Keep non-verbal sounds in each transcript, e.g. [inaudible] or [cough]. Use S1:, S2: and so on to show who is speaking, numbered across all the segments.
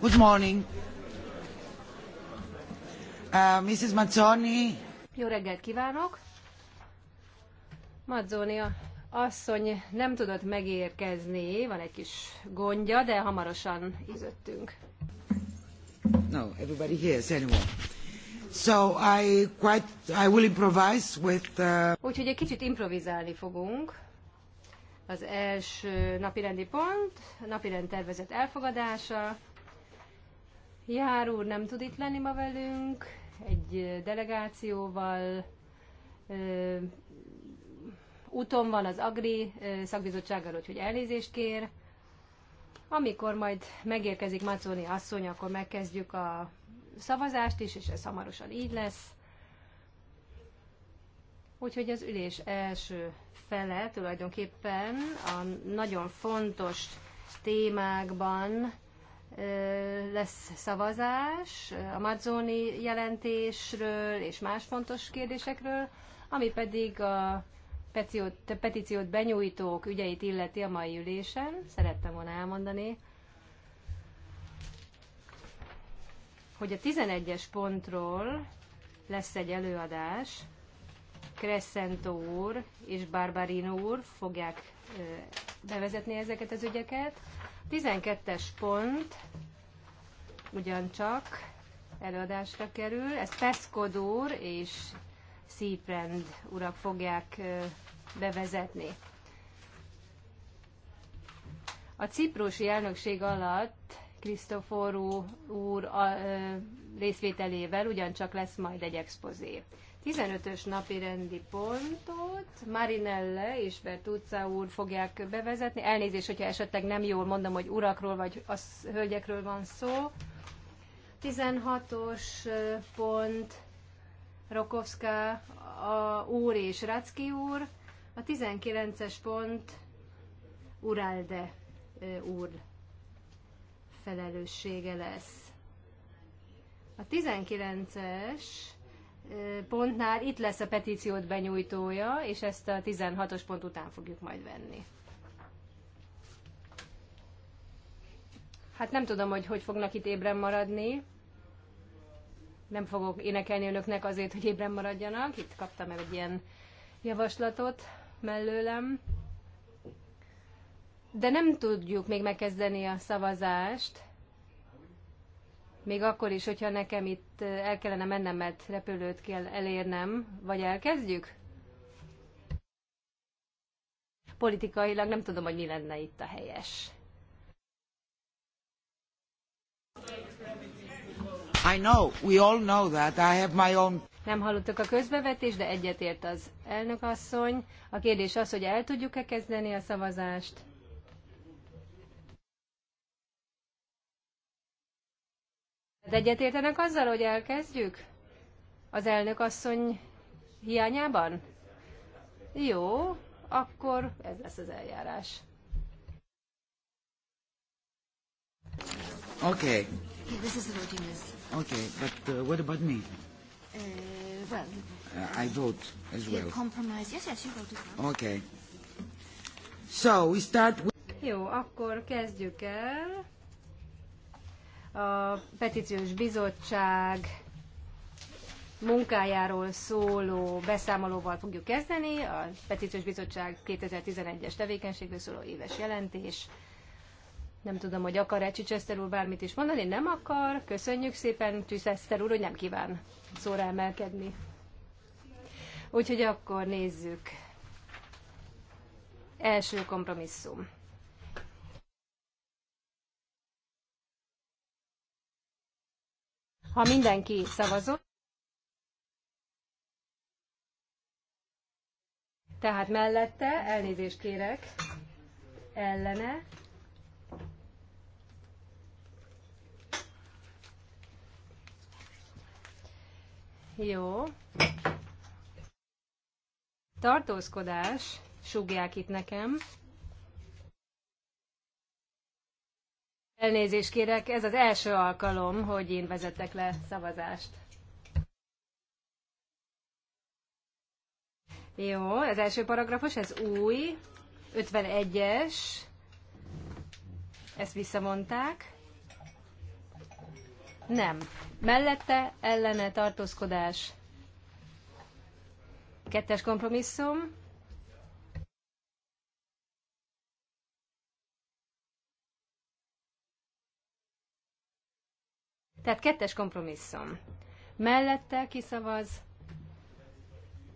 S1: Good morning. Uh, Mrs. Mazzoni.
S2: Jó reggelt kívánok! Mazzoni asszony nem tudott megérkezni, van egy kis gondja, de hamarosan izöttünk.
S1: No, everybody hears anyway. So I quite, I will improvise with... Uh...
S2: Úgyhogy egy kicsit improvizálni fogunk az első napirendi pont, napirend tervezet elfogadása. Jár úr nem tud itt lenni ma velünk, egy delegációval úton van az Agri szakbizottsággal, úgyhogy elnézést kér. Amikor majd megérkezik Macóni asszony, akkor megkezdjük a szavazást is, és ez hamarosan így lesz. Úgyhogy az ülés első fele tulajdonképpen a nagyon fontos témákban lesz szavazás a Mazzoni jelentésről és más fontos kérdésekről, ami pedig a petíciót, petíciót benyújtók ügyeit illeti a mai ülésen. Szerettem volna elmondani, hogy a 11-es pontról lesz egy előadás, Crescento úr és Barbarino úr fogják bevezetni ezeket az ügyeket. 12-es pont ugyancsak előadásra kerül. Ezt Peszkod úr és Szíprend urak fogják bevezetni. A ciprusi elnökség alatt Krisztoforú úr a, a, részvételével ugyancsak lesz majd egy expozé. 15-ös napi rendi pontot Marinelle és Bertuzza úr fogják bevezetni. Elnézést, hogyha esetleg nem jól mondom, hogy urakról vagy az hölgyekről van szó. 16-os pont Rokovská a úr és Racki úr. A 19-es pont Uralde úr felelőssége lesz. A 19-es pontnál itt lesz a petíciót benyújtója, és ezt a 16-os pont után fogjuk majd venni. Hát nem tudom, hogy hogy fognak itt ébren maradni. Nem fogok énekelni önöknek azért, hogy ébren maradjanak. Itt kaptam el egy ilyen javaslatot mellőlem. De nem tudjuk még megkezdeni a szavazást, még akkor is, hogyha nekem itt el kellene mennem, mert repülőt kell elérnem, vagy elkezdjük? Politikailag nem tudom, hogy mi lenne itt a helyes.
S3: I know, we all know that. I have my own...
S2: Nem hallottak a közbevetés, de egyetért az elnök asszony. A kérdés az, hogy el tudjuk-e kezdeni a szavazást. De egyetértenek azzal, hogy elkezdjük? Az elnök asszony hiányában? Jó, akkor ez lesz az eljárás.
S1: Okay.
S4: this is the voting list.
S1: Okay, but uh, what about me?
S4: Uh, well,
S1: uh, I vote as well.
S4: Compromise. Yes, yes, you vote as
S1: well. Okay. So we start with...
S2: Jó, akkor kezdjük el a petíciós bizottság munkájáról szóló beszámolóval fogjuk kezdeni. A Petíciós Bizottság 2011-es tevékenységről szóló éves jelentés. Nem tudom, hogy akar-e Csicseszter úr bármit is mondani. Nem akar. Köszönjük szépen Csicseszter úr, hogy nem kíván szóra emelkedni. Úgyhogy akkor nézzük. Első kompromisszum. Ha mindenki szavazott, tehát mellette, elnézést kérek, ellene, Jó. Tartózkodás, sugják itt nekem. Elnézést kérek, ez az első alkalom, hogy én vezetek le szavazást. Jó, az első paragrafus, ez új, 51-es, ezt visszamondták. Nem. Mellette ellene tartózkodás. Kettes kompromisszum. Tehát kettes kompromisszum. Mellette kiszavaz,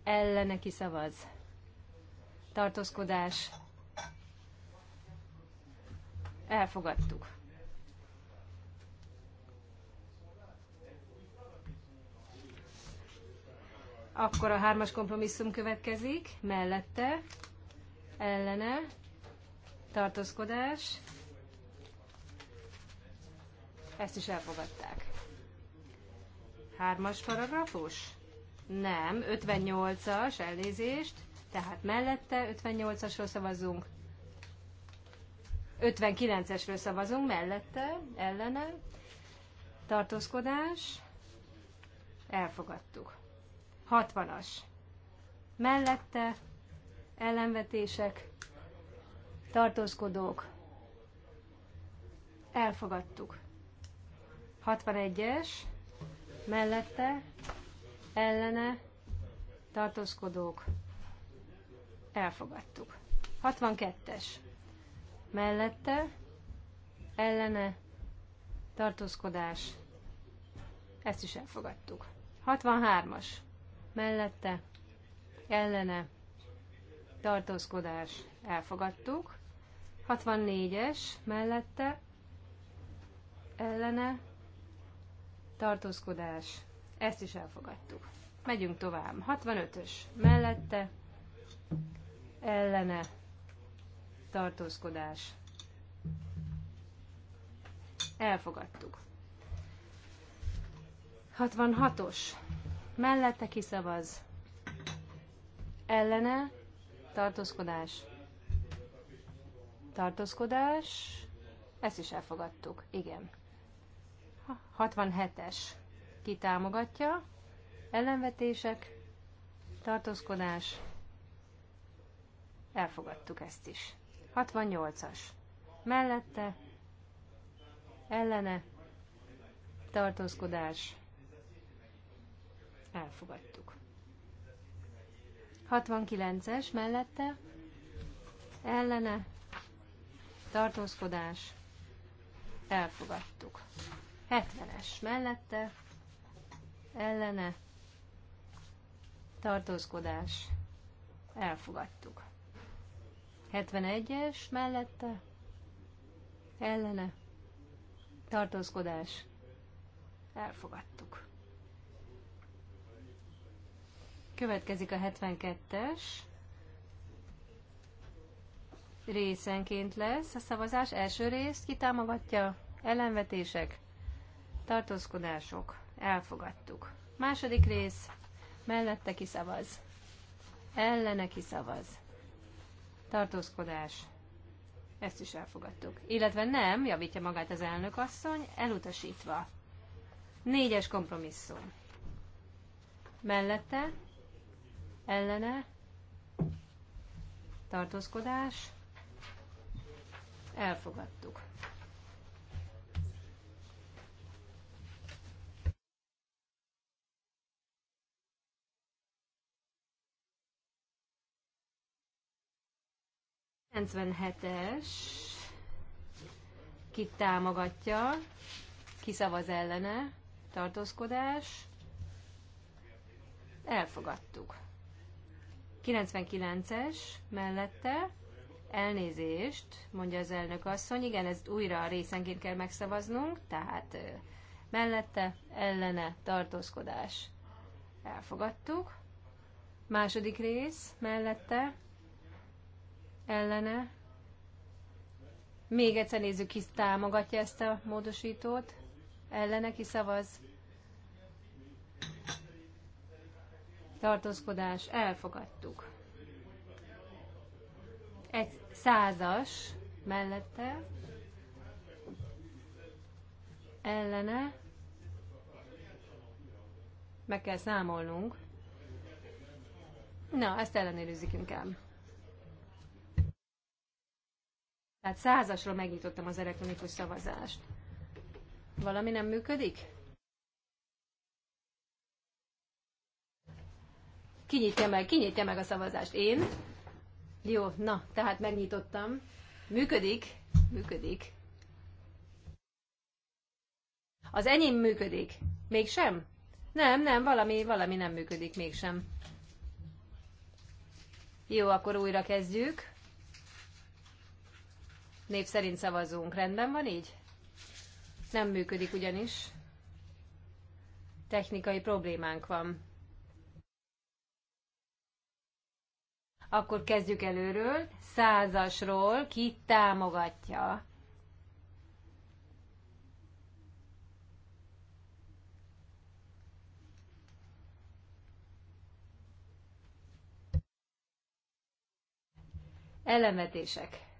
S2: ellene kiszavaz, tartózkodás,
S4: elfogadtuk.
S2: Akkor a hármas kompromisszum következik, mellette, ellene, tartózkodás, ezt is elfogadták. Hármas paragrafus? Nem, 58-as, elnézést. Tehát mellette 58-asról szavazunk. 59-esről szavazunk, mellette, ellene. Tartózkodás. Elfogadtuk. 60-as. Mellette ellenvetések, tartózkodók. Elfogadtuk. 61-es mellette, ellene, tartózkodók, elfogadtuk. 62-es, mellette, ellene, tartózkodás, ezt is elfogadtuk. 63-as, mellette, ellene, tartózkodás, elfogadtuk. 64-es, mellette, ellene, tartózkodás, ezt is elfogadtuk. Megyünk tovább. 65-ös mellette, ellene, tartózkodás, elfogadtuk. 66-os mellette kiszavaz, ellene, tartózkodás, tartózkodás, ezt is elfogadtuk, igen. 67-es kitámogatja, ellenvetések, tartózkodás, elfogadtuk ezt is. 68-as mellette, ellene, tartózkodás,
S4: elfogadtuk.
S2: 69-es mellette, ellene, tartózkodás, elfogadtuk. 70-es mellette, ellene, tartózkodás, elfogadtuk. 71-es mellette, ellene, tartózkodás, elfogadtuk. Következik a 72-es. Részenként lesz a szavazás. Első részt kitámogatja ellenvetések, tartózkodások, elfogadtuk. Második rész, mellette kiszavaz, ellene kiszavaz, tartózkodás, ezt is elfogadtuk. Illetve nem, javítja magát az elnök asszony, elutasítva. Négyes kompromisszum. Mellette, ellene, tartózkodás,
S4: elfogadtuk.
S2: 97-es, kit támogatja, ki szavaz ellene, tartózkodás, elfogadtuk. 99-es mellette, elnézést, mondja az elnök asszony, igen, ezt újra részenként kell megszavaznunk, tehát mellette, ellene, tartózkodás, elfogadtuk. Második rész mellette, ellene. Még egyszer nézzük, ki támogatja ezt a módosítót, ellene ki szavaz. Tartózkodás, elfogadtuk. Egy százas mellette, ellene, meg kell számolnunk. Na, ezt ellenőrizzük inkább. Tehát százasra megnyitottam az elektronikus szavazást. Valami nem működik? Kinyitja meg, kinyitja meg a szavazást. Én? Jó, na, tehát megnyitottam. Működik? Működik. Az enyém működik. Mégsem? Nem, nem, valami, valami nem működik mégsem. Jó, akkor újra kezdjük. Név szerint szavazunk. Rendben van így? Nem működik ugyanis. Technikai problémánk van. Akkor kezdjük előről. Százasról ki támogatja? Elemetések.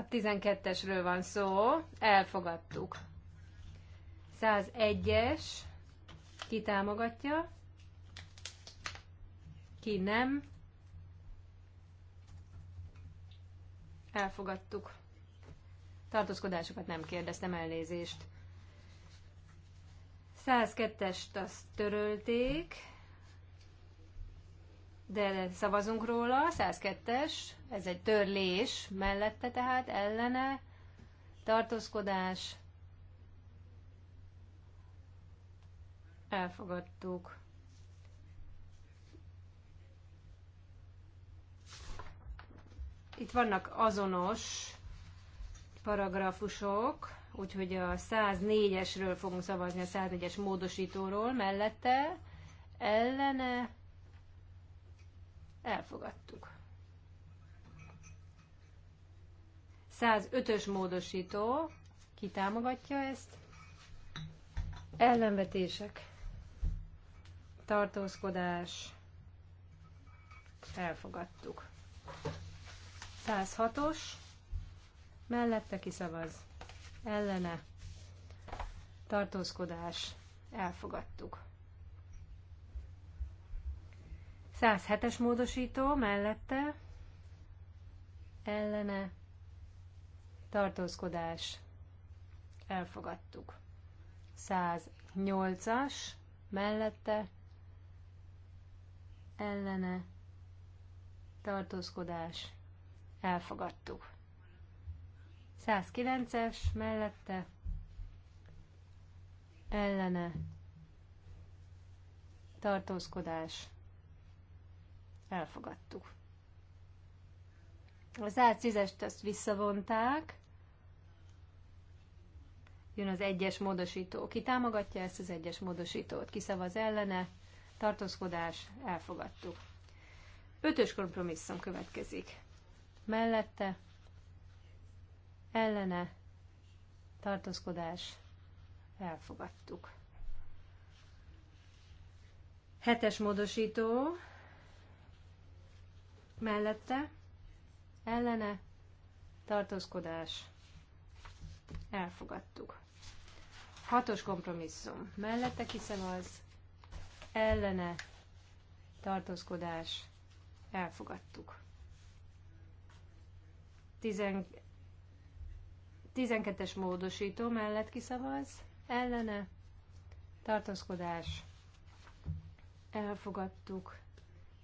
S2: A 12-esről van szó, elfogadtuk. 101-es, ki támogatja, ki nem. Elfogadtuk. Tartózkodásokat nem kérdeztem, elnézést. 102-est azt törölték, de szavazunk róla, 102-es, ez egy törlés mellette tehát, ellene, tartózkodás, elfogadtuk. Itt vannak azonos paragrafusok, úgyhogy a 104-esről fogunk szavazni, a 104-es módosítóról mellette, ellene, Elfogadtuk. 105-ös módosító. Ki támogatja ezt? Ellenvetések. Tartózkodás. Elfogadtuk. 106-os. Mellette kiszavaz. Ellene. Tartózkodás. Elfogadtuk. 107-es módosító mellette ellene tartózkodás elfogadtuk. 108-as mellette ellene tartózkodás elfogadtuk. 109-es mellette ellene tartózkodás elfogadtuk. Az átszízest azt visszavonták, jön az egyes módosító. Ki támogatja ezt az egyes módosítót? Ki szavaz ellene? Tartózkodás, elfogadtuk. Ötös kompromisszum következik. Mellette, ellene, tartózkodás, elfogadtuk. Hetes módosító mellette, ellene, tartózkodás, elfogadtuk. Hatos kompromisszum, mellette kiszavaz, ellene, tartózkodás, elfogadtuk. Tizen tizenkettes módosító mellett kiszavaz, ellene, tartózkodás, elfogadtuk.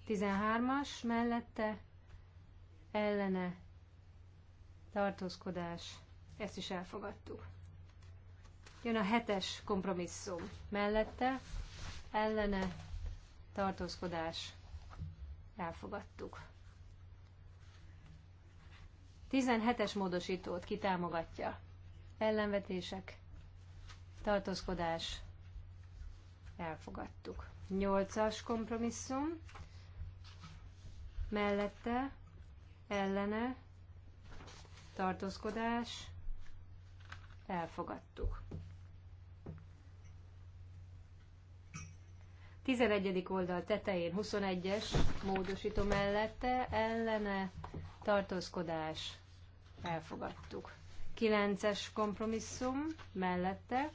S2: 13-as mellette ellene tartózkodás, ezt is elfogadtuk. Jön a hetes kompromisszum mellette ellene tartózkodás, elfogadtuk. 17-es módosítót kitámogatja. Ellenvetések, tartózkodás, elfogadtuk. 8-as kompromisszum mellette, ellene, tartózkodás, elfogadtuk. 11. oldal tetején 21-es módosító mellette ellene tartózkodás elfogadtuk. 9-es kompromisszum mellette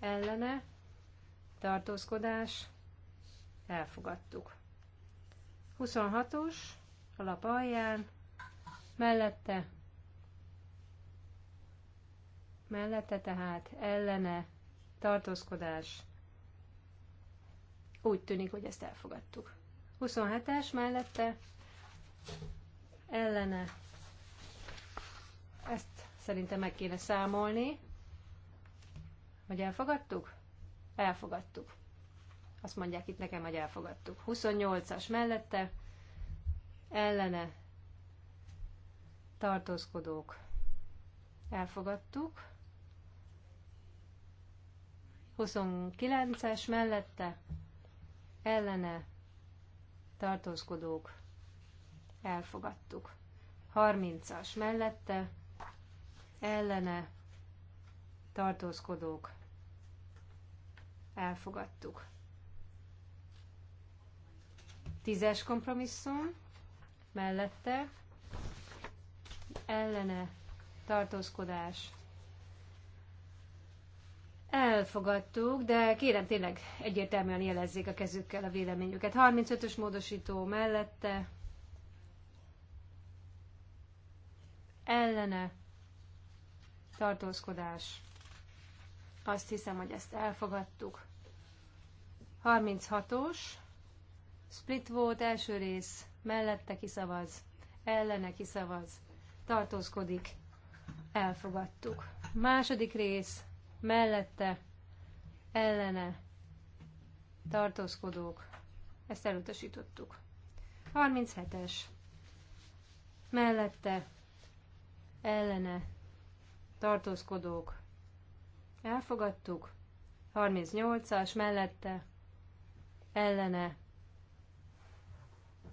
S2: ellene tartózkodás elfogadtuk. 26-os a lap alján, mellette, mellette tehát ellene tartózkodás. Úgy tűnik, hogy ezt elfogadtuk. 27-es mellette ellene. Ezt szerintem meg kéne számolni. Hogy elfogadtuk? Elfogadtuk. Azt mondják itt nekem, hogy elfogadtuk. 28-as mellette, ellene, tartózkodók, elfogadtuk. 29-es mellette, ellene, tartózkodók, elfogadtuk. 30-as mellette, ellene, tartózkodók, elfogadtuk. Tízes kompromisszum mellette ellene tartózkodás. Elfogadtuk, de kérem tényleg egyértelműen jelezzék a kezükkel a véleményüket. 35-ös módosító mellette ellene tartózkodás. Azt hiszem, hogy ezt elfogadtuk. 36-os Split volt első rész, mellette kiszavaz, ellene kiszavaz, tartózkodik, elfogadtuk. Második rész, mellette, ellene, tartózkodók, ezt elutasítottuk. 37-es, mellette, ellene, tartózkodók, elfogadtuk. 38-as, mellette, ellene,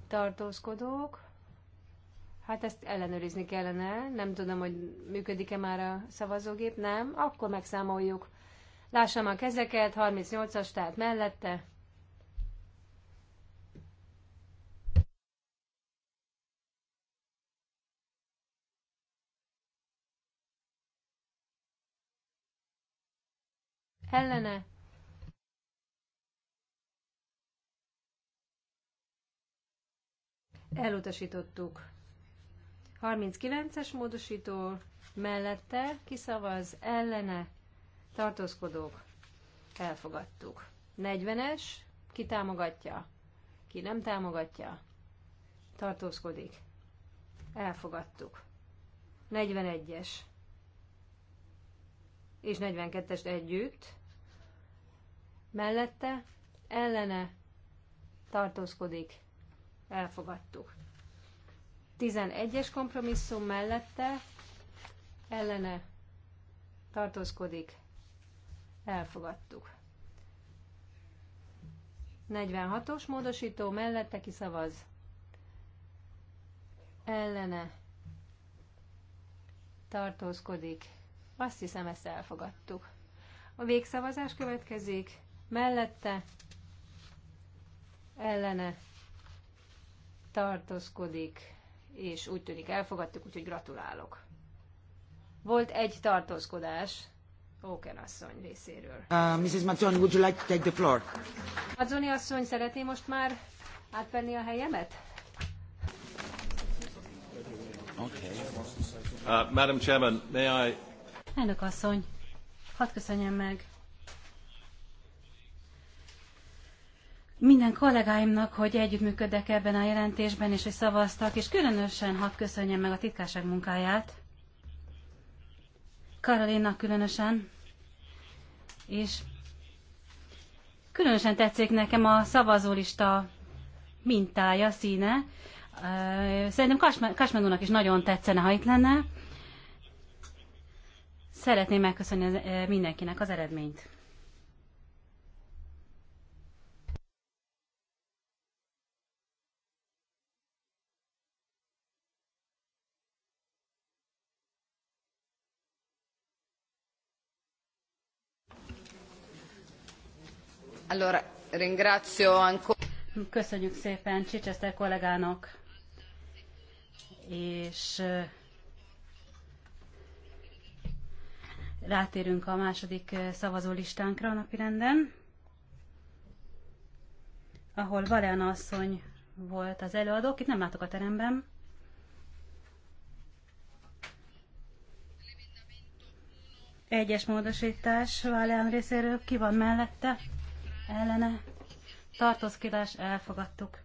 S2: tartózkodók. Hát ezt ellenőrizni kellene. Nem tudom, hogy működik-e már a szavazógép. Nem. Akkor megszámoljuk. Lássam a kezeket. 38-as, tehát mellette. Ellene. Elutasítottuk. 39-es módosító mellette kiszavaz, ellene tartózkodók, elfogadtuk. 40-es, ki támogatja, ki nem támogatja, tartózkodik, elfogadtuk. 41-es és 42-es együtt, mellette, ellene tartózkodik, elfogadtuk. 11-es kompromisszum mellette ellene tartózkodik, elfogadtuk. 46-os módosító mellette kiszavaz. Ellene tartózkodik. Azt hiszem, ezt elfogadtuk. A végszavazás következik. Mellette ellene tartózkodik, és úgy tűnik elfogadtuk, úgyhogy gratulálok. Volt egy tartózkodás Oken asszony részéről.
S3: Uh, Mrs. Mazzoni, would you like to take the floor?
S2: Mazzoni asszony, szeretné most már átvenni
S1: a helyemet?
S3: Okay. Uh, Madam Chairman, may I...
S1: Elnök asszony, hadd köszönjem meg minden kollégáimnak, hogy együttműködek ebben a jelentésben, és hogy szavaztak, és különösen hadd köszönjem meg a titkárság munkáját. Karolinnak különösen, és különösen tetszik nekem a szavazólista mintája, színe. Szerintem Kasmenónak is nagyon tetszene, ha itt lenne. Szeretném megköszönni mindenkinek az eredményt.
S3: Allora, Köszönjük szépen
S1: chichester kollégának, és rátérünk a második szavazólistánkra a napirenden, ahol Valen asszony volt az előadók, itt nem látok a teremben. Egyes módosítás Valen részéről, ki van mellette? ellene tartózkodás elfogadtuk.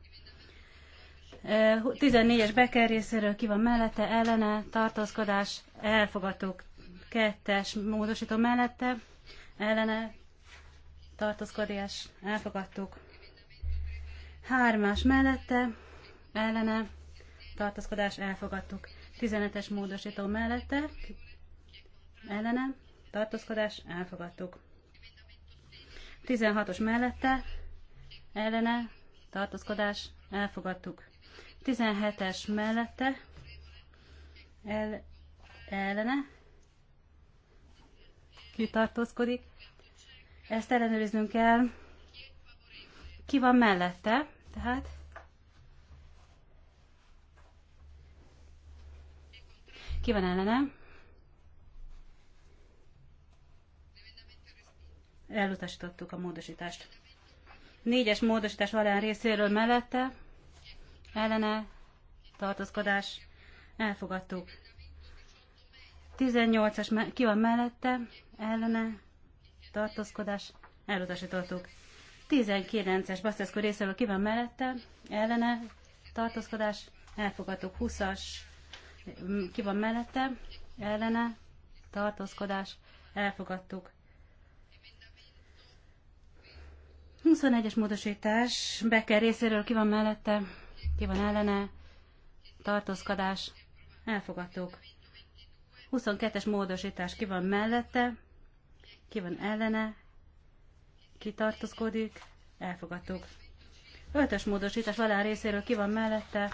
S1: 14-es Becker részéről ki van mellette, ellene tartózkodás elfogadtuk. Kettes módosító mellette, ellene tartózkodás elfogadtuk. Hármas mellette, ellene tartózkodás elfogadtuk. 15-es módosító mellette, ellene tartózkodás elfogadtuk. 16-os mellette, ellene, tartózkodás, elfogadtuk. 17-es mellette, el, ellene, kitartózkodik. Ezt ellenőriznünk kell. Ki van mellette, tehát ki van ellene? elutasítottuk a módosítást. Négyes módosítás Valán részéről mellette, ellene tartózkodás, elfogadtuk. 18-as ki van mellette, ellene tartózkodás, elutasítottuk. 19-es Baszteszko részéről ki van mellette, ellene tartózkodás, elfogadtuk. 20-as mm, ki van mellette, ellene tartózkodás, elfogadtuk. 21-es módosítás, Becker részéről ki van mellette, ki van ellene, tartózkodás, elfogadtuk. 22-es módosítás, ki van mellette, ki van ellene, ki tartózkodik, elfogadtuk. 5-ös módosítás, Valán részéről ki van mellette,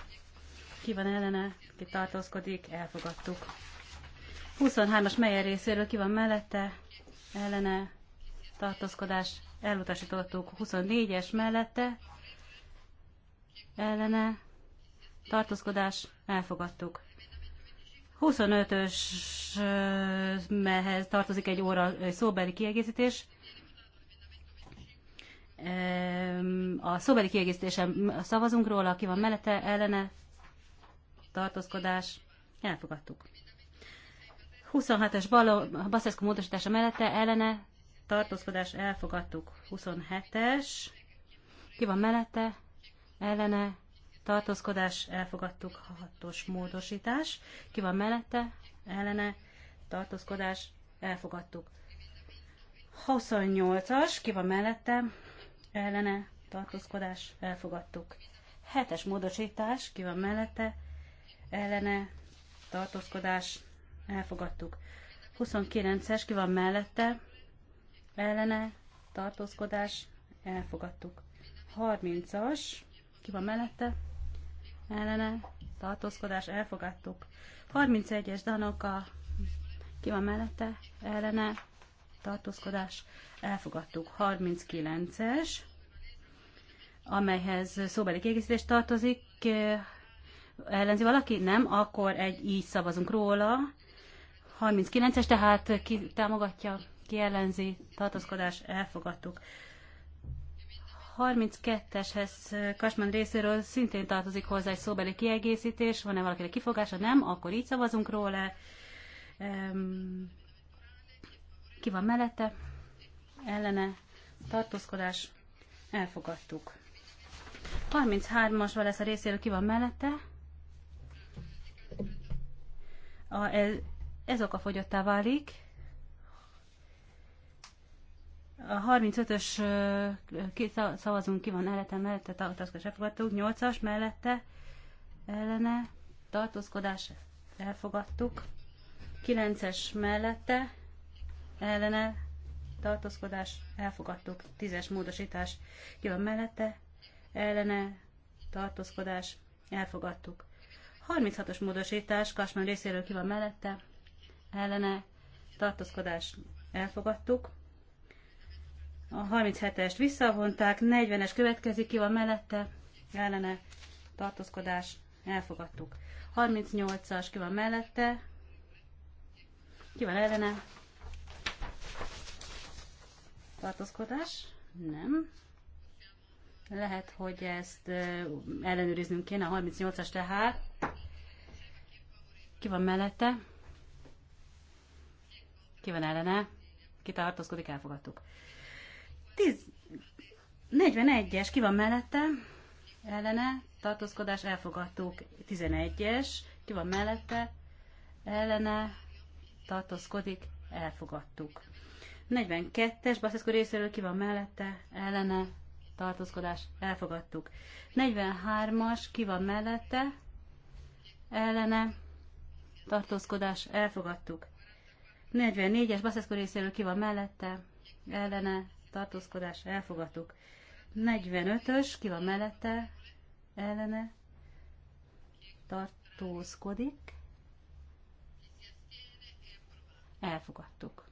S1: ki van ellene, ki tartózkodik, elfogadtuk. 23-as Meyer részéről ki van mellette, ellene, tartózkodás elutasítottuk 24-es mellette, ellene tartózkodás elfogadtuk. 25-ös mehez tartozik egy óra szóbeli kiegészítés. A szóbeli kiegészítésen szavazunk róla, aki van mellette, ellene, tartózkodás, elfogadtuk. 26-es Baszeszko módosítása mellette, ellene, tartózkodás elfogadtuk 27-es, ki van mellette, ellene, tartózkodás elfogadtuk 6-os módosítás, ki van mellette, ellene, tartózkodás elfogadtuk 28-as, ki van mellette, ellene, tartózkodás elfogadtuk 7-es módosítás, ki van mellette, ellene, tartózkodás elfogadtuk 29-es, ki van mellette, ellene, tartózkodás, elfogadtuk. 30-as, ki van mellette, ellene, tartózkodás, elfogadtuk. 31-es Danoka, ki van mellette, ellene, tartózkodás, elfogadtuk. 39-es, amelyhez szóbeli kiegészítés tartozik, ellenzi valaki? Nem, akkor egy így szavazunk róla. 39-es, tehát ki támogatja, kielenzi tartózkodás, elfogadtuk. 32-eshez Kasman részéről szintén tartozik hozzá egy szóbeli kiegészítés. Van-e valakinek kifogása? Nem, akkor így szavazunk róla. Ki van mellette? Ellene tartózkodás. Elfogadtuk. 33-as lesz a részéről, ki van mellette? A, ez, ez fogyottá válik. A 35-ös két szavazunk ki van mellette, mellette tartózkodás elfogadtuk, 8-as mellette ellene tartózkodás elfogadtuk, 9-es mellette ellene tartózkodás elfogadtuk, 10-es módosítás ki van mellette, ellene tartózkodás elfogadtuk. 36-os módosítás Kasmán részéről ki van mellette, ellene tartózkodás elfogadtuk. A 37-est visszavonták, 40-es következik, ki van mellette, ellene tartózkodás, elfogadtuk. 38-as ki van mellette, ki van ellene, tartózkodás, nem. Lehet, hogy ezt ellenőriznünk kéne, a 38-as tehát. Ki van mellette? Ki van ellene? Ki tartózkodik? Elfogadtuk. 10, 41-es, ki van mellette? Ellene, tartózkodás, elfogadtuk. 11-es, ki van mellette? Ellene, tartózkodik, elfogadtuk. 42-es, Baszeszko részéről ki van mellette? Ellene, tartózkodás, elfogadtuk. 43-as, ki van mellette? Ellene, tartózkodás, elfogadtuk. 44-es, Baszeszko részéről ki van mellette? Ellene, tartózkodás elfogadtuk. 45-ös, ki van mellette, ellene tartózkodik, elfogadtuk.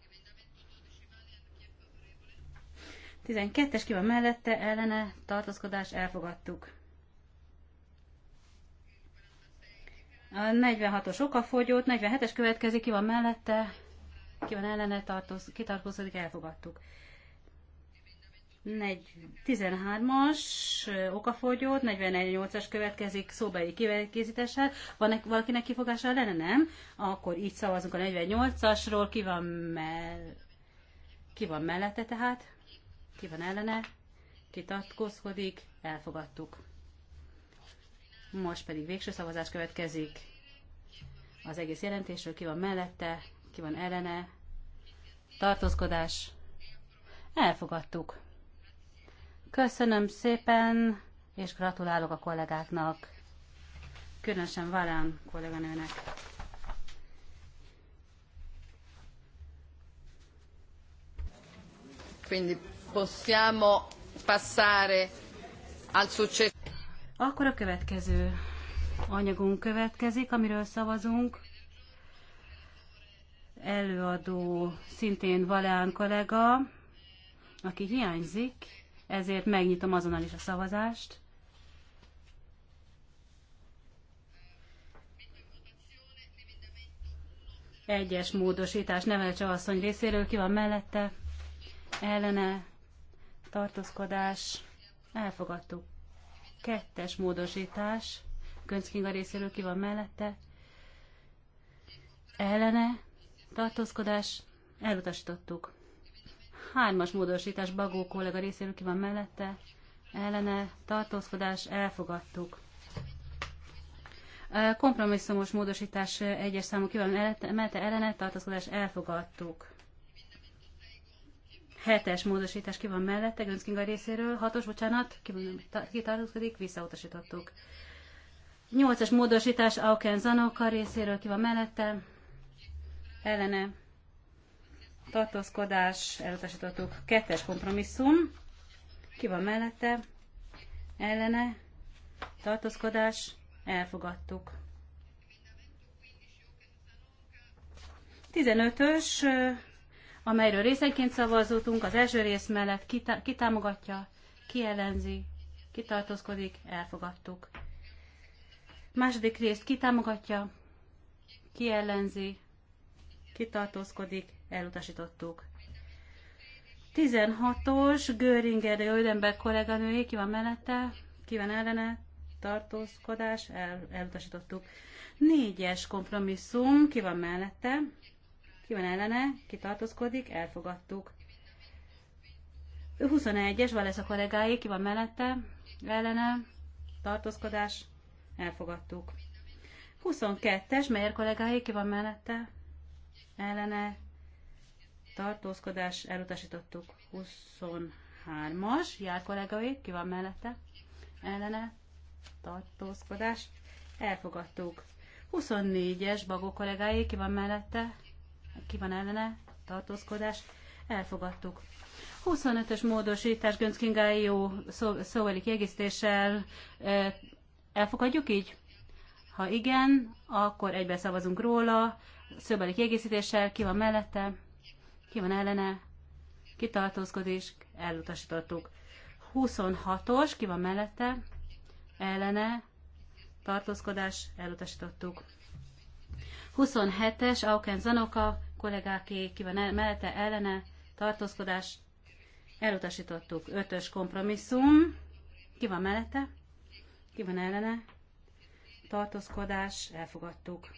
S1: 12-es ki van mellette, ellene tartózkodás, elfogadtuk. A 46-os okafogyót, 47-es következik, ki van mellette, ki van ellene tartóz, kitartózkodik, elfogadtuk. 13-as okafogyót, 8 as következik szóbeli kivelkészítéssel. Van e valakinek kifogása lenne? Nem. Akkor így szavazunk a 48-asról. Ki van, mell- ki van mellette tehát? Ki van ellene? Ki Elfogadtuk. Most pedig végső szavazás következik. Az egész jelentésről ki van mellette, ki van ellene, tartózkodás. Elfogadtuk. Köszönöm szépen, és gratulálok a kollégáknak, különösen Valán kolléganőnek.
S3: Quindi possiamo passare al successo. Akkor a
S1: következő anyagunk következik, amiről szavazunk. Előadó szintén Valán kollega, aki hiányzik ezért megnyitom azonnal is a szavazást. Egyes módosítás Nevelcse asszony részéről ki van mellette, ellene tartózkodás, elfogadtuk. Kettes módosítás, Könckinga részéről ki van mellette, ellene tartózkodás, elutasítottuk. Hármas módosítás Bagó kollega részéről ki van mellette, ellene tartózkodás elfogadtuk. Kompromisszumos módosítás egyes számú ki van mellette, ellene tartózkodás elfogadtuk. Hetes módosítás ki van mellette, Gönczkinga részéről, hatos, bocsánat, ki tartózkodik, visszautasítottuk. Nyolcas módosítás Auken Zanóka részéről ki van mellette, ellene tartózkodás, elutasítottuk. Kettes kompromisszum, ki van mellette, ellene, tartózkodás, elfogadtuk. 15-ös, eh, amelyről részenként szavazottunk az első rész mellett kitá kitámogatja, kiellenzi, kitartózkodik, elfogadtuk. Második részt kitámogatja, kiellenzi, kitartózkodik, elutasítottuk. 16-os Erdő Ödenberg kolléganői, ki van mellette, ki van ellene, tartózkodás, el, elutasítottuk. 4-es kompromisszum, ki van mellette, ki van ellene, ki tartózkodik, elfogadtuk. 21-es, van lesz a kollégái, ki van mellette, ellene, tartózkodás, elfogadtuk. 22-es, Meyer kollégái, ki van mellette, ellene, tartózkodás, elutasítottuk 23-as, jár kollégai, ki van mellette, ellene, tartózkodás, elfogadtuk 24-es, bagó kollégái, ki van mellette, ki van ellene, tartózkodás, elfogadtuk 25-ös módosítás Gönc jó szó, szóvali kiegészítéssel elfogadjuk így? Ha igen, akkor egybe szavazunk róla, szóbeli kiegészítéssel, ki van mellette, ki van ellene? Kitartózkodás, elutasítottuk. 26-os, ki van mellette? Ellene, tartózkodás, elutasítottuk. 27-es, Auken Zanoka, kollégáké, ki van el, mellette, ellene, tartózkodás, elutasítottuk. 5-ös kompromisszum, ki van mellette? Ki van ellene? Tartózkodás, elfogadtuk.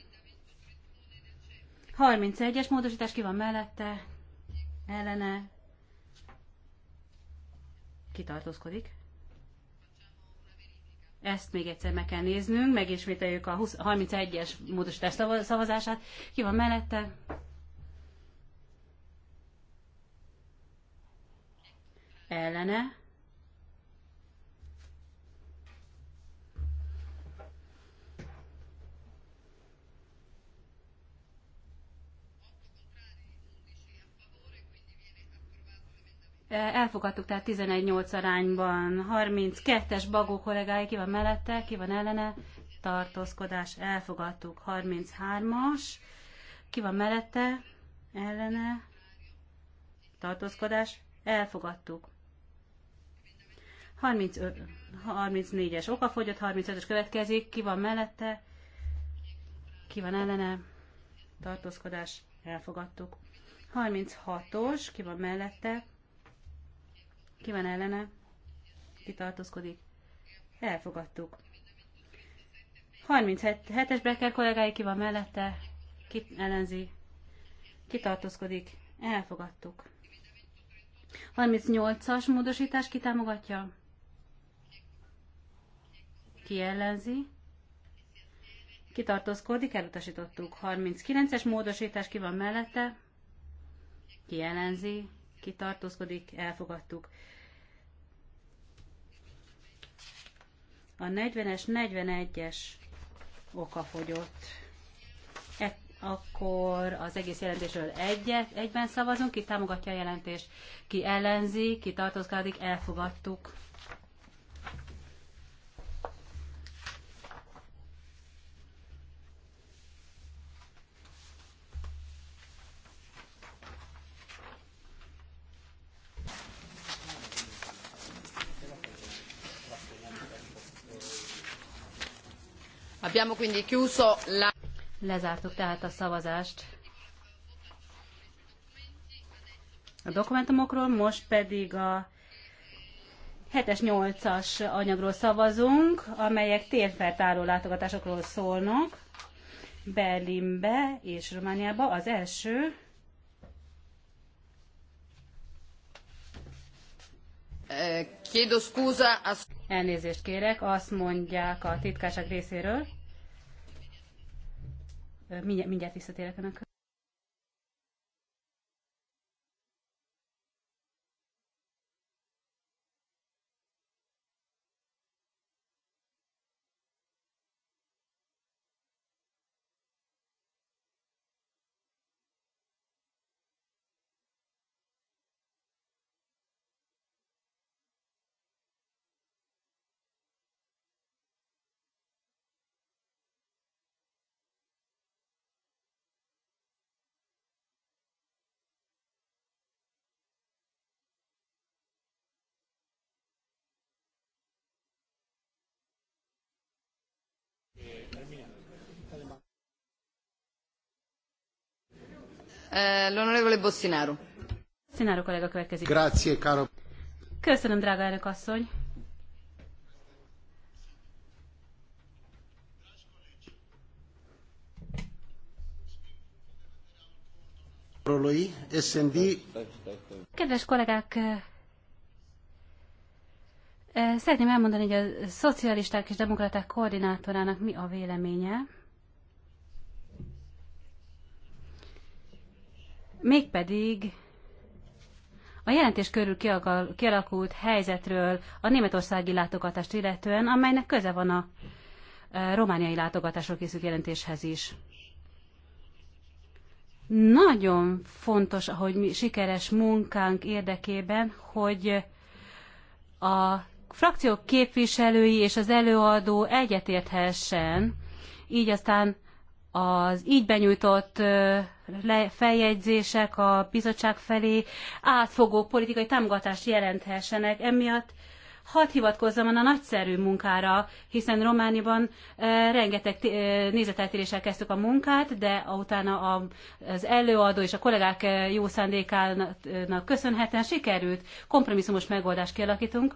S1: 31-es módosítás, ki van mellette? ellene kitartózkodik. Ezt még egyszer meg kell néznünk, megismételjük a 31-es módosítás szavazását. Ki van mellette? Ellene Elfogadtuk tehát 11-8 arányban. 32-es bagó kollégái, ki van mellette, ki van ellene, tartózkodás, elfogadtuk. 33-as, ki van mellette, ellene, tartózkodás, elfogadtuk. 35, 34-es okafogyott, 35 es következik, ki van mellette, ki van ellene, tartózkodás, elfogadtuk. 36-os, ki van mellette, ki van ellene? Ki tartózkodik? Elfogadtuk. 37-es Brecker kollégái ki van mellette? Ki ellenzi? Ki tartózkodik? Elfogadtuk. 38-as módosítás ki támogatja? Ki ellenzi? tartózkodik? elutasítottuk. 39-es módosítás ki van mellette? Ki ellenzi? ki tartózkodik, elfogadtuk. A 40-es, 41-es oka fogyott E, akkor az egész jelentésről egyet, egyben szavazunk, ki támogatja a jelentést, ki ellenzi, ki tartózkodik, elfogadtuk. Lezártuk tehát a szavazást. A dokumentumokról most pedig a 7-es, 8-as anyagról szavazunk, amelyek térfeltáró látogatásokról szólnak. Berlinbe és Romániába az első. Eh, Elnézést kérek, azt mondják a titkárság részéről, mindjárt, mindjárt visszatérek önök.
S3: Eh, l'onorevole Bossinaro. Bossinaro kollega következik. Grazie, caro.
S1: Köszönöm, drága elnök asszony. Kedves kollégák, Szeretném elmondani, hogy a szocialisták és demokraták koordinátorának mi a véleménye. Mégpedig a jelentés körül kialakult helyzetről a németországi látogatást illetően, amelynek köze van a romániai látogatásról készült jelentéshez is. Nagyon fontos, ahogy mi sikeres munkánk érdekében, hogy a frakciók képviselői és az előadó egyetérthessen, így aztán az így benyújtott feljegyzések a bizottság felé átfogó politikai támogatást jelenthessenek. Emiatt hadd hivatkozzam a nagyszerű munkára, hiszen Romániban rengeteg nézeteltéréssel kezdtük a munkát, de utána az előadó és a kollégák jó szándékának köszönhetően sikerült kompromisszumos megoldást kialakítunk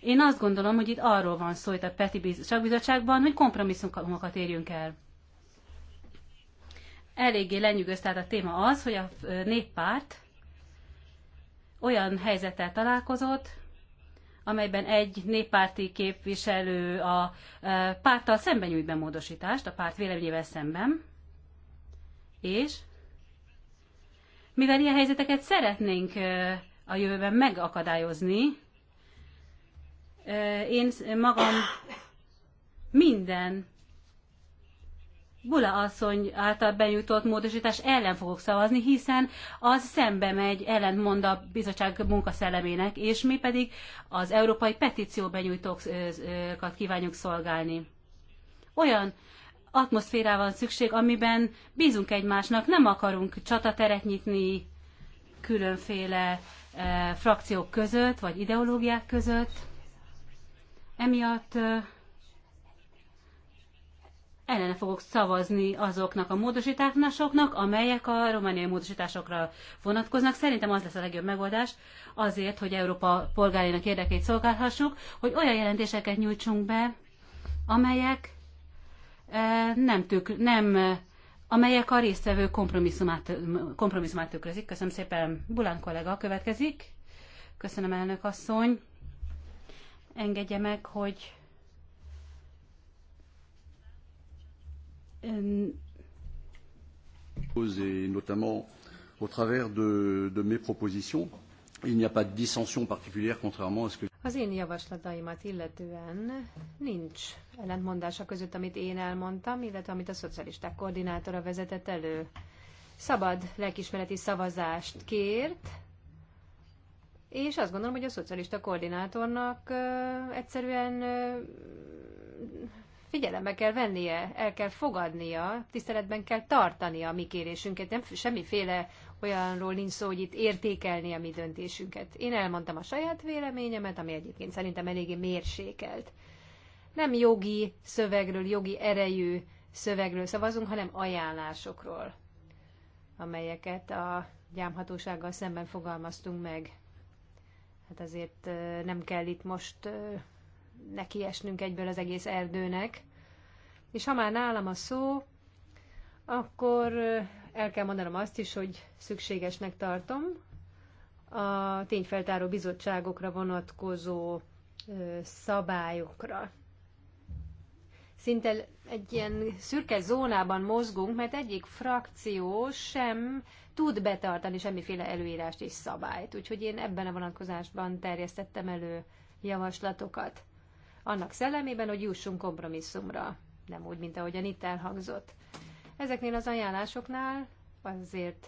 S1: én azt gondolom, hogy itt arról van szó itt a Peti Szakbizottságban, hogy kompromisszumokat érjünk el. Eléggé lenyűgöz tehát a téma az, hogy a néppárt olyan helyzettel találkozott, amelyben egy néppárti képviselő a párttal szemben nyújt be módosítást, a párt véleményével szemben, és mivel ilyen helyzeteket szeretnénk a jövőben megakadályozni, én magam minden Bula asszony által benyújtott módosítás ellen fogok szavazni, hiszen az szembe megy, ellentmond a bizottság munkaszellemének, és mi pedig az európai petíció benyújtókat kívánjuk szolgálni. Olyan atmoszférával van szükség, amiben bízunk egymásnak, nem akarunk csatateret nyitni különféle frakciók között, vagy ideológiák között, Emiatt ellene fogok szavazni azoknak a módosításoknak, amelyek a romániai módosításokra vonatkoznak. Szerintem az lesz a legjobb megoldás azért, hogy Európa polgárainak érdekét szolgálhassuk, hogy olyan jelentéseket nyújtsunk be, amelyek nem, tük, nem amelyek a résztvevő kompromisszumát, kompromisszumát tükrözik. Köszönöm szépen, Bulán kollega következik. Köszönöm, elnök asszony engedje meg, hogy et
S2: notamment au travers de, de mes propositions. Il n'y a pas de dissension particulière,
S1: contrairement à ce que...
S2: Az én javaslataimat illetően nincs ellentmondása között, amit én elmondtam, illetve amit a szocialisták koordinátora vezetett elő. Szabad lelkismereti szavazást kért, és azt gondolom, hogy a szocialista koordinátornak egyszerűen figyelembe kell vennie, el kell fogadnia, tiszteletben kell tartania a mi kérésünket. Nem, semmiféle olyanról nincs szó, hogy itt értékelni a mi döntésünket. Én elmondtam a saját véleményemet, ami egyébként szerintem eléggé mérsékelt. Nem jogi szövegről, jogi erejű szövegről szavazunk, hanem ajánlásokról, amelyeket a gyámhatósággal szemben fogalmaztunk meg. Hát azért nem kell itt most nekiesnünk egyből az egész erdőnek. És ha már nálam a szó, akkor el kell mondanom azt is, hogy szükségesnek tartom a tényfeltáró bizottságokra vonatkozó szabályokra. Szinte egy ilyen szürke zónában mozgunk, mert egyik frakció sem tud betartani semmiféle előírást és szabályt. Úgyhogy én ebben a vonatkozásban terjesztettem elő javaslatokat. Annak szellemében, hogy jussunk kompromisszumra, nem úgy, mint ahogyan itt elhangzott. Ezeknél az ajánlásoknál azért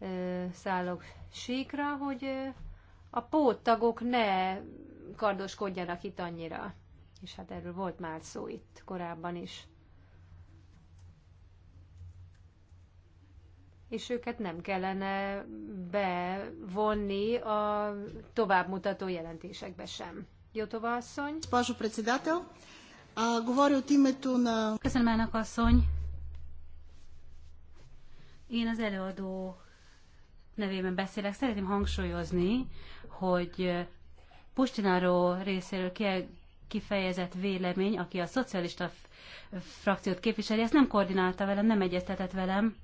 S2: ö, szállok síkra, hogy ö, a póttagok ne kardoskodjanak itt annyira és hát erről volt már szó itt korábban is. És őket nem kellene bevonni a továbbmutató jelentésekbe sem.
S1: Jotova asszony. Pazsu председател, A от името Köszönöm, elnök asszony. Én az előadó nevében beszélek. Szeretném hangsúlyozni, hogy Pustináró részéről kifejezett vélemény, aki a szocialista frakciót képviseli, ezt nem koordinálta velem, nem egyeztetett velem.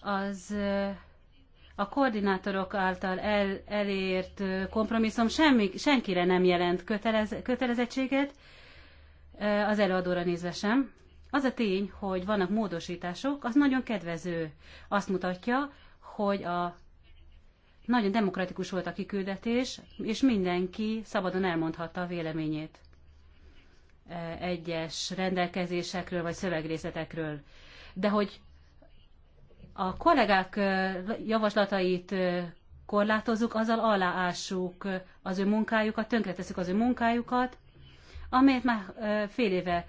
S1: Az a koordinátorok által el, elért kompromisszum semmi, senkire nem jelent kötelez, kötelezettséget, az előadóra nézve sem. Az a tény, hogy vannak módosítások, az nagyon kedvező. Azt mutatja, hogy a nagyon demokratikus volt a kiküldetés, és mindenki szabadon elmondhatta a véleményét e, egyes rendelkezésekről vagy szövegrészletekről. De hogy a kollégák e, javaslatait e, korlátozzuk, azzal aláássuk az ő munkájukat, tönkreteszük az ő munkájukat, amelyet már fél éve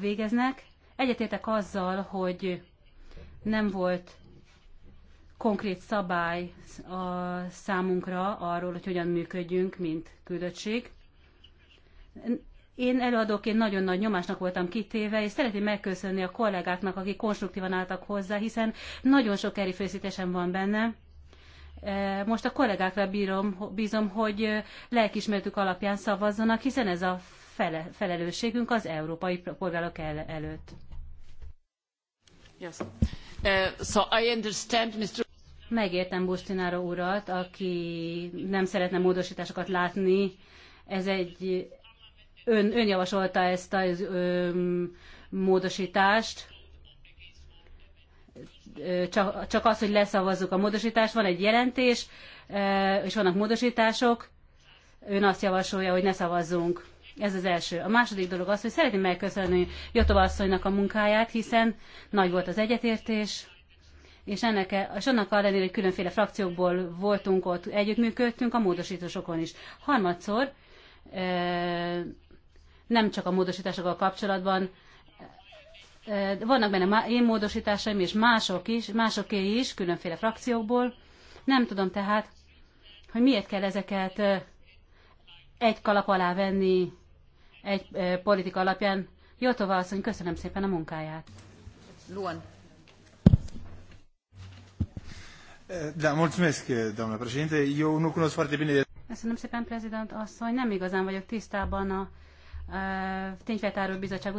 S1: végeznek. Egyetértek azzal, hogy nem volt konkrét szabály a számunkra arról, hogy hogyan működjünk, mint küldöttség. Én előadóként nagyon nagy nyomásnak voltam kitéve, és szeretném megköszönni a kollégáknak, akik konstruktívan álltak hozzá, hiszen nagyon sok erőfeszítésem van benne. E, most a kollégákra bírom, bízom, hogy lelkismertük alapján szavazzanak, hiszen ez a fele, felelősségünk az európai polgárok el, előtt. Yes. Uh, so I understand, Mr. Megértem Bustinára urat, aki nem szeretne módosításokat látni. Ez egy, ön, ön javasolta ezt a ö, módosítást. Csak, csak az, hogy leszavazzuk a módosítást, van egy jelentés, és vannak módosítások. Ön azt javasolja, hogy ne szavazzunk. Ez az első. A második dolog az, hogy szeretném megköszönni Jotova asszonynak a munkáját, hiszen nagy volt az egyetértés és ennek, e- és annak ellenére, hogy különféle frakciókból voltunk ott, együttműködtünk a módosításokon is. Harmadszor e, nem csak a módosításokkal kapcsolatban, e, vannak benne én módosításaim és mások is, másoké is, különféle frakciókból. Nem tudom tehát, hogy miért kell ezeket egy kalap alá venni egy politika alapján. Jótova asszony, köszönöm szépen a munkáját.
S3: Luan. Eh, da, mulțumesc, eh, doamna președinte. Eu nu cunosc foarte bine...
S1: Köszönöm szépen, prezident asszony. Nem igazán vagyok tisztában a, eh, Tényfeltáró Bizottság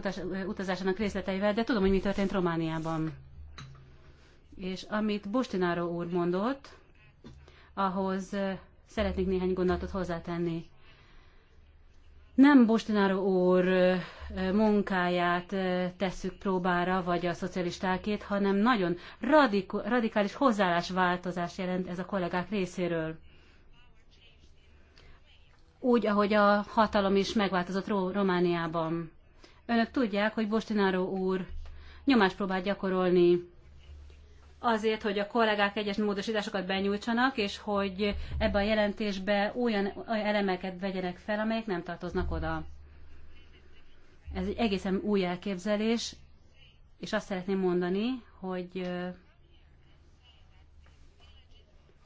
S1: utazásának részleteivel, de tudom, hogy mi történt Romániában. És amit Bostináró úr mondott, ahhoz szeretnék néhány gondolatot hozzátenni nem Bostonáró úr munkáját tesszük próbára, vagy a szocialistákét, hanem nagyon radikális hozzáállásváltozás jelent ez a kollégák részéről. Úgy, ahogy a hatalom is megváltozott Romániában. Önök tudják, hogy Bostináró úr nyomást próbált gyakorolni azért, hogy a kollégák egyes módosításokat benyújtsanak, és hogy ebbe a jelentésbe olyan elemeket vegyenek fel, amelyek nem tartoznak oda. Ez egy egészen új elképzelés, és azt szeretném mondani, hogy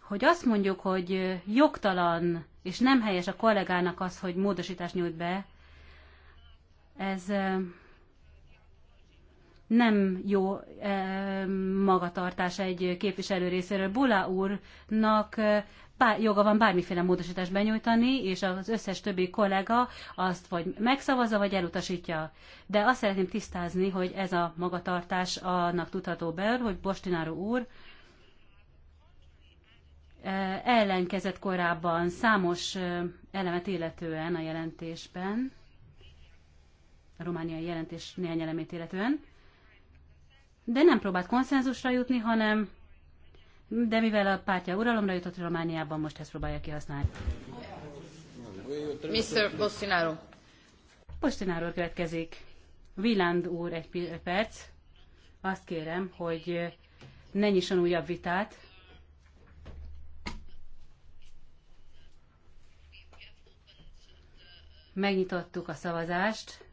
S1: hogy azt mondjuk, hogy jogtalan és nem helyes a kollégának az, hogy módosítást nyújt be, ez nem jó magatartás egy képviselő részéről. Bula úrnak bár, joga van bármiféle módosítást benyújtani, és az összes többi kollega azt vagy megszavazza, vagy elutasítja. De azt szeretném tisztázni, hogy ez a magatartás annak tudható be, hogy Bostináró úr ellenkezett korábban számos elemet illetően a jelentésben, a romániai jelentés néhány elemét illetően, de nem próbált konszenzusra jutni, hanem de mivel a pártja uralomra jutott Romániában, most ezt próbálja kihasználni. Mr. Postináró, Postinaro következik. Viland úr, egy perc. Azt kérem, hogy ne nyisson újabb vitát. Megnyitottuk a szavazást.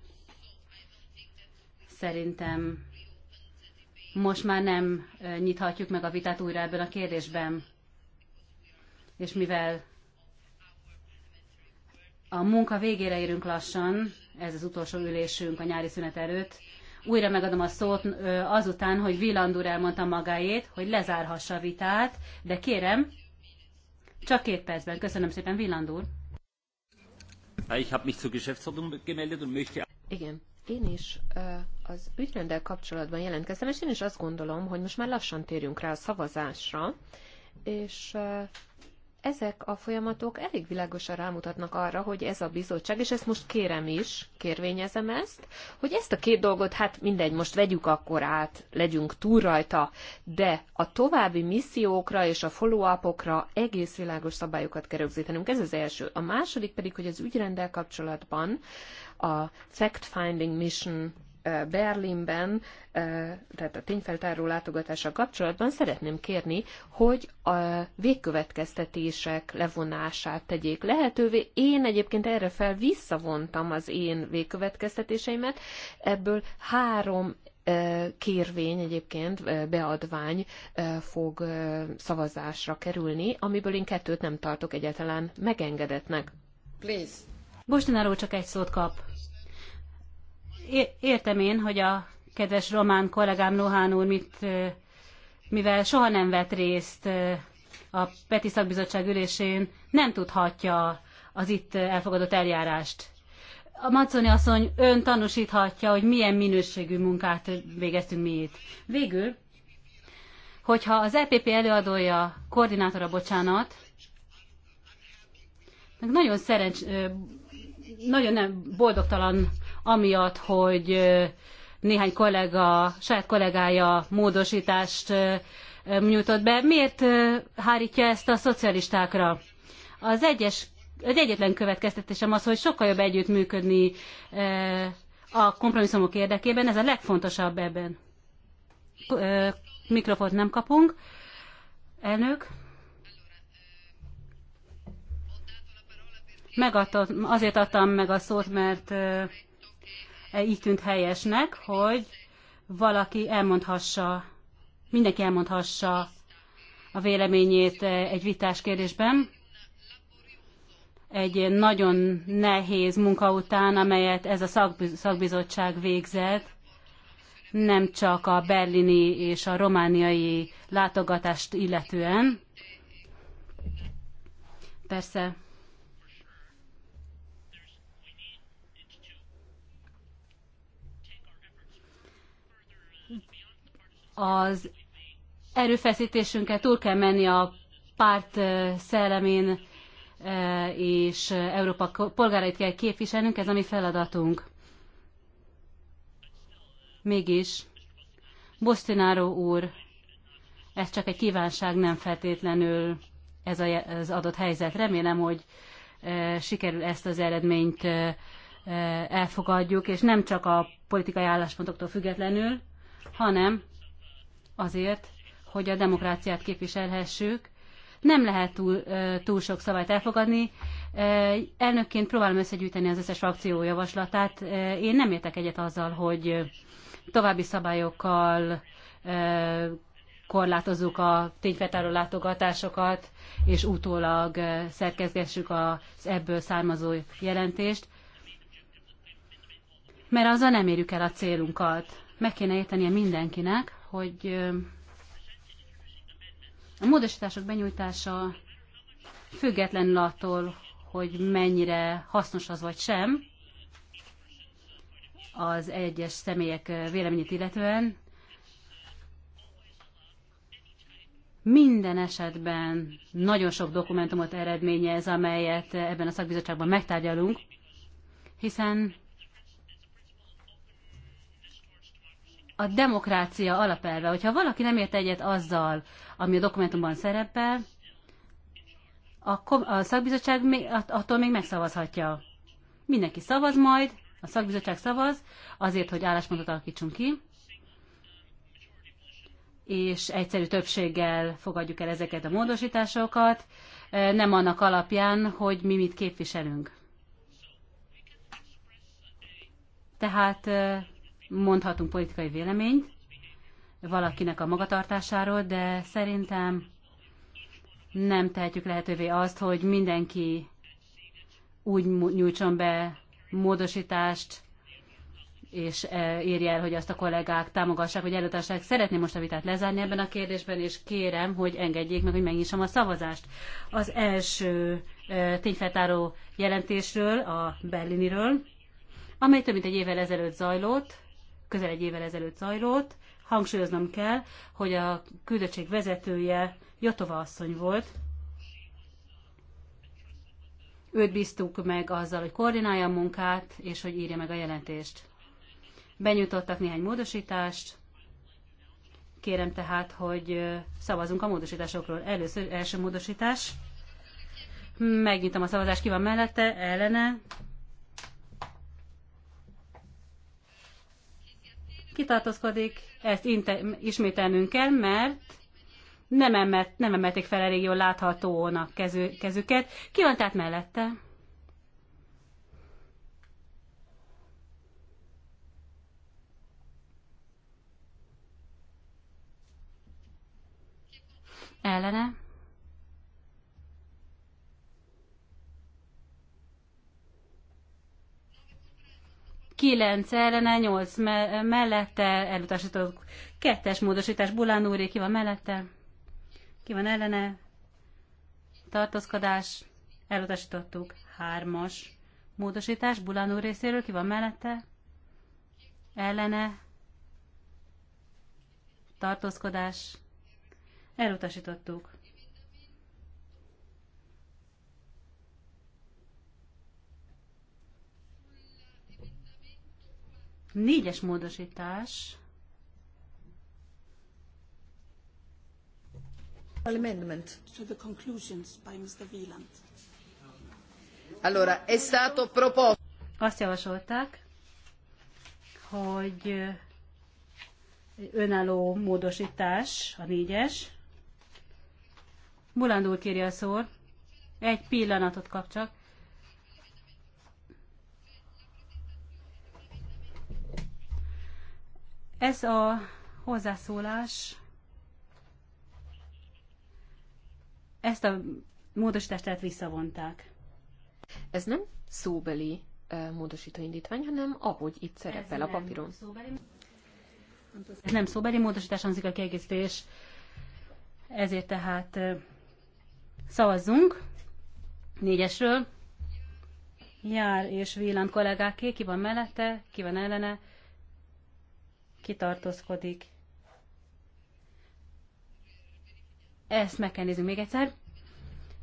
S1: Szerintem most már nem nyithatjuk meg a vitát újra ebben a kérdésben. És mivel a munka végére érünk lassan, ez az utolsó ülésünk a nyári szünet előtt, újra megadom a szót azután, hogy Villandur elmondta magáét, hogy lezárhassa a vitát, de kérem, csak két percben. Köszönöm szépen, Villandur.
S3: Ich habe mich zur Geschäftsordnung gemeldet und möchte...
S1: Igen,
S4: én is uh az ügyrendel kapcsolatban jelentkeztem, és én is azt gondolom, hogy most már lassan térjünk rá a szavazásra, és ezek a folyamatok elég világosan rámutatnak arra, hogy ez a bizottság, és ezt most kérem is, kérvényezem ezt, hogy ezt a két dolgot, hát mindegy, most vegyük akkor át, legyünk túl rajta, de a további missziókra és a follow-upokra egész világos szabályokat kell rögzítenünk. Ez az első. A második pedig, hogy az ügyrendel kapcsolatban a fact-finding mission Berlinben, tehát a tényfeltáró látogatással kapcsolatban szeretném kérni, hogy a végkövetkeztetések levonását tegyék lehetővé. Én egyébként erre fel visszavontam az én végkövetkeztetéseimet. Ebből három kérvény egyébként, beadvány fog szavazásra kerülni, amiből én kettőt nem tartok egyáltalán
S1: megengedetnek. Please. Bostanáról csak egy szót kap értem én, hogy a kedves román kollégám Lohán úr, mit, mivel soha nem vett részt a Peti Szakbizottság ülésén, nem tudhatja az itt elfogadott eljárást. A Maconi asszony ön tanúsíthatja, hogy milyen minőségű munkát végeztünk mi itt. Végül, hogyha az EPP előadója, koordinátora, bocsánat, nagyon szerencs, nagyon nem boldogtalan amiatt, hogy néhány kollega, saját kollégája módosítást nyújtott be. Miért hárítja ezt a szocialistákra? Az, egyes, az egyetlen következtetésem az, hogy sokkal jobb együttműködni a kompromisszumok érdekében, ez a legfontosabb ebben. Mikrofont nem kapunk. Elnök. Megadtam, azért adtam meg a szót, mert E, így tűnt helyesnek, hogy valaki elmondhassa, mindenki elmondhassa a véleményét e, egy vitás kérdésben, egy nagyon nehéz munka után, amelyet ez a szakbizottság végzett, nem csak a berlini és a romániai látogatást illetően. Persze az erőfeszítésünket túl kell menni a párt szellemén, és Európa polgárait kell képviselnünk, ez a mi feladatunk. Mégis, Bostináró úr, ez csak egy kívánság, nem feltétlenül ez az adott helyzet. Remélem, hogy sikerül ezt az eredményt elfogadjuk, és nem csak a politikai álláspontoktól függetlenül, hanem azért, hogy a demokráciát képviselhessük. Nem lehet túl, túl sok szabályt elfogadni. Elnökként próbálom összegyűjteni az összes frakció javaslatát. Én nem értek egyet azzal, hogy további szabályokkal korlátozzuk a tényfeltáró látogatásokat, és utólag szerkezgessük az ebből származó jelentést, mert azzal nem érjük el a célunkat. Meg kéne a mindenkinek, hogy a módosítások benyújtása függetlenül attól, hogy mennyire hasznos az vagy sem, az egyes személyek véleményét illetően, minden esetben nagyon sok dokumentumot eredményez, amelyet ebben a szakbizottságban megtárgyalunk, hiszen a demokrácia alapelve. Hogyha valaki nem ért egyet azzal, ami a dokumentumban szerepel, a, kom- a szakbizottság még, attól még megszavazhatja. Mindenki szavaz majd, a szakbizottság szavaz, azért, hogy álláspontot alakítsunk ki, és egyszerű többséggel fogadjuk el ezeket a módosításokat, e, nem annak alapján, hogy mi mit képviselünk. Tehát e, mondhatunk politikai véleményt valakinek a magatartásáról, de szerintem nem tehetjük lehetővé azt, hogy mindenki úgy nyújtson be módosítást, és érje e, el, hogy azt a kollégák támogassák, hogy előtassák. Szeretném most a vitát lezárni ebben a kérdésben, és kérem, hogy engedjék meg, hogy megnyissam a szavazást. Az első e, tényfeltáró jelentésről, a berliniről, amely több mint egy évvel ezelőtt zajlott, közel egy évvel ezelőtt zajlott. Hangsúlyoznom kell, hogy a küldöttség vezetője Jotova asszony volt. Őt bíztuk meg azzal, hogy koordinálja a munkát, és hogy írja meg a jelentést. Benyújtottak néhány módosítást, kérem tehát, hogy szavazunk a módosításokról. Először első módosítás. Megnyitom a szavazást, ki van mellette, ellene, kitartózkodik, ezt ismételnünk kell, mert nem, emelt, nem emelték fel elég jól láthatóan a kezü, kezüket. Ki van tehát mellette? Ellene? 9 ellene, 8 me mellette, elutasítottuk. Kettes módosítás, Bulán úré, ki van mellette? Ki van ellene? Tartózkodás, elutasítottuk. Hármas módosítás, Bulán úr részéről, ki van mellette? Ellene? Tartózkodás, elutasítottuk. Négyes módosítás. Amendment. To the conclusions by Mr. Wieland. Allora, è stato proposto. Azt javasolták, hogy eh, önálló módosítás, a négyes. Mulandul kéri a szót. Egy pillanatot kapcsak. csak. Ez a hozzászólás, ezt a módosítást tehát visszavonták.
S4: Ez nem szóbeli módosító indítvány, hanem ahogy itt szerepel ez a papíron.
S1: Szóbeli... Ez nem szóbeli módosítás, hanem a kiegészítés. Ezért tehát szavazzunk négyesről. Jár és Villan kollégáké, ki van mellette, ki van ellene, kitartózkodik. Ezt meg kell nézzük még egyszer.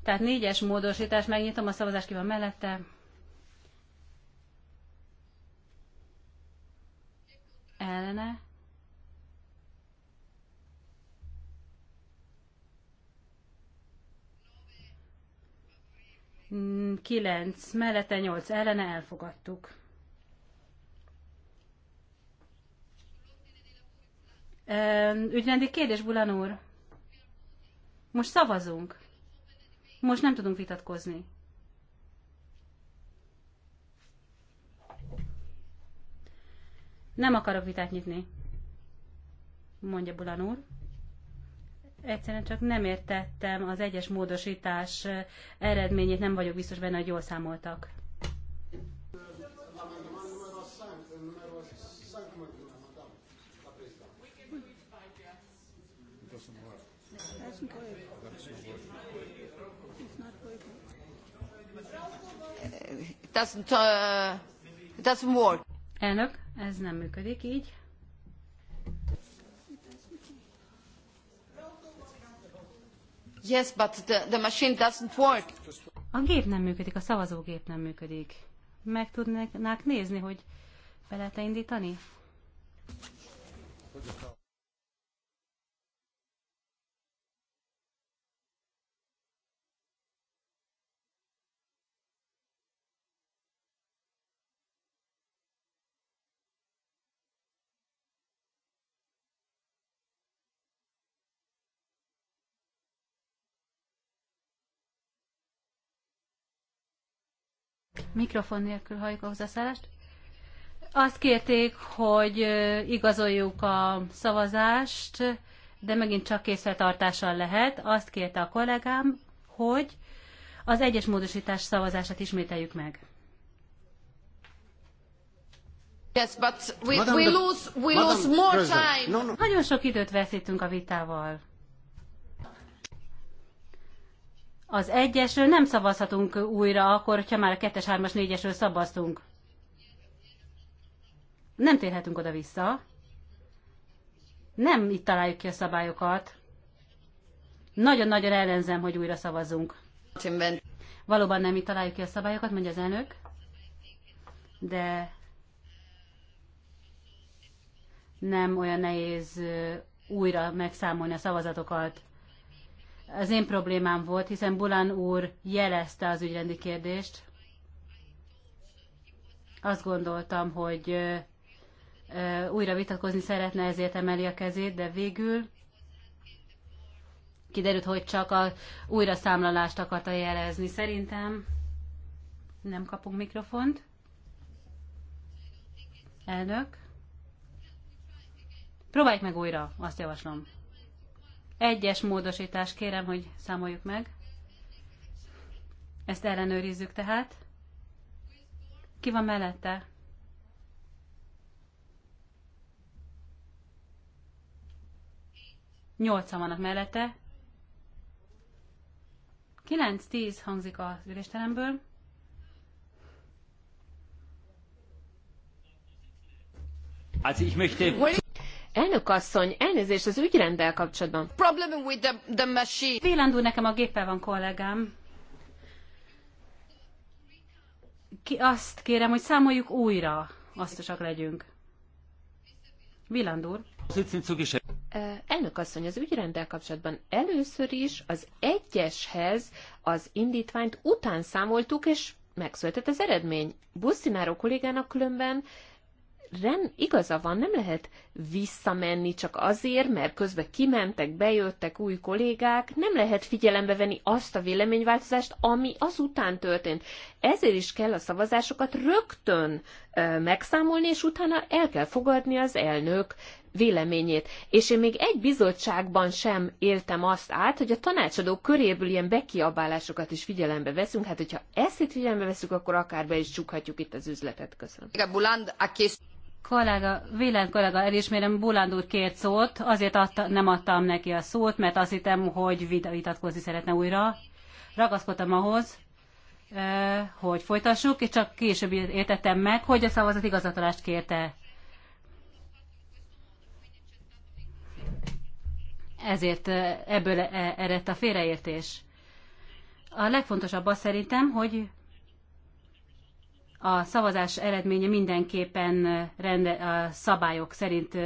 S1: Tehát négyes módosítás, megnyitom a szavazás ki van mellette. Ellene. Kilenc, mellette nyolc ellene elfogadtuk. Ügyrendi kérdés, Bulan úr. Most szavazunk. Most nem tudunk vitatkozni. Nem akarok vitát nyitni, mondja Bulan úr. Egyszerűen csak nem értettem az egyes módosítás eh, eredményét, nem vagyok biztos benne, hogy jól számoltak.
S3: doesn't, uh, it doesn't work. Elnök, ez
S1: nem működik így.
S3: Yes, but the, the machine doesn't work.
S1: A gép nem működik, a szavazógép nem működik. Meg tudnák nézni, hogy be lehet indítani? Mikrofon nélkül halljuk a hozzászállást. Azt kérték, hogy igazoljuk a szavazást, de megint csak készletartással lehet. Azt kérte a kollégám, hogy az egyes módosítás szavazását ismételjük meg.
S3: Yes, but we, we lose, we lose more time. No, no.
S1: Nagyon sok időt veszítünk a vitával. Az egyesről nem szavazhatunk újra, akkor, hogyha már a kettes, hármas, négyesről szavaztunk. Nem térhetünk oda-vissza. Nem itt találjuk ki a szabályokat. Nagyon-nagyon ellenzem, hogy újra szavazunk. Valóban nem itt találjuk ki a szabályokat, mondja az elnök. De nem olyan nehéz újra megszámolni a szavazatokat az én problémám volt, hiszen Bulán úr jelezte az ügyrendi kérdést. Azt gondoltam, hogy újra vitatkozni szeretne, ezért emeli a kezét, de végül kiderült, hogy csak a újra számlalást akarta jelezni. Szerintem nem kapunk mikrofont. Elnök. Próbáljuk meg újra, azt javaslom. Egyes módosítás, kérem, hogy számoljuk meg. Ezt ellenőrizzük tehát. Ki van mellette? Nyolcan vannak mellette. Kilenc, tíz hangzik az ülésteremből.
S3: Also ich möchte...
S4: Elnök asszony, elnézést az ügyrenddel kapcsolatban.
S1: Problem with the, the machine. Vélandú nekem a géppel van kollégám. Ki azt kérem, hogy számoljuk újra. Aztosak legyünk. Vilandúr. Elnök asszony, az ügyrendel
S4: kapcsolatban először is az egyeshez az indítványt után számoltuk, és megszületett az eredmény. Busztináró kollégának különben ren, igaza van, nem lehet visszamenni csak azért, mert közben kimentek, bejöttek új kollégák, nem lehet figyelembe venni azt a véleményváltozást, ami azután történt. Ezért is kell a szavazásokat rögtön ö, megszámolni, és utána el kell fogadni az elnök véleményét. És én még egy bizottságban sem éltem azt át, hogy a tanácsadók köréből ilyen bekiabálásokat is figyelembe veszünk. Hát, hogyha ezt itt figyelembe veszünk, akkor akár be is csukhatjuk itt az üzletet. Köszönöm
S1: kollega, Vélent kollega elismerem, Buland úr kért szót, azért adta, nem adtam neki a szót, mert azt hittem, hogy vitatkozni szeretne újra. Ragaszkodtam ahhoz, hogy folytassuk, és csak később értettem meg, hogy a szavazat igazatolást kérte. Ezért ebből e- eredt a félreértés. A legfontosabb az szerintem, hogy a szavazás eredménye mindenképpen rende, a szabályok szerint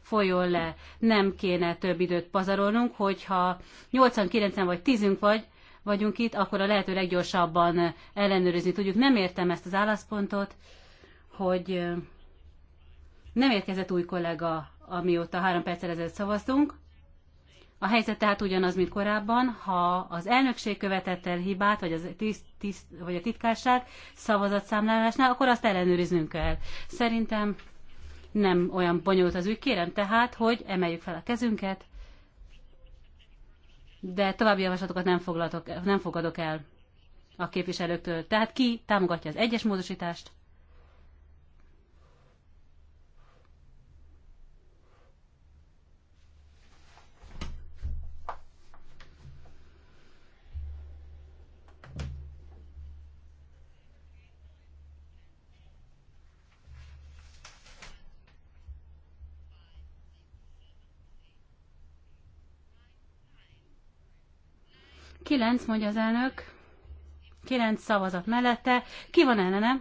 S1: folyjon le. Nem kéne több időt pazarolnunk, hogyha 89-en vagy 10 vagy, vagyunk itt, akkor a lehető leggyorsabban ellenőrizni tudjuk. Nem értem ezt az álláspontot, hogy nem érkezett új kollega, amióta három perccel ezelőtt szavaztunk. A helyzet tehát ugyanaz, mint korábban, ha az elnökség követett el hibát, vagy, az tiszt, tiszt, vagy a titkárság szavazatszámlálásnál, akkor azt ellenőriznünk kell. Szerintem nem olyan bonyolult az ügy. Kérem tehát, hogy emeljük fel a kezünket, de további javaslatokat nem, nem fogadok el a képviselőktől. Tehát ki támogatja az egyes módosítást? Kilenc, mondja az elnök. Kilenc szavazat mellette. Ki van ellene?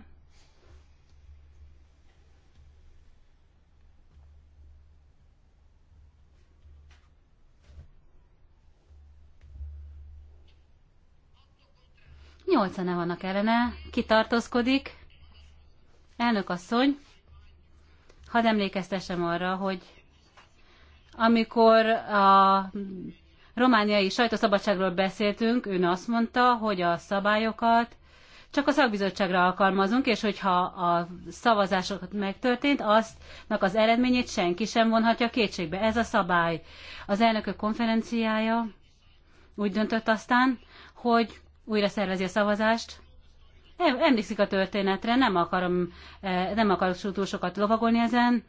S1: Nyolcana vannak ellene. Kitartózkodik. Elnök asszony, hadd emlékeztessem arra, hogy amikor a romániai sajtószabadságról beszéltünk, Ő azt mondta, hogy a szabályokat csak a szakbizottságra alkalmazunk, és hogyha a szavazásokat megtörtént, aztnak az eredményét senki sem vonhatja kétségbe. Ez a szabály. Az elnökök konferenciája úgy döntött aztán, hogy újra szervezi a szavazást. E, emlékszik a történetre, nem, akarom, e, nem akarok túl sokat lovagolni ezen.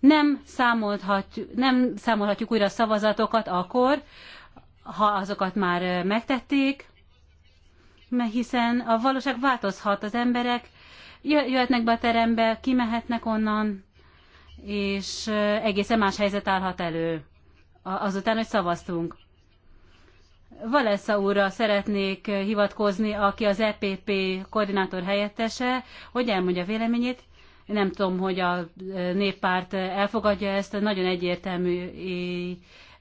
S1: Nem, számolhat, nem számolhatjuk újra a szavazatokat akkor, ha azokat már megtették, mert hiszen a valóság változhat, az emberek jöhetnek be a terembe, kimehetnek onnan, és egészen más helyzet állhat elő azután, hogy szavaztunk. Valesza úrra szeretnék hivatkozni, aki az EPP koordinátor helyettese, hogy elmondja véleményét. Nem tudom, hogy a néppárt elfogadja ezt, nagyon egyértelmű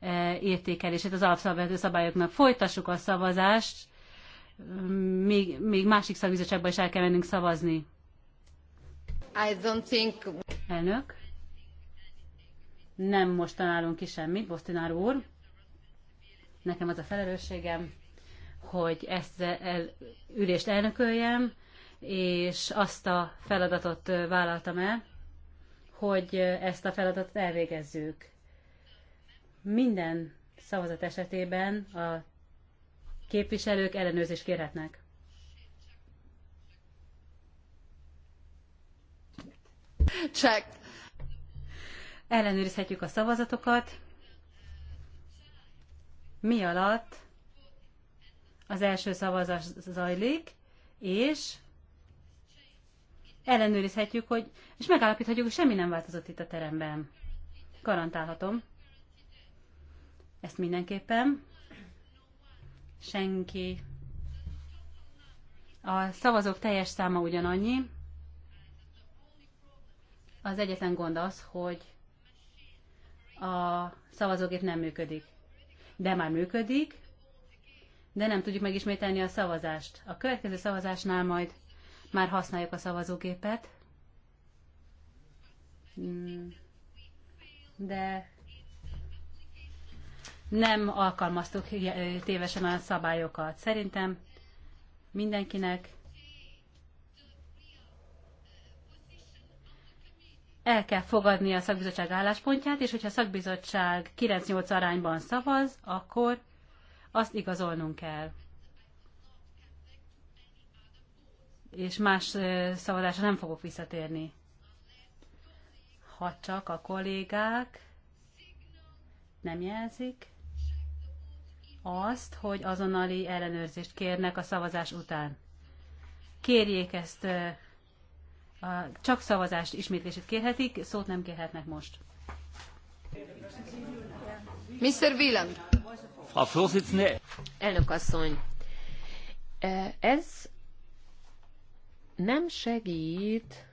S1: E, értékelését az alapszabályozó szabályoknak. Folytassuk a szavazást, még, még másik szakbizottságba is el kell mennünk szavazni. I don't think... Elnök. Nem most találunk ki semmit, Bosztinár úr. Nekem az a felelősségem, hogy ezt el, ülést elnököljem, és azt a feladatot vállaltam el, hogy ezt a feladatot elvégezzük minden szavazat esetében a képviselők ellenőrzést kérhetnek. Check. Ellenőrizhetjük a szavazatokat. Mi alatt az első szavazás zajlik, és ellenőrizhetjük, hogy, és megállapíthatjuk, hogy semmi nem változott itt a teremben. Garantálhatom. Ezt mindenképpen. Senki. A szavazók teljes száma ugyanannyi. Az egyetlen gond az, hogy a szavazógép nem működik. De már működik, de nem tudjuk megismételni a szavazást. A következő szavazásnál majd már használjuk a szavazógépet. Hmm. De nem alkalmaztuk tévesen a szabályokat. Szerintem mindenkinek el kell fogadni a szakbizottság álláspontját, és hogyha a szakbizottság 9-8 arányban szavaz, akkor azt igazolnunk kell. És más szavazásra nem fogok visszatérni. Ha csak a kollégák nem jelzik, azt, hogy azonnali ellenőrzést kérnek a szavazás után. Kérjék ezt, csak szavazást ismétlését kérhetik, szót nem kérhetnek most.
S3: Mr. Wieland. Frau
S4: Vorsitzende. Elnök asszony, ez nem segít,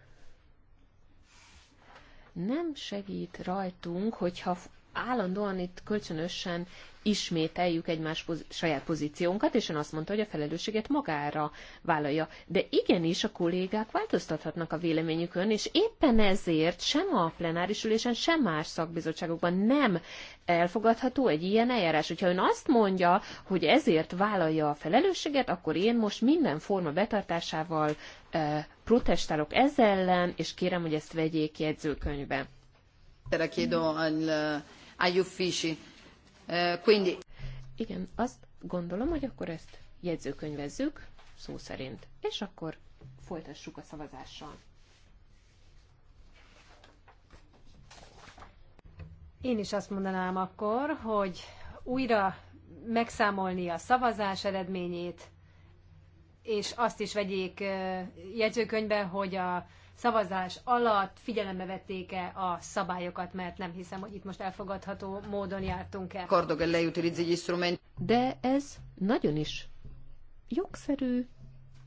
S4: nem segít rajtunk, hogyha állandóan itt kölcsönösen ismételjük egymás poz- saját pozíciónkat, és ön azt mondta, hogy a felelősséget magára vállalja. De igenis a kollégák változtathatnak a véleményükön, és éppen ezért sem a plenáris ülésen, sem más szakbizottságokban nem elfogadható egy ilyen eljárás. Hogyha ön azt mondja, hogy ezért vállalja a felelősséget, akkor én most minden forma betartásával e, protestálok ez ellen, és kérem, hogy ezt vegyék jegyzőkönyvbe. Mm.
S3: agli Quindi...
S4: Igen, azt gondolom, hogy akkor ezt jegyzőkönyvezzük, szó szerint, és akkor folytassuk a szavazással.
S2: Én is azt mondanám akkor, hogy újra megszámolni a szavazás eredményét, és azt is vegyék jegyzőkönyvbe, hogy a szavazás alatt figyelembe vették-e a szabályokat, mert nem hiszem, hogy itt most elfogadható módon jártunk el.
S4: De ez nagyon is jogszerű,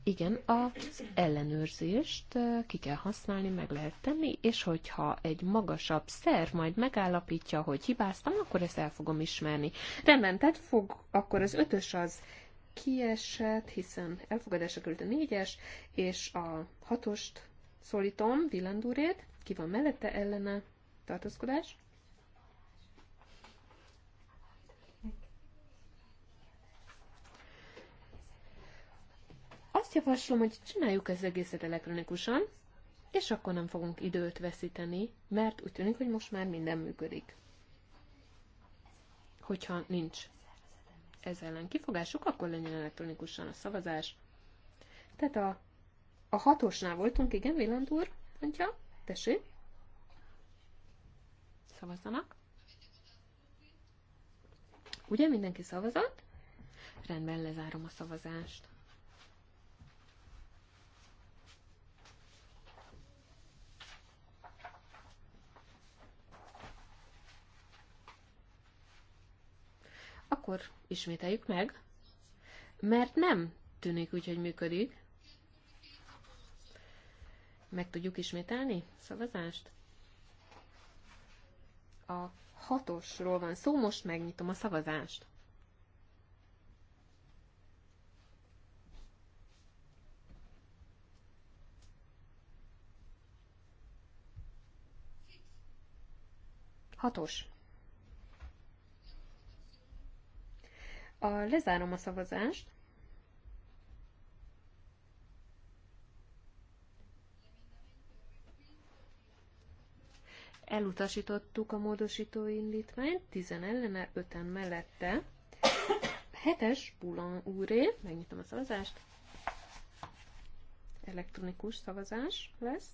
S4: igen, az ellenőrzést eh, ki kell használni, meg lehet tenni, és hogyha egy magasabb szerv majd megállapítja, hogy hibáztam, akkor ezt el fogom ismerni. Rendben, tehát fog, akkor az ötös az kiesett, hiszen elfogadásra került a négyes, és a hatost szólítom Villandúrét, ki van mellette ellene tartózkodás. Azt javaslom, hogy csináljuk ezt egészet elektronikusan, és akkor nem fogunk időt veszíteni, mert úgy tűnik, hogy most már minden működik. Hogyha nincs ez ellen kifogásuk, akkor legyen elektronikusan a szavazás. Tehát a a hatosnál voltunk, igen, Villand úr, mondja, tessék. Szavazzanak. Ugye mindenki szavazott? Rendben, lezárom a szavazást. Akkor ismételjük meg, mert nem tűnik úgy, hogy működik. Meg tudjuk ismételni szavazást? A hatosról van szó, most megnyitom a szavazást. Hatos. A, lezárom a szavazást. Elutasítottuk a módosító indítványt, 10 ellene, 5 mellette. 7-es Bulan úré, megnyitom a szavazást. Elektronikus szavazás lesz.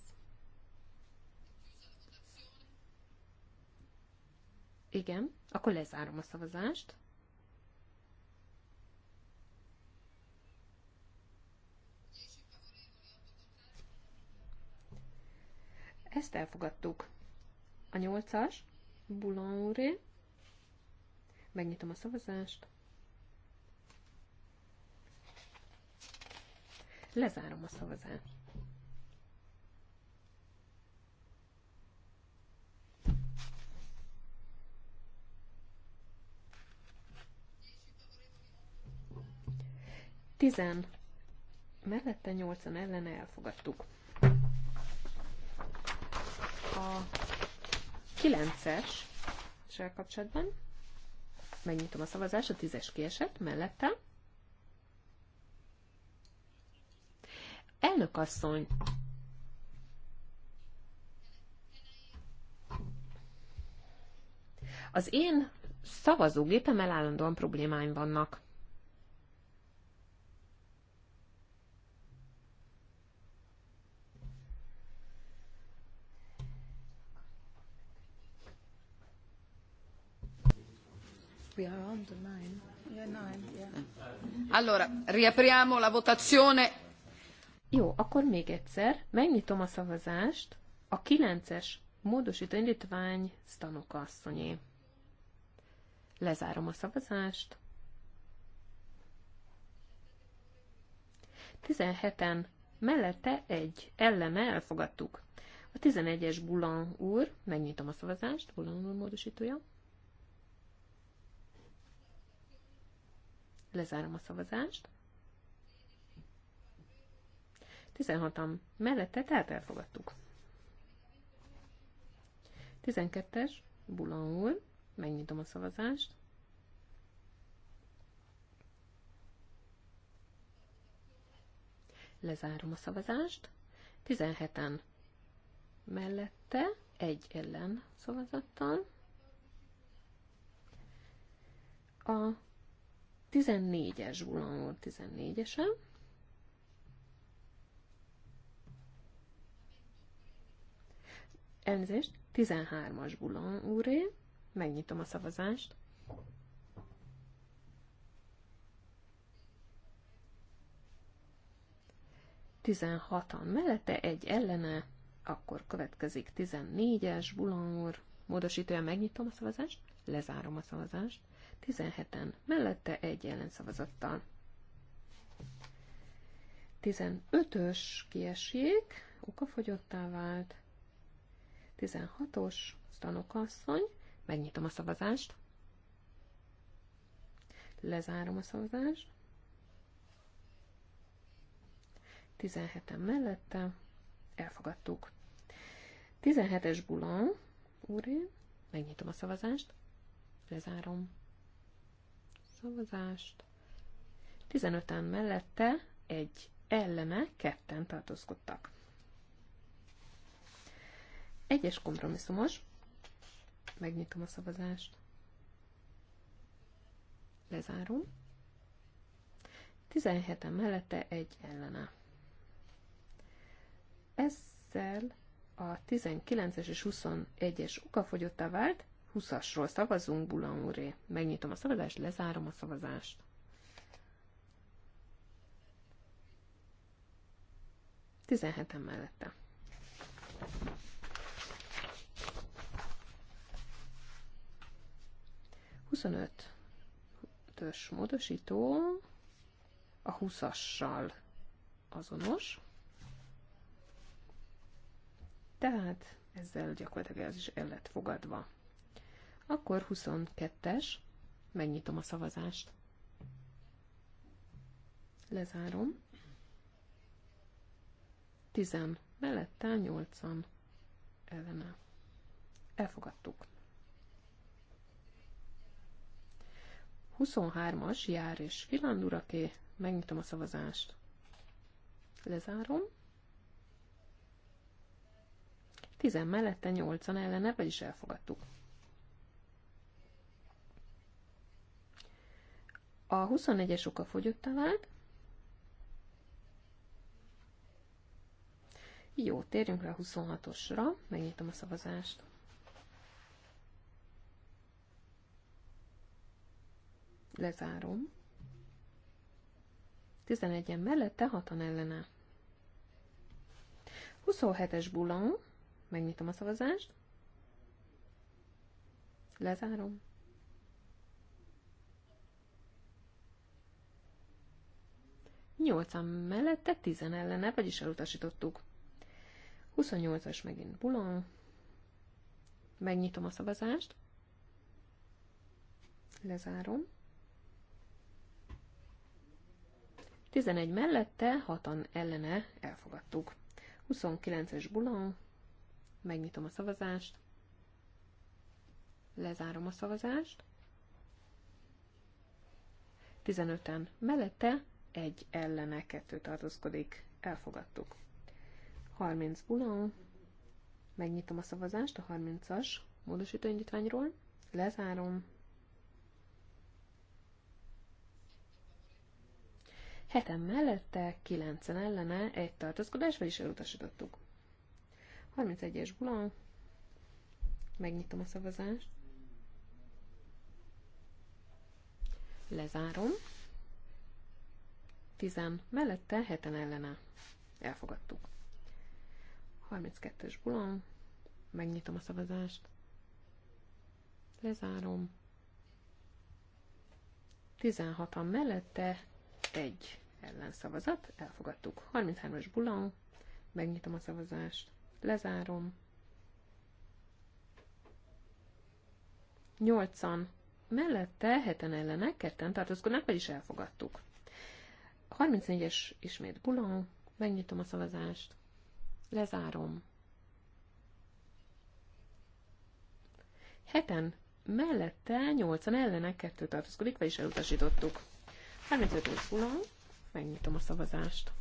S4: Igen, akkor lezárom a szavazást. Ezt elfogadtuk. A nyolcas, Boulon Megnyitom a szavazást. Lezárom a szavazást. Tizen. Mellette nyolcan ellene elfogadtuk. A 9-es kapcsolatban. Megnyitom a szavazást, a 10-es kiesett, mellette. Elnök asszony, az én szavazógépem elállandóan problémáim vannak.
S3: Allora, riapriamo la votazione. Jó,
S4: akkor még egyszer megnyitom a szavazást a 9-es módosító indítvány Stanoka asszonyé. Lezárom a szavazást. 17-en mellette egy elleme elfogadtuk. A 11-es Bulan úr, megnyitom a szavazást, Bulan úr módosítója. Lezárom a szavazást. 16-am mellette, tehát elfogadtuk. 12-es, Bulan megnyitom a szavazást. Lezárom a szavazást. 17-en mellette, egy ellen szavazattal. A 14-es Bulan volt 14-esem. Elnézést, 13-as Bulan úré. Megnyitom a szavazást. Tizenhatan mellette, egy ellene, akkor következik 14-es Bulan úr. Módosítója megnyitom a szavazást, lezárom a szavazást. 17-en, mellette egy ellenszavazattal. 15-ös kiesik, okafogyottá vált. 16-os, tanokasszony, megnyitom a szavazást. Lezárom a szavazást. 17-en mellette, elfogadtuk. 17-es bulan, úrén, megnyitom a szavazást, lezárom szavazást. 15-en mellette, egy ellene, ketten tartózkodtak. Egyes kompromisszumos. Megnyitom a szavazást. Lezárom. 17-en mellette, egy ellene. Ezzel a 19-es és 21-es okafogyottá vált, 20-asról szavazunk, Bulan úré. Megnyitom a szavazást, lezárom a szavazást. Tizenheten mellette. Huszonöt ös módosító a 20 azonos. Tehát ezzel gyakorlatilag ez is el lett fogadva. Akkor 22-es, megnyitom a szavazást. Lezárom. 10 mellette, 8-an ellene. Elfogadtuk. 23-as jár és Filanduraké, megnyitom a szavazást. Lezárom. 10 mellette, 8-an ellene, vagyis elfogadtuk. A 21 es oka fogyott vált. Jó, térjünk rá a 26-osra. Megnyitom a szavazást. Lezárom. 11-en mellette, 6-an ellene. 27-es bulon. Megnyitom a szavazást. Lezárom. nyolcan mellette, 10 ellene, vagyis elutasítottuk. 28-as megint bulon. Megnyitom a szavazást. Lezárom. 11 mellette, 6-an ellene elfogadtuk. 29-es bulon. Megnyitom a szavazást. Lezárom a szavazást. 15-en mellette, egy ellene, kettő tartózkodik, elfogadtuk. 30 bulon, megnyitom a szavazást a 30-as módosító indítványról, lezárom. 7 mellette, 9 ellene, egy tartózkodás, vagyis elutasítottuk. 31-es bulon, megnyitom a szavazást, lezárom. 10 mellette, 7 ellene elfogadtuk. 32 es bulon, megnyitom a szavazást, lezárom, 16-an mellette, egy ellenszavazat, elfogadtuk. 33-as bulon, megnyitom a szavazást, lezárom, 8-an mellette, 7-en ellene, ketten tartózkodnak, vagyis elfogadtuk. 34-es ismét bula, megnyitom a szavazást, lezárom. Heten mellette 8-an ellene 2 tartózkodik, vagyis elutasítottuk. 35 es bula, megnyitom a szavazást.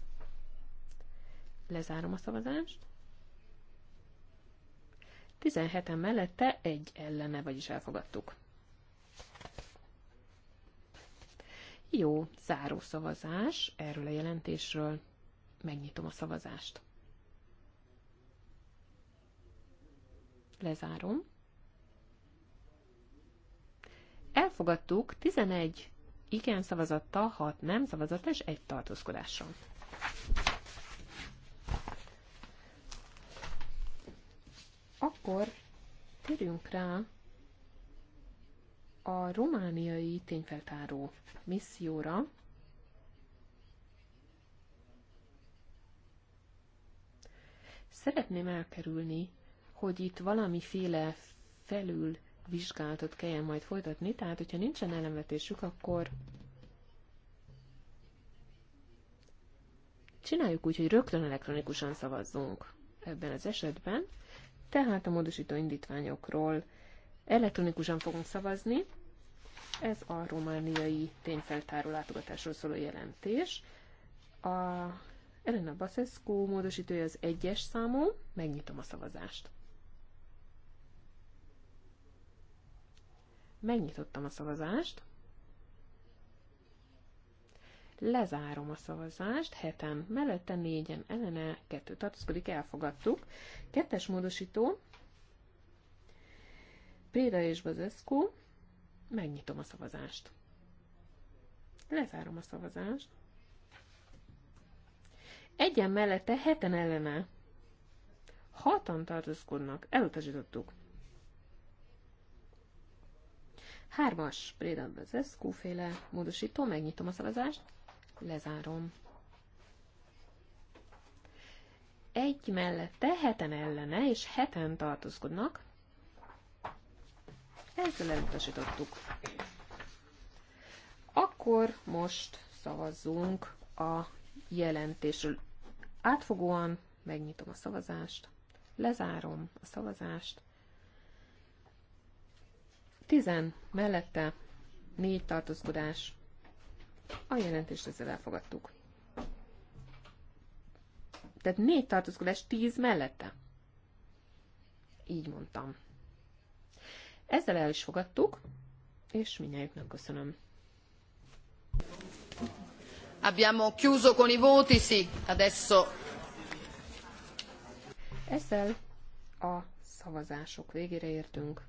S4: Lezárom a szavazást. 17-en mellette egy ellene, vagyis elfogadtuk. Jó, záró szavazás erről a jelentésről. Megnyitom a szavazást. Lezárom. Elfogadtuk 11 igen szavazatta, 6 nem szavazattal és egy tartózkodással. Akkor térjünk rá a romániai tényfeltáró misszióra, szeretném elkerülni, hogy itt valamiféle felül vizsgálatot kelljen majd folytatni, tehát hogyha nincsen elemvetésük, akkor csináljuk úgy, hogy rögtön elektronikusan szavazzunk ebben az esetben, tehát a módosító indítványokról elektronikusan fogunk szavazni, ez a romániai tényfeltáró látogatásról szóló jelentés. A Elena Basescu módosítója az egyes számú. Megnyitom a szavazást. Megnyitottam a szavazást. Lezárom a szavazást, heten mellette négyen ellene, kettő tartozkodik, elfogadtuk. Kettes módosító, Préda és Bazescu, Megnyitom a szavazást. Lezárom a szavazást. Egyen mellette heten ellene. Hatan tartózkodnak. Elutasítottuk. Hármas Préda Bezeszkú féle módosító. Megnyitom a szavazást. Lezárom. Egy mellette heten ellene, és heten tartózkodnak. Ezzel elutasítottuk. Akkor most szavazzunk a jelentésről. Átfogóan megnyitom a szavazást, lezárom a szavazást. 10 mellette 4 tartózkodás. A jelentést ezzel elfogadtuk. Tehát négy tartózkodás tíz mellette. Így mondtam. Ezzel el is fogadtuk, és mindjárt köszönöm.
S3: Abbiamo chiuso con i voti, sì, adesso. Ezzel a
S4: szavazások végére értünk.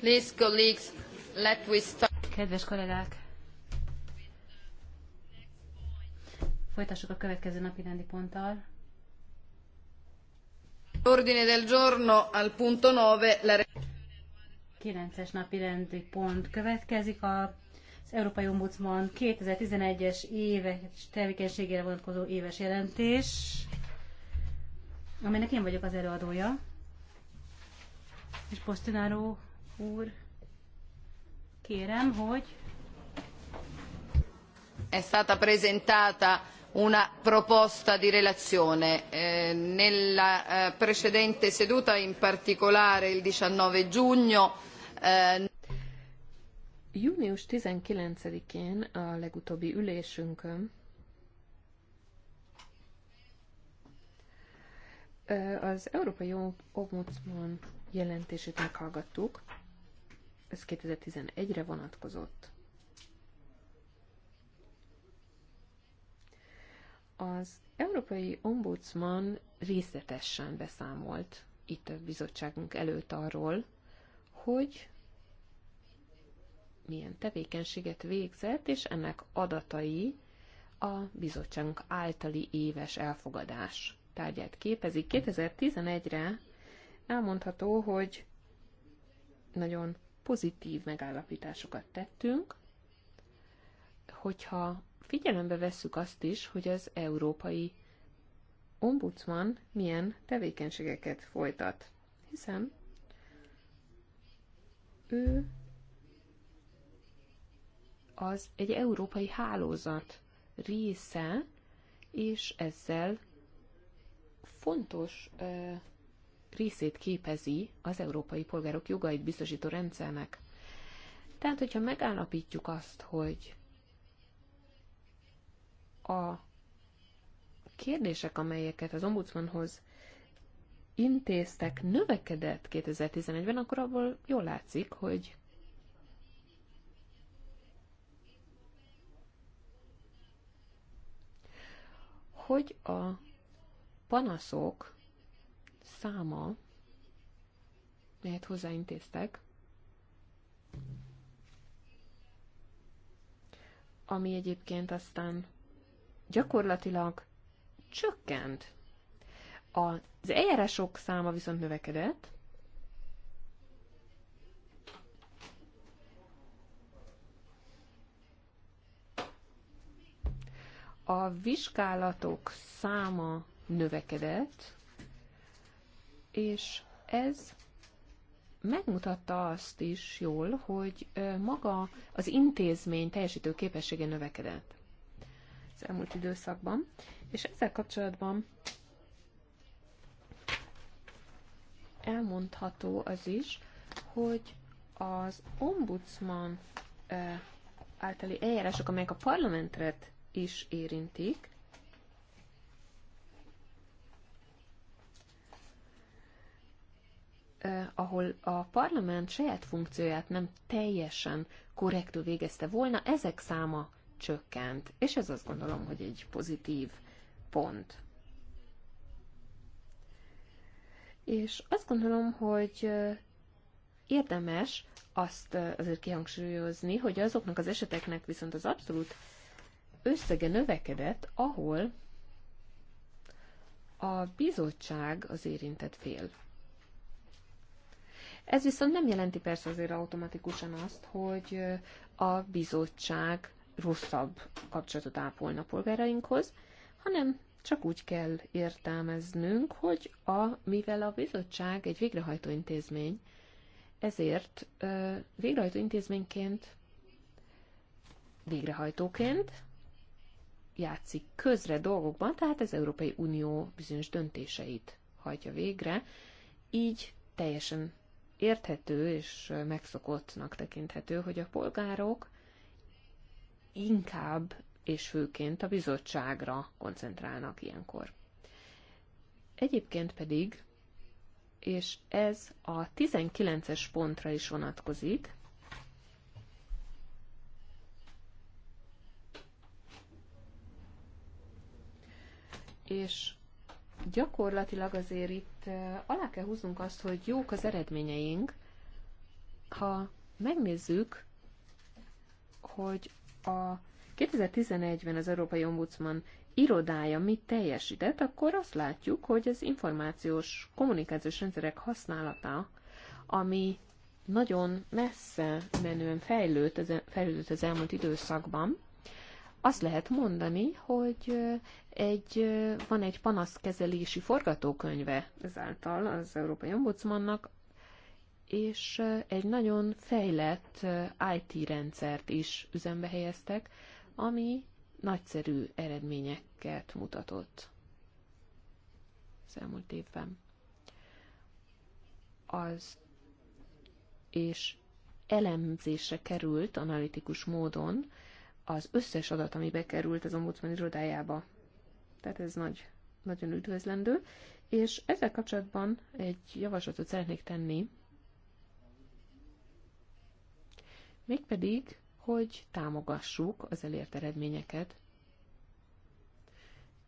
S3: Please, colleagues, let we start. Kedves kollégák!
S1: Folytassuk a következő napi rendi ponttal.
S3: Ordine del giorno al punto 9. 9-es napi
S1: rendi pont következik a az Európai Ombudsman 2011-es éves tevékenységére vonatkozó éves jelentés, amelynek én vagyok az előadója. És Postináró úr,
S3: kérem, hogy... È stata presentata una proposta di relazione. Eh, nella eh, precedente seduta, in particolare il 19 giugno, eh,
S4: Június 19-én a legutóbbi ülésünkön eh, az Európai Ombudsman jelentését meghallgattuk, ez 2011-re vonatkozott. Az Európai Ombudsman részletesen beszámolt itt a bizottságunk előtt arról, hogy milyen tevékenységet végzett, és ennek adatai a bizottságunk általi éves elfogadás tárgyát képezik. 2011-re elmondható, hogy nagyon pozitív megállapításokat tettünk, hogyha figyelembe vesszük azt is, hogy az európai ombudsman milyen tevékenységeket folytat, hiszen ő az egy európai hálózat része, és ezzel fontos részét képezi az európai polgárok jogait biztosító rendszernek. Tehát, hogyha megállapítjuk azt, hogy a kérdések, amelyeket az ombudsmanhoz intéztek, növekedett 2011-ben, akkor abból jól látszik, hogy hogy a panaszok száma, melyet hozzáintéztek, ami egyébként aztán gyakorlatilag csökkent. Az eljárások száma viszont növekedett, a vizsgálatok száma növekedett, és ez megmutatta azt is jól, hogy maga az intézmény teljesítő képessége növekedett az elmúlt időszakban, és ezzel kapcsolatban elmondható az is, hogy az ombudsman általi eljárások, amelyek a parlamentet is érintik, ahol a parlament saját funkcióját nem teljesen korrektül végezte volna, ezek száma csökkent. És ez azt gondolom, hogy egy pozitív pont. És azt gondolom, hogy érdemes azt azért kihangsúlyozni, hogy azoknak az eseteknek viszont az abszolút összege növekedett, ahol a bizottság az érintett fél. Ez viszont nem jelenti persze azért automatikusan azt, hogy a bizottság rosszabb kapcsolatot ápolna a polgárainkhoz, hanem csak úgy kell értelmeznünk, hogy a, mivel a bizottság egy végrehajtó intézmény, ezért végrehajtó intézményként, végrehajtóként játszik közre dolgokban, tehát az Európai Unió bizonyos döntéseit hajtja végre, így teljesen érthető és megszokottnak tekinthető, hogy a polgárok inkább és főként a bizottságra koncentrálnak ilyenkor. Egyébként pedig, és ez a 19-es pontra is vonatkozik, és gyakorlatilag azért itt alá kell húznunk azt, hogy jók az eredményeink, ha megnézzük, hogy a 2011-ben az Európai Ombudsman irodája mit teljesített, akkor azt látjuk, hogy az információs kommunikációs rendszerek használata, ami nagyon messze menően fejlődött az, elmúlt időszakban, azt lehet mondani, hogy egy, van egy panaszkezelési forgatókönyve ezáltal az Európai Ombudsmannak, és egy nagyon fejlett IT rendszert is üzembe helyeztek, ami nagyszerű eredményeket mutatott az elmúlt évben. Az és elemzésre került analitikus módon az összes adat, ami bekerült az ombudsman irodájába. Tehát ez nagy, nagyon üdvözlendő. És ezzel kapcsolatban egy javaslatot szeretnék tenni, mégpedig, hogy támogassuk az elért eredményeket,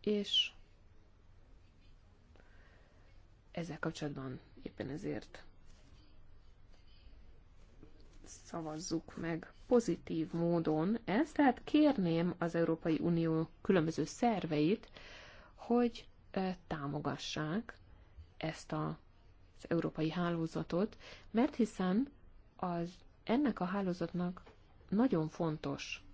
S4: és ezzel kapcsolatban éppen ezért szavazzuk meg pozitív módon ezt, tehát kérném az Európai Unió különböző szerveit, hogy támogassák ezt a, az európai hálózatot, mert hiszen az ennek a hálózatnak nagyon fontos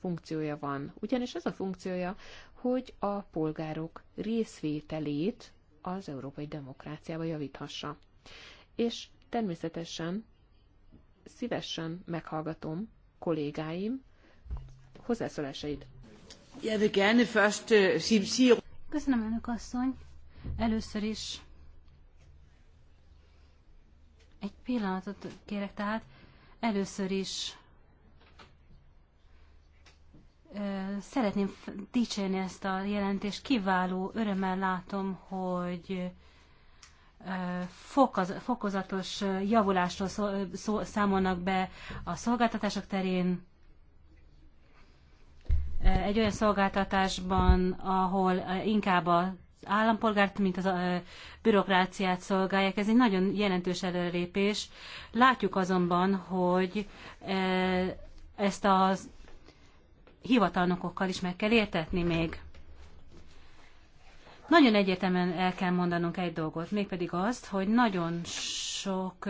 S4: funkciója van. Ugyanis ez a funkciója, hogy a polgárok részvételét az európai demokráciába javíthassa. És természetesen szívesen meghallgatom kollégáim hozzászólásait. Øh,
S1: Köszönöm, elnök asszony. Először is egy pillanatot kérek, tehát először is szeretném dicsérni ezt a jelentést. Kiváló, örömmel látom, hogy fokoz, fokozatos javulásról szó, szó, számolnak be a szolgáltatások terén. Egy olyan szolgáltatásban, ahol inkább az állampolgárt, mint az a bürokráciát szolgálják, ez egy nagyon jelentős előrelépés. Látjuk azonban, hogy ezt a hivatalnokokkal is meg kell értetni még. Nagyon egyetemen el kell mondanunk egy dolgot, mégpedig azt, hogy nagyon sok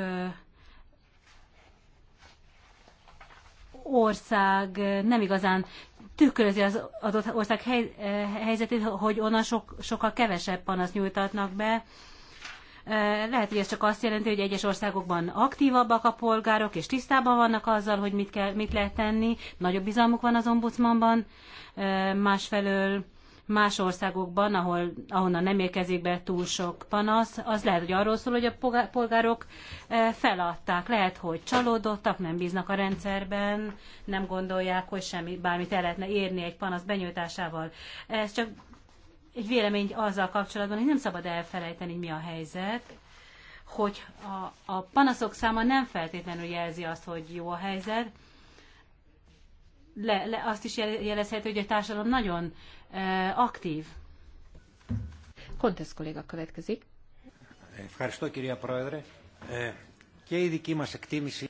S1: ország nem igazán tükrözi az adott ország hely, helyzetét, hogy onnan sok, sokkal kevesebb panaszt nyújtatnak be. Lehet, hogy ez csak azt jelenti, hogy egyes országokban aktívabbak a polgárok, és tisztában vannak azzal, hogy mit, kell, mit lehet tenni, nagyobb bizalmuk van az ombudsmanban, másfelől Más országokban, ahol, ahonnan nem érkezik be túl sok panasz, az lehet, hogy arról szól, hogy a polgárok e, feladták. Lehet, hogy csalódottak, nem bíznak a rendszerben, nem gondolják, hogy semmi, bármit el lehetne érni egy panasz benyújtásával. Ez csak egy vélemény azzal kapcsolatban, hogy nem szabad elfelejteni, mi a helyzet, hogy a, a panaszok száma nem feltétlenül jelzi azt, hogy jó a helyzet, le, le, azt is jelezhet, hogy a társadalom nagyon Eh, aktív. Kontesz kolléga következik.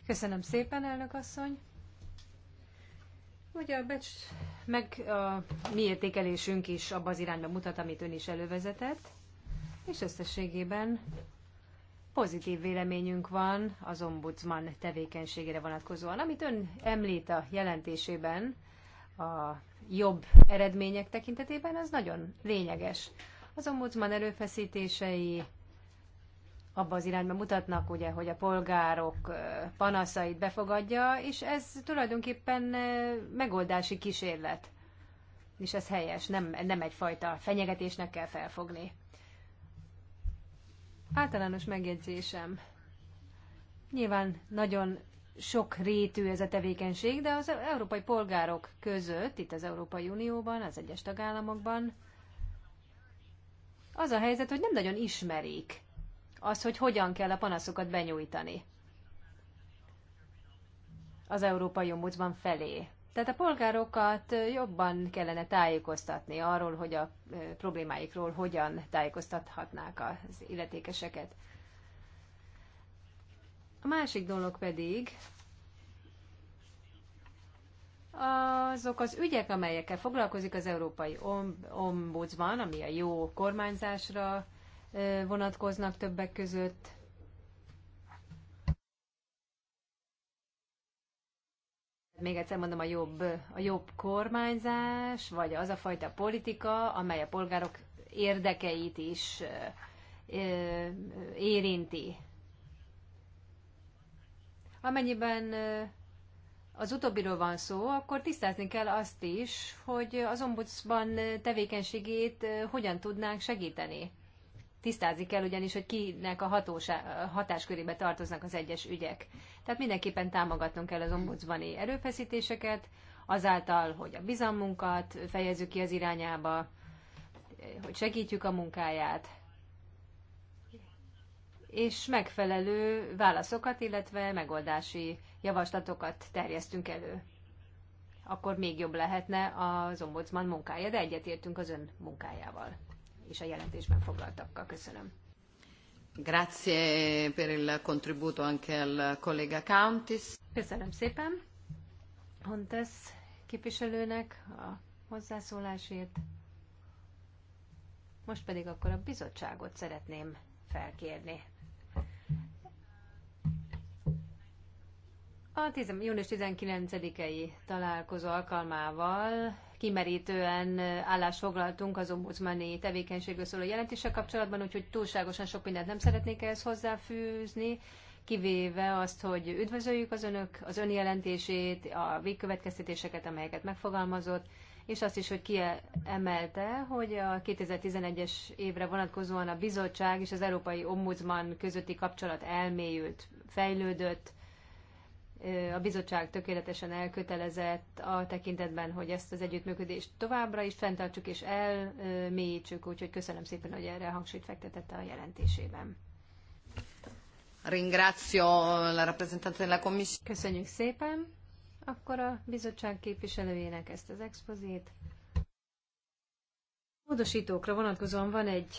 S2: Köszönöm szépen, elnök asszony. Ugye a becs, meg a mi értékelésünk is abba az irányba mutat, amit ön is elővezetett, és összességében pozitív véleményünk van az ombudsman tevékenységére vonatkozóan. Amit ön említ a jelentésében, a jobb eredmények tekintetében, az nagyon lényeges. Az ombudsman erőfeszítései abba az irányba mutatnak, ugye, hogy a polgárok panaszait befogadja, és ez tulajdonképpen megoldási kísérlet. És ez helyes, nem, nem egyfajta fenyegetésnek kell felfogni. Általános megjegyzésem. Nyilván nagyon sok rétű ez a tevékenység, de az európai polgárok között, itt az Európai Unióban, az egyes tagállamokban az a helyzet, hogy nem nagyon ismerik az, hogy hogyan kell a panaszokat benyújtani az Európai Ombudsman felé. Tehát a polgárokat jobban kellene tájékoztatni arról, hogy a eh, problémáikról hogyan tájékoztathatnák az illetékeseket. A másik dolog pedig azok az ügyek, amelyekkel foglalkozik az Európai Ombudsman, ami a jó kormányzásra vonatkoznak többek között, még egyszer mondom, a jobb, a jobb kormányzás, vagy az a fajta politika, amely a polgárok érdekeit is érinti. Amennyiben az utóbbiról van szó, akkor tisztázni kell azt is, hogy az ombudsman tevékenységét hogyan tudnánk segíteni. Tisztázni kell ugyanis, hogy kinek a hatósá, hatáskörébe tartoznak az egyes ügyek. Tehát mindenképpen támogatnunk kell az ombudsmani erőfeszítéseket, azáltal, hogy a bizalmunkat fejezzük ki az irányába, hogy segítjük a munkáját, és megfelelő válaszokat, illetve megoldási javaslatokat terjesztünk elő. Akkor még jobb lehetne az ombudsman munkája, de egyetértünk az ön munkájával és a jelentésben foglaltakkal. Köszönöm.
S3: Grazie per il contributo anche al collega Countis. Köszönöm szépen Hontes képviselőnek a hozzászólásért.
S2: Most pedig akkor a bizottságot szeretném felkérni. A 10, június 19-i találkozó alkalmával kimerítően állást foglaltunk az ombudsmani tevékenységről szóló jelentése kapcsolatban, úgyhogy túlságosan sok mindent nem szeretnék ehhez hozzáfűzni, kivéve azt, hogy üdvözöljük az önök, az ön jelentését, a végkövetkeztetéseket, amelyeket megfogalmazott, és azt is, hogy kiemelte, hogy a 2011-es évre vonatkozóan a bizottság és az Európai Ombudsman közötti kapcsolat elmélyült, fejlődött, a bizottság tökéletesen elkötelezett a tekintetben, hogy ezt az együttműködést továbbra is fenntartsuk és elmélyítsük, úgyhogy köszönöm szépen, hogy erre hangsúlyt fektetett a jelentésében.
S3: Ringrazio la rappresentante della Commissione. Köszönjük szépen.
S2: Akkor a bizottság képviselőjének ezt az expozét. Módosítókra vonatkozóan van egy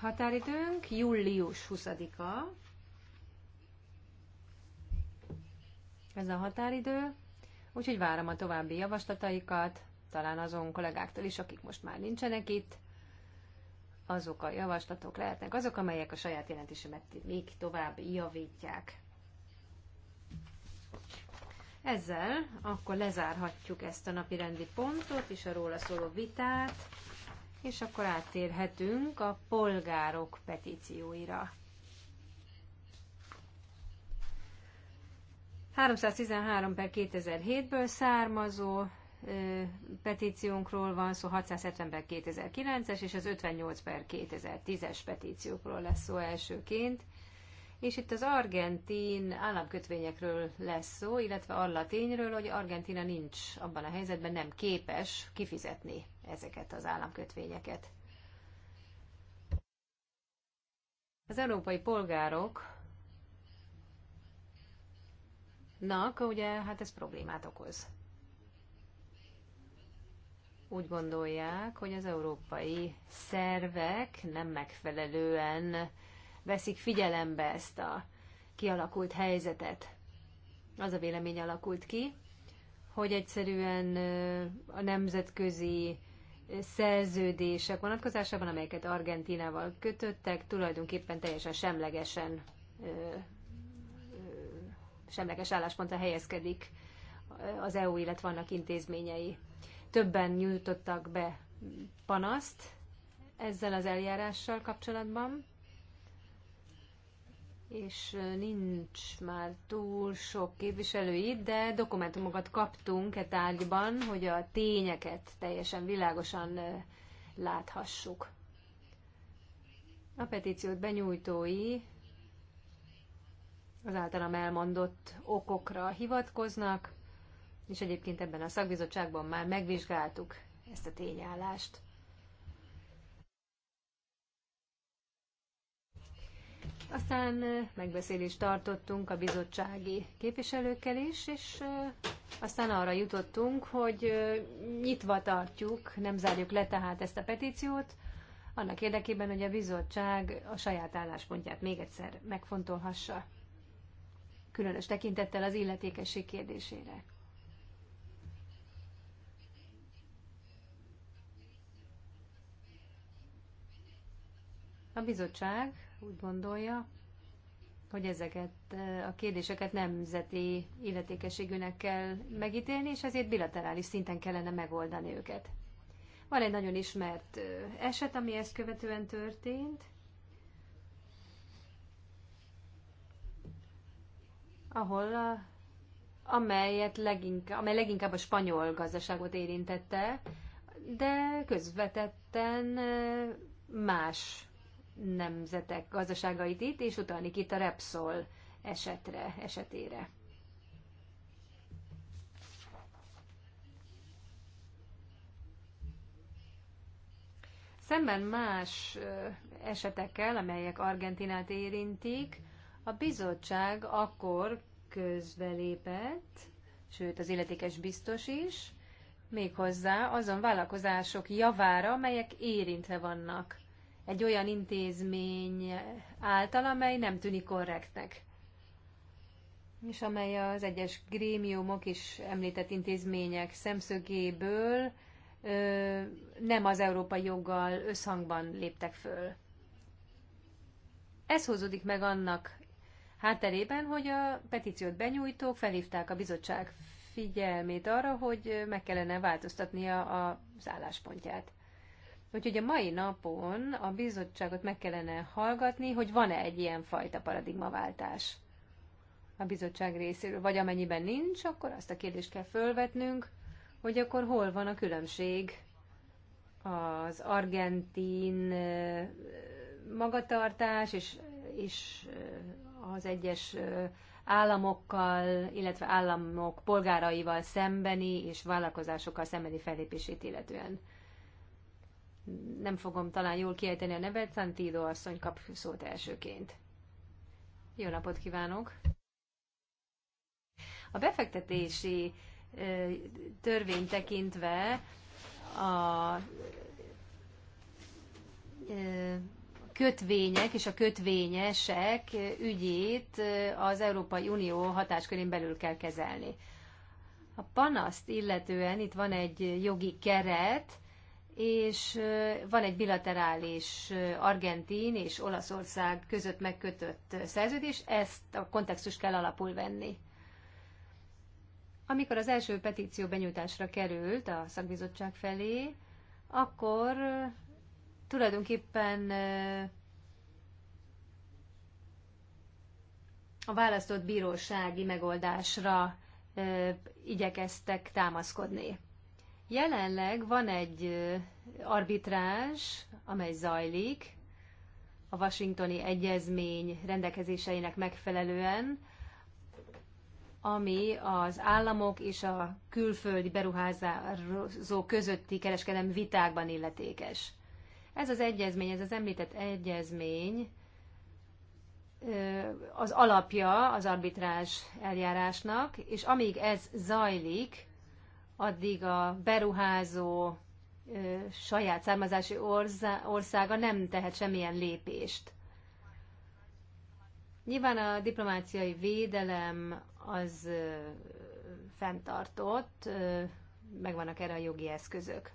S2: határidőnk, július 20-a, ez a határidő, úgyhogy várom a további javaslataikat, talán azon kollégáktól is, akik most már nincsenek itt, azok a javaslatok lehetnek, azok, amelyek a saját jelentésemet még tovább javítják. Ezzel akkor lezárhatjuk ezt a napi rendi pontot és a róla szóló vitát, és akkor áttérhetünk a polgárok petícióira. 313 per 2007-ből származó petíciónkról van szó, 670 per 2009-es, és az 58 per 2010-es petíciókról lesz szó elsőként. És itt az argentin államkötvényekről lesz szó, illetve arra tényről, hogy Argentina nincs abban a helyzetben, nem képes kifizetni ezeket az államkötvényeket. Az európai polgárok akkor ugye hát ez problémát okoz. Úgy gondolják, hogy az európai szervek nem megfelelően veszik figyelembe ezt a kialakult helyzetet. Az a vélemény alakult ki, hogy egyszerűen a nemzetközi szerződések vonatkozásában, amelyeket Argentinával kötöttek, tulajdonképpen teljesen semlegesen semleges álláspontra helyezkedik az EU, illetve vannak intézményei. Többen nyújtottak be panaszt ezzel az eljárással kapcsolatban, és nincs már túl sok képviselő itt, de dokumentumokat kaptunk e tárgyban, hogy a tényeket teljesen világosan láthassuk. A petíciót benyújtói az általam elmondott okokra hivatkoznak, és egyébként ebben a szakbizottságban már megvizsgáltuk ezt a tényállást. Aztán megbeszélést tartottunk a bizottsági képviselőkkel is, és aztán arra jutottunk, hogy nyitva tartjuk, nem zárjuk le tehát ezt a petíciót, annak érdekében, hogy a bizottság a saját álláspontját még egyszer megfontolhassa különös tekintettel az illetékesség kérdésére. A bizottság úgy gondolja, hogy ezeket eh, a kérdéseket nemzeti illetékességűnek kell megítélni, és ezért bilaterális szinten kellene megoldani őket. Van egy nagyon ismert eh, eset, ami ezt követően történt. ahol amelyet leginkább, amely leginkább a spanyol gazdaságot érintette, de közvetetten más nemzetek gazdaságait itt, és utalni itt a Repsol esetre, esetére. Szemben más esetekkel, amelyek Argentinát érintik, a bizottság akkor közbelépett, sőt az illetékes biztos is, méghozzá azon vállalkozások javára, amelyek érintve vannak egy olyan intézmény által, amely nem tűnik korrektnek. És amely az egyes grémiumok és említett intézmények szemszögéből ö, nem az európai joggal összhangban léptek föl. Ez hozódik meg annak hátterében, hogy a petíciót benyújtók felhívták a bizottság figyelmét arra, hogy meg kellene változtatnia az álláspontját. Úgyhogy a mai napon a bizottságot meg kellene hallgatni, hogy van-e egy ilyen fajta paradigmaváltás a bizottság részéről, vagy amennyiben nincs, akkor azt a kérdést kell fölvetnünk, hogy akkor hol van a különbség az argentin eh, magatartás és, és eh, az egyes államokkal, illetve államok polgáraival szembeni és vállalkozásokkal szembeni fellépését illetően. Nem fogom talán jól kiejteni a nevet, Santido asszony kap szót elsőként. Jó napot kívánok! A befektetési törvény tekintve a kötvények és a kötvényesek ügyét az Európai Unió hatáskörén belül kell kezelni. A panaszt illetően itt van egy jogi keret, és van egy bilaterális Argentin és Olaszország között megkötött szerződés, ezt a kontextus kell alapul venni. Amikor az első petíció benyújtásra került a szakbizottság felé, akkor Tulajdonképpen a választott bírósági megoldásra igyekeztek támaszkodni. Jelenleg van egy arbitrás, amely zajlik a Washingtoni Egyezmény rendelkezéseinek megfelelően, ami az államok és a külföldi beruházó közötti kereskedelmi vitákban illetékes. Ez az egyezmény, ez az említett egyezmény az alapja az arbitrás eljárásnak, és amíg ez zajlik, addig a beruházó saját származási országa nem tehet semmilyen lépést. Nyilván a diplomáciai védelem az fenntartott, megvannak erre a jogi eszközök.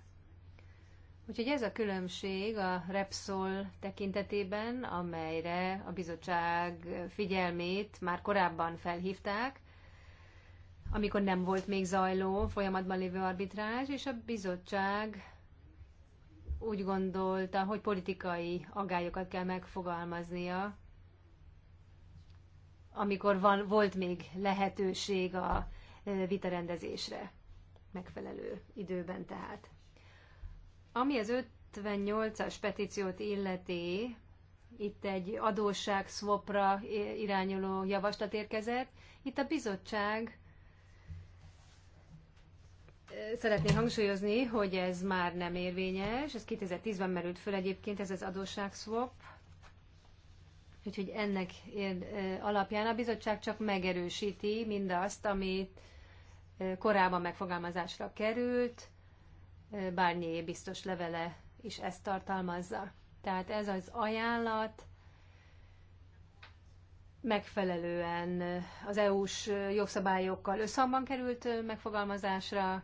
S2: Úgyhogy ez a különbség a Repsol tekintetében, amelyre a bizottság figyelmét már korábban felhívták, amikor nem volt még zajló folyamatban lévő arbitrázs, és a bizottság úgy gondolta, hogy politikai agályokat kell megfogalmaznia, amikor van, volt még lehetőség a vitarendezésre megfelelő időben tehát. Ami az 58-as petíciót illeti, itt egy adósság swapra irányuló javaslat érkezett. Itt a bizottság szeretné hangsúlyozni, hogy ez már nem érvényes. Ez 2010-ben merült föl egyébként, ez az adósság swap. Úgyhogy ennek alapján a bizottság csak megerősíti mindazt, amit korábban megfogalmazásra került, Bárnyé biztos levele is ezt tartalmazza. Tehát ez az ajánlat megfelelően az EU-s jogszabályokkal összhangban került megfogalmazásra,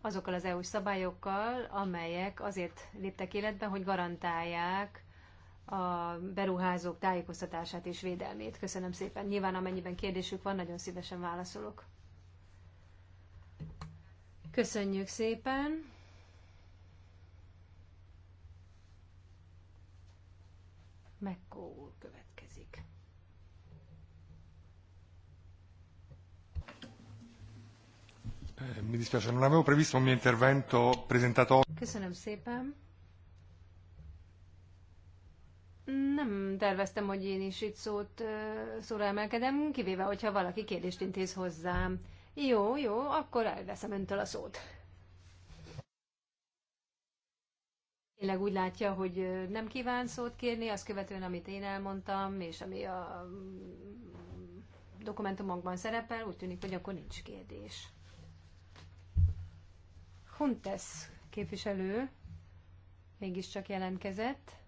S2: azokkal az EU-s szabályokkal, amelyek azért léptek életbe, hogy garantálják a beruházók tájékoztatását és védelmét. Köszönöm szépen. Nyilván amennyiben kérdésük van, nagyon szívesen válaszolok. Köszönjük szépen! Mekkó úr
S4: következik.
S3: Eh, mi dispiace, non avevo previsto un mio intervento presentato. Köszönöm
S2: szépen. Nem terveztem, hogy én is itt szót, eh, szóra emelkedem, kivéve, hogyha valaki kérdést intéz hozzám. Jó, jó, akkor elveszem öntől a szót. Tényleg úgy látja, hogy nem kíván szót kérni, azt követően, amit én elmondtam, és ami a mm, dokumentumokban szerepel, úgy tűnik, hogy akkor nincs kérdés. Huntes képviselő mégiscsak jelentkezett.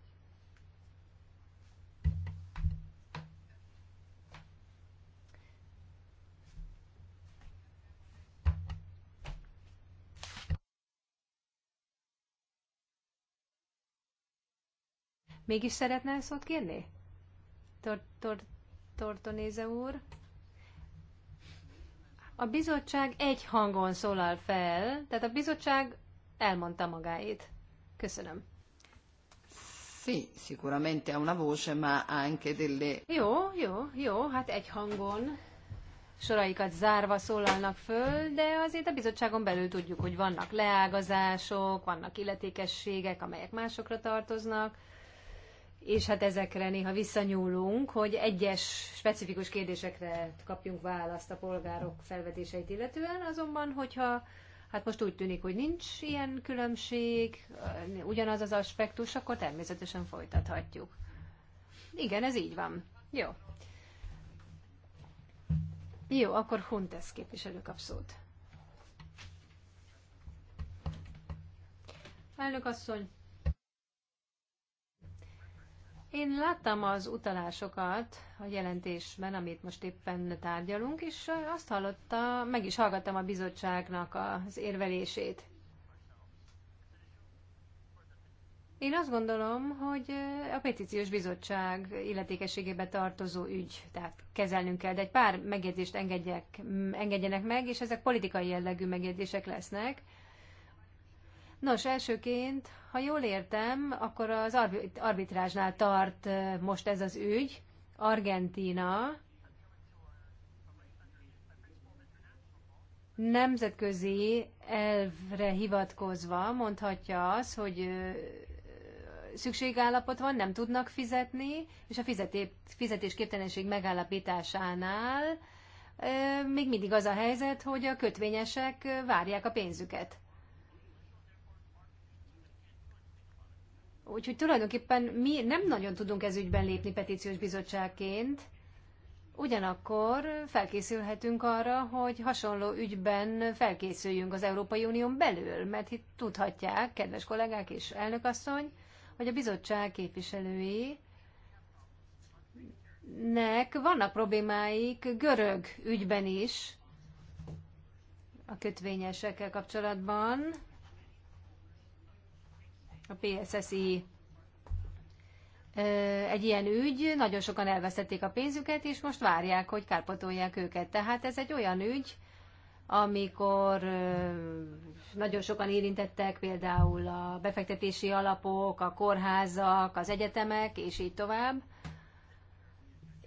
S2: Mégis szeretne szót kérni? Tor, tor, tortonéze úr? A bizottság egy hangon szólal fel, tehát a bizottság elmondta magáit. Köszönöm.
S3: Sì, sicuramente ha una voce, ma anche delle...
S2: Jó, jó, jó, hát egy hangon soraikat zárva szólalnak föl, de azért a bizottságon belül tudjuk, hogy vannak leágazások, vannak illetékességek, amelyek másokra tartoznak és hát ezekre néha visszanyúlunk, hogy egyes specifikus kérdésekre kapjunk választ a polgárok felvetéseit illetően, azonban, hogyha hát most úgy tűnik, hogy nincs ilyen különbség, ugyanaz az aspektus, akkor természetesen folytathatjuk. Igen, ez így van. Jó. Jó, akkor Huntes képviselő kap szót. Elnök asszony, én láttam az utalásokat a jelentésben, amit most éppen tárgyalunk, és azt hallotta, meg is hallgattam a bizottságnak az érvelését. Én azt gondolom, hogy a petíciós bizottság illetékességébe tartozó ügy, tehát kezelnünk kell, de egy pár megjegyzést engedjek, engedjenek meg, és ezek politikai jellegű megjegyzések lesznek, Nos, elsőként, ha jól értem, akkor az arbitrázsnál tart most ez az ügy. Argentína nemzetközi elvre hivatkozva mondhatja az, hogy szükségállapot van, nem tudnak fizetni, és a fizetés fizetésképtelenség megállapításánál még mindig az a helyzet, hogy a kötvényesek várják a pénzüket. Úgyhogy tulajdonképpen mi nem nagyon tudunk ez ügyben lépni petíciós bizottságként, ugyanakkor felkészülhetünk arra, hogy hasonló ügyben felkészüljünk az Európai Unión belül, mert itt tudhatják, kedves kollégák és elnökasszony, hogy a bizottság képviselői nek vannak problémáik görög ügyben is, a kötvényesekkel kapcsolatban, a PSSI egy ilyen ügy, nagyon sokan elvesztették a pénzüket, és most várják, hogy kárpotolják őket. Tehát ez egy olyan ügy, amikor nagyon sokan érintettek, például a befektetési alapok, a kórházak, az egyetemek, és így tovább.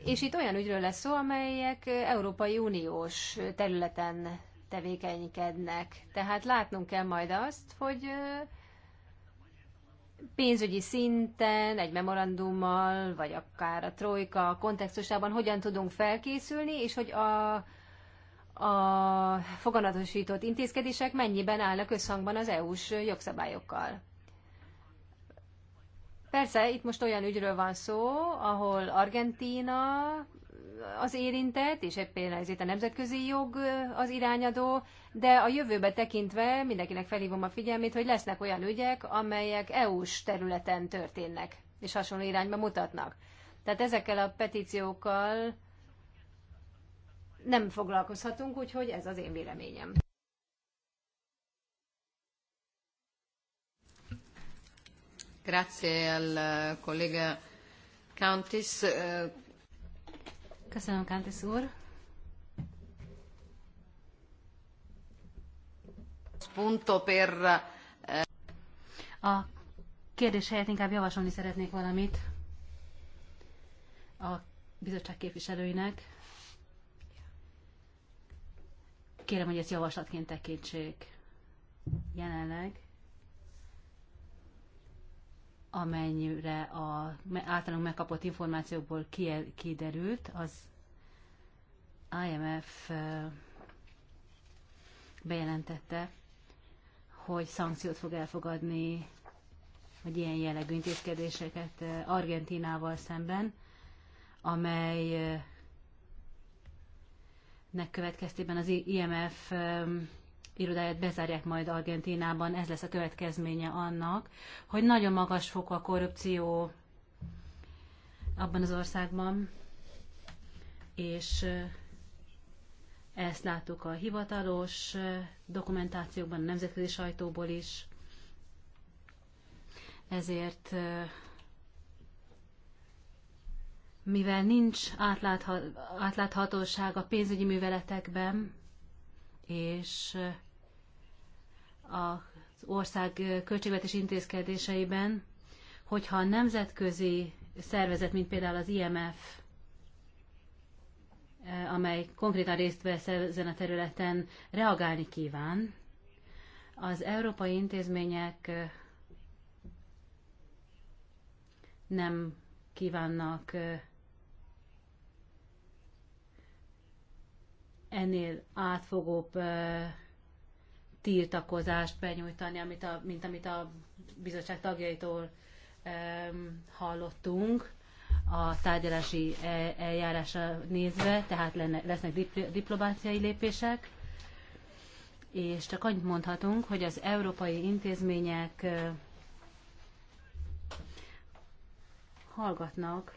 S2: És itt olyan ügyről lesz szó, amelyek Európai Uniós területen tevékenykednek. Tehát látnunk kell majd azt, hogy pénzügyi szinten, egy memorandummal, vagy akár a trojka kontextusában hogyan tudunk felkészülni, és hogy a, a foganatosított intézkedések mennyiben állnak összhangban az EU-s jogszabályokkal. Persze, itt most olyan ügyről van szó, ahol Argentína az érintett, és például ezért a nemzetközi jog az irányadó, de a jövőbe tekintve mindenkinek felhívom a figyelmét, hogy lesznek olyan ügyek, amelyek EU-s területen történnek, és hasonló irányba mutatnak. Tehát ezekkel a petíciókkal nem foglalkozhatunk, úgyhogy ez
S3: az én véleményem. Grazie al collega Countis. Köszönöm, Kántis úr. per...
S1: A kérdés helyett inkább javasolni szeretnék valamit a bizottság képviselőinek. Kérem, hogy ezt javaslatként tekintsék jelenleg amennyire a általunk megkapott információkból kiderült, az IMF bejelentette, hogy szankciót fog elfogadni, vagy ilyen jellegű intézkedéseket Argentinával szemben, amelynek következtében az IMF irodáját bezárják majd Argentinában. Ez lesz a következménye annak, hogy nagyon magas fokú a korrupció abban az országban, és eh, ezt láttuk a hivatalos eh, dokumentációkban, a nemzetközi sajtóból is. Ezért, eh, mivel nincs átlátha, átláthatóság a pénzügyi műveletekben, és az ország költségvetés intézkedéseiben, hogyha a nemzetközi szervezet, mint például az IMF, eh, amely konkrétan részt vesz ezen a területen, reagálni kíván, az európai intézmények eh, nem kívánnak eh, ennél átfogóbb tiltakozást benyújtani, amit a, mint amit a bizottság tagjaitól um, hallottunk a tárgyalási e, eljárásra nézve, tehát lenne, lesznek diplomáciai lépések, és csak annyit mondhatunk, hogy az európai intézmények hallgatnak,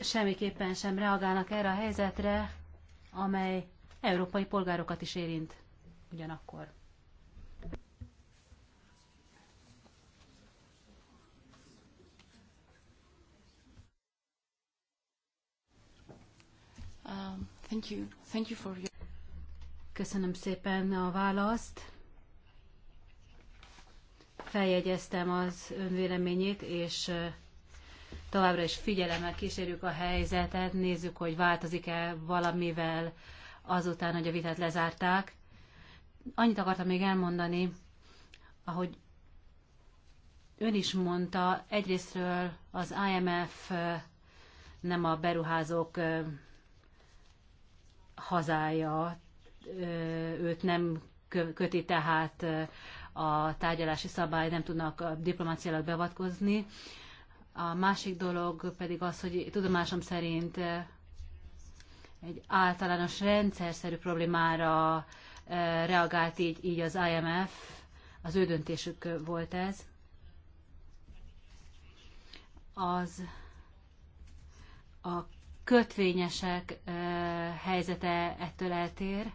S1: semmiképpen sem reagálnak erre a helyzetre, amely európai polgárokat is érint ugyanakkor. Um, thank you. Thank you for your... Köszönöm szépen a választ. Feljegyeztem az önvéleményét, és továbbra is figyelemmel kísérjük a helyzetet, nézzük, hogy változik-e valamivel azután, hogy a vitát lezárták. Annyit akartam még elmondani, ahogy ön is mondta, egyrésztről az IMF nem a beruházók hazája, őt nem köti tehát a tárgyalási szabály, nem tudnak diplomáciailag beavatkozni. A másik dolog pedig az, hogy tudomásom szerint egy általános rendszerszerű problémára reagált így, így az IMF, az ő döntésük volt ez. Az a kötvényesek helyzete ettől eltér.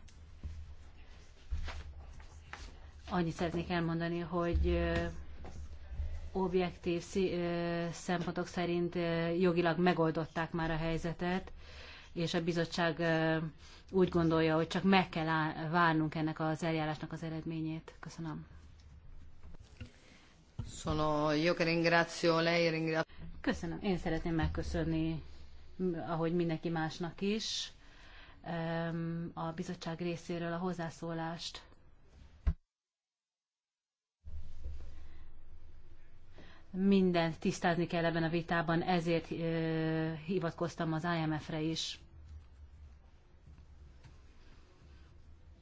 S1: Annyit szeretnék elmondani, hogy objektív szempontok szerint jogilag megoldották már a helyzetet, és a bizottság úgy gondolja, hogy csak meg kell várnunk ennek az eljárásnak az eredményét. Köszönöm. Sono io che ringrazio lei, ringrazio... Köszönöm. Én szeretném megköszönni, ahogy mindenki másnak is, a bizottság részéről a hozzászólást. mindent tisztázni kell ebben a vitában, ezért hivatkoztam az IMF-re is.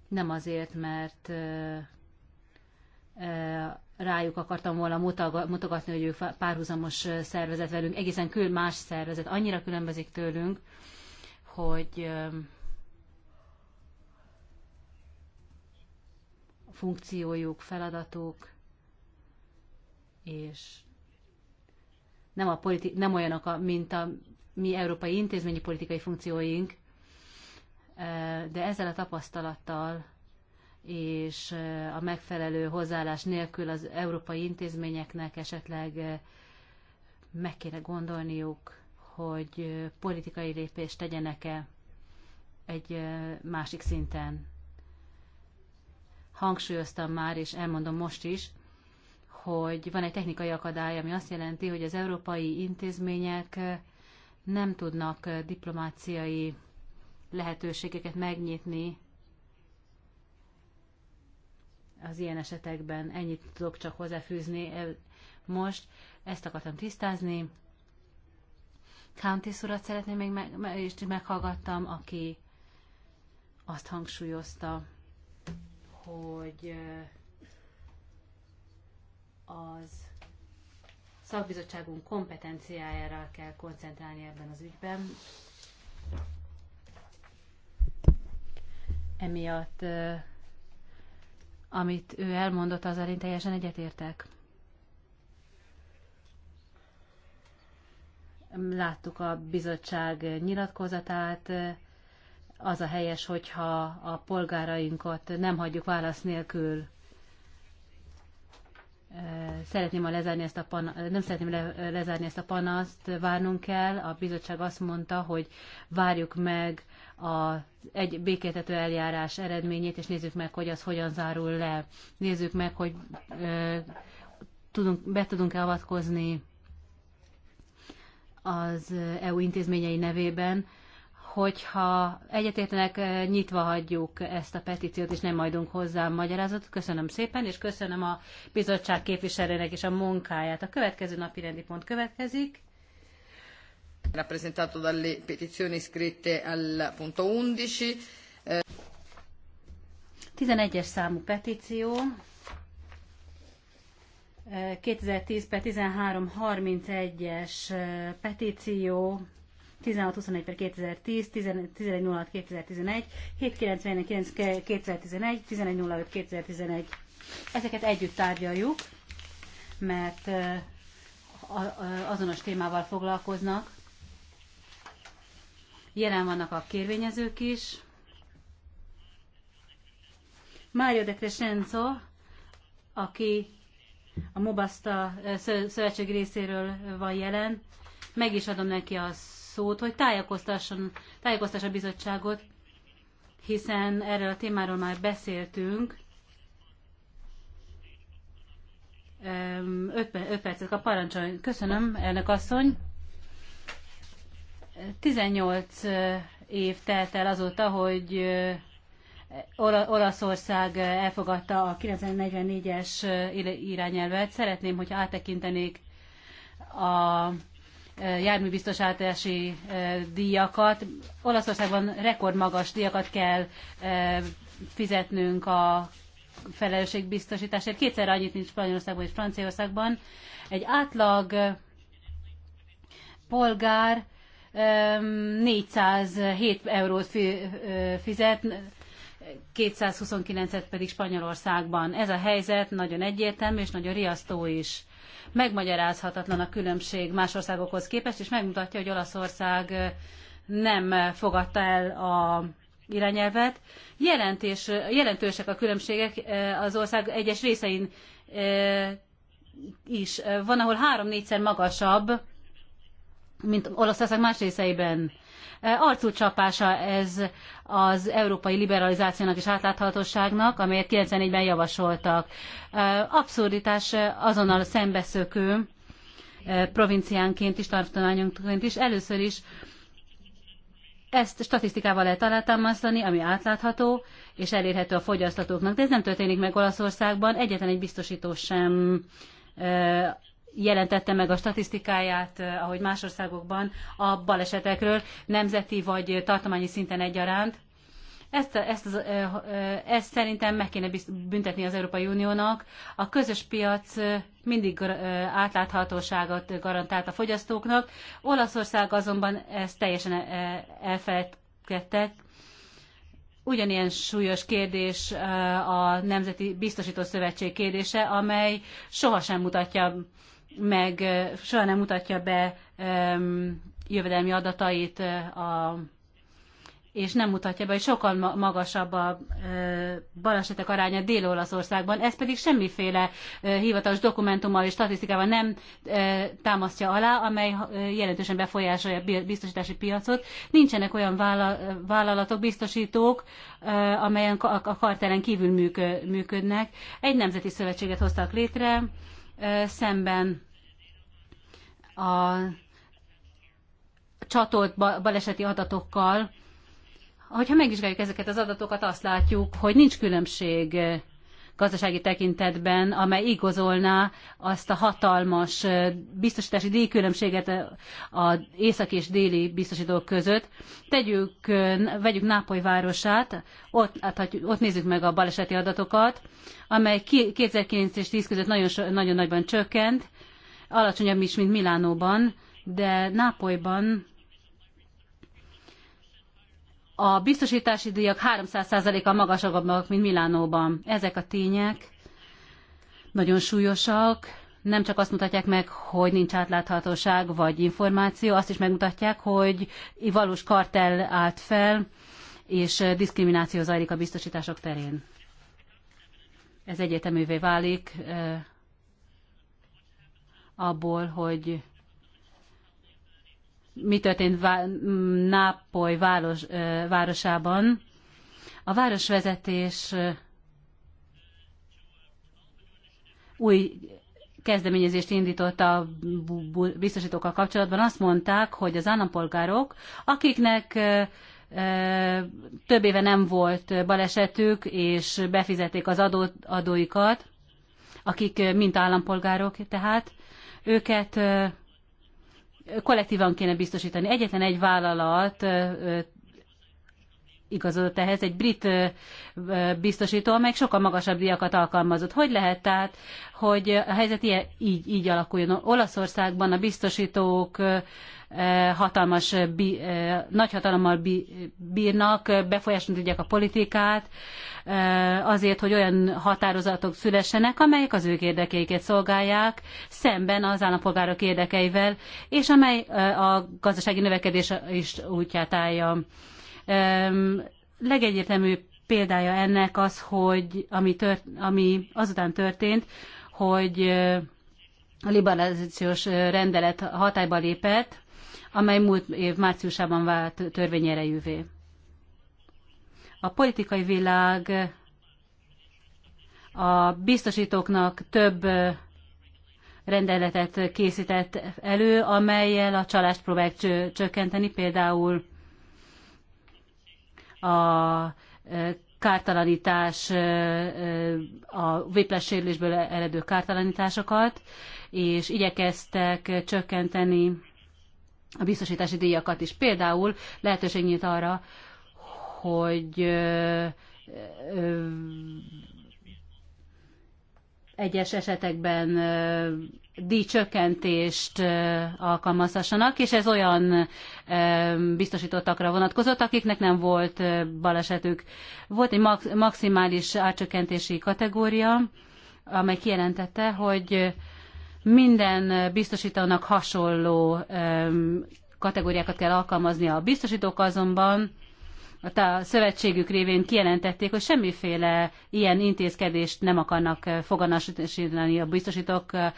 S1: Nem azért, mert rájuk akartam volna mutogatni, hogy ők párhuzamos szervezet velünk, egészen kül más szervezet, annyira különbözik tőlünk, hogy funkciójuk, feladatuk, és nem, a politi- nem olyanok, a, mint a mi európai intézményi politikai funkcióink, de ezzel a tapasztalattal és a megfelelő hozzáállás nélkül az európai intézményeknek esetleg meg kéne gondolniuk, hogy politikai lépést tegyenek-e egy másik szinten. Hangsúlyoztam már, és elmondom most is, hogy van egy technikai akadály, ami azt jelenti, hogy az európai intézmények nem tudnak diplomáciai lehetőségeket megnyitni az ilyen esetekben. Ennyit tudok csak hozzáfűzni most. Ezt akartam tisztázni. Countess urat szeretném még meg, és meghallgattam, aki azt hangsúlyozta, hogy az szakbizottságunk kompetenciájára kell koncentrálni ebben az ügyben. Emiatt, amit ő elmondott, az én teljesen egyetértek. Láttuk a bizottság nyilatkozatát, az a helyes, hogyha a polgárainkat nem hagyjuk válasz nélkül szeretném a lezárni ezt a panaszt, nem szeretném le, lezárni ezt a panaszt, várnunk kell. A bizottság azt mondta, hogy várjuk meg a egy békéltető eljárás eredményét, és nézzük meg, hogy az hogyan zárul le. Nézzük meg, hogy ö, tudunk, be tudunk-e avatkozni az EU intézményei nevében hogyha egyetértenek, nyitva hagyjuk ezt a petíciót, és nem majdunk hozzá a magyarázatot. Köszönöm szépen, és köszönöm a bizottság képviselőnek és a munkáját. A következő napi rendi pont következik.
S3: Rappresentato dalle petizioni scritte al punto 11. 11-es számú petíció.
S1: 2010 per 1331-es petíció 1621 2010, 2011, 2011, 2011. Ezeket együtt tárgyaljuk, mert azonos témával foglalkoznak. Jelen vannak a kérvényezők is. Mário de Crescenzo, aki a Mobasta szövetség részéről van jelen, meg is adom neki a szót, hogy tájékoztasson, tájékoztasson a bizottságot, hiszen erről a témáról már beszéltünk. Öt percet a parancsoljon. Köszönöm, elnök asszony. 18 év telt el azóta, hogy Olaszország elfogadta a 944-es irányelvet. Szeretném, hogy áttekintenék a járműbiztosítási díjakat. Olaszországban rekordmagas díjakat kell fizetnünk a felelősségbiztosításért. Kétszer annyit, mint Spanyolországban és Franciaországban. Egy átlag polgár 407 eurót fizet, 229-et pedig Spanyolországban. Ez a helyzet nagyon egyértelmű és nagyon riasztó is megmagyarázhatatlan a különbség más országokhoz képest, és megmutatja, hogy Olaszország nem fogadta el a irányelvet. Jelentés, jelentősek a különbségek az ország egyes részein is. Van, ahol három-négyszer magasabb, mint Olaszország más részeiben arcúcsapása ez az európai liberalizációnak és átláthatóságnak, amelyet 94-ben javasoltak. Abszurditás azonnal szembeszökő, provinciánként is, tartományunkként is. Először is ezt statisztikával lehet alátámasztani, ami átlátható és elérhető a fogyasztatóknak, de ez nem történik meg Olaszországban, egyetlen egy biztosító sem jelentette meg a statisztikáját, eh, ahogy más országokban, a balesetekről nemzeti vagy tartományi szinten egyaránt. Ezt, ezt, eh, eh, ezt szerintem meg kéne büntetni az Európai Uniónak. A közös piac mindig átláthatóságot garantált a fogyasztóknak. Olaszország azonban ezt teljesen elfelejtettek. Ugyanilyen súlyos kérdés a Nemzeti Biztosító Szövetség kérdése, amely sohasem mutatja meg soha nem mutatja be jövedelmi adatait, a, és nem mutatja be, hogy sokkal magasabb a balesetek aránya Dél-Olaszországban, ez pedig semmiféle hivatalos dokumentummal és statisztikával nem támasztja alá, amely jelentősen befolyásolja a biztosítási piacot. Nincsenek olyan vállalatok, biztosítók, amelyen a kartelen kívül működnek. Egy nemzeti szövetséget hoztak létre, szemben a csatolt baleseti adatokkal. Hogyha megvizsgáljuk ezeket az adatokat, azt látjuk, hogy nincs különbség gazdasági tekintetben, amely igazolná azt a hatalmas biztosítási díjkülönbséget az északi és déli biztosítók között. Tegyük, vegyük Nápoly városát, ott, hát, ott nézzük meg a baleseti adatokat, amely 2009 és 10 között nagyon, nagyon nagyban csökkent, alacsonyabb is, mint Milánóban, de Nápolyban a biztosítási díjak 300%-a magasabbak, mint Milánóban. Ezek a tények nagyon súlyosak, nem csak azt mutatják meg, hogy nincs átláthatóság vagy információ, azt is megmutatják, hogy valós kartell állt fel, és diszkrimináció zajlik a biztosítások terén. Ez egyeteművé válik eh, abból, hogy mi történt Nápoly város, városában. A városvezetés új kezdeményezést indította a biztosítókkal kapcsolatban. Azt mondták, hogy az állampolgárok, akiknek több éve nem volt balesetük, és befizették az adó, adóikat, akik mint állampolgárok tehát, őket kollektívan kéne biztosítani. Egyetlen egy vállalat igazodott ehhez, egy brit biztosító, amely sokkal magasabb díjakat alkalmazott. Hogy lehet tehát, hogy a helyzet ilyen, így, így alakuljon? Olaszországban a biztosítók hatalmas, nagy hatalommal bírnak, befolyásolni tudják a politikát, azért, hogy olyan határozatok szülessenek, amelyek az ők érdekeiket szolgálják, szemben az állampolgárok érdekeivel, és amely a gazdasági növekedés is útját állja. Legegyértelmű példája ennek az, hogy ami, tört, ami azután történt, hogy a liberalizációs rendelet hatályba lépett, amely múlt év márciusában vált törvényerejűvé. A politikai világ a biztosítóknak több rendeletet készített elő, amelyel a csalást próbálják csökkenteni, például a kártalanítás, a véplessérülésből eredő kártalanításokat, és igyekeztek csökkenteni a biztosítási díjakat is. Például lehetőség nyit arra, hogy egyes esetekben díjcsökkentést alkalmazhassanak, és ez olyan biztosítottakra vonatkozott, akiknek nem volt balesetük. Volt egy maximális árcsökkentési kategória, amely kijelentette, hogy minden biztosítónak hasonló kategóriákat kell alkalmaznia. A biztosítók azonban a szövetségük révén kijelentették, hogy semmiféle ilyen intézkedést nem akarnak foganásítani a biztosítókkal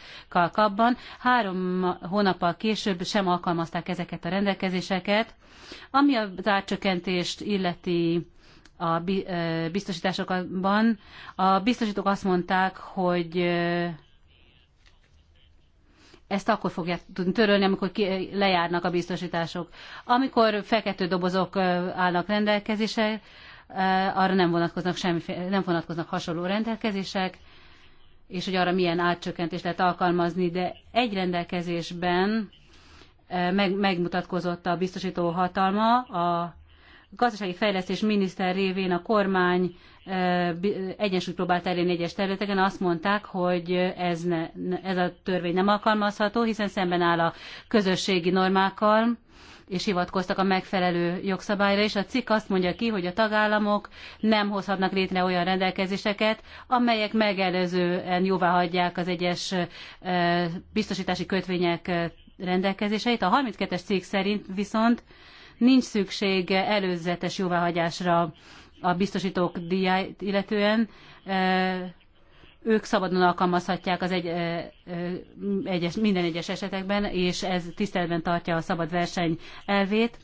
S1: kapban. Három hónappal később sem alkalmazták ezeket a rendelkezéseket. Ami a zárcsökkentést illeti a biztosításokban, a biztosítók azt mondták, hogy ezt akkor fogják tudni törölni, amikor ki, lejárnak a biztosítások. Amikor fekete dobozok állnak rendelkezésre, arra nem vonatkoznak, semmi, nem vonatkoznak hasonló rendelkezések, és hogy arra milyen átcsökkentést lehet alkalmazni, de egy rendelkezésben meg, megmutatkozott a biztosító hatalma, a gazdasági fejlesztés miniszter révén a kormány egyensúlyt próbált elérni egyes területeken, azt mondták, hogy ez, ne, ez a törvény nem alkalmazható, hiszen szemben áll a közösségi normákkal, és hivatkoztak a megfelelő jogszabályra, és a cikk azt mondja ki, hogy a tagállamok nem hozhatnak létre olyan rendelkezéseket, amelyek megelőzően jóváhagyják az egyes biztosítási kötvények rendelkezéseit. A 32-es cikk szerint viszont nincs szükség előzetes jóváhagyásra a biztosítók díját illetően ők szabadon alkalmazhatják az egy, egyes, minden egyes esetekben, és ez tiszteletben tartja a szabad verseny elvét.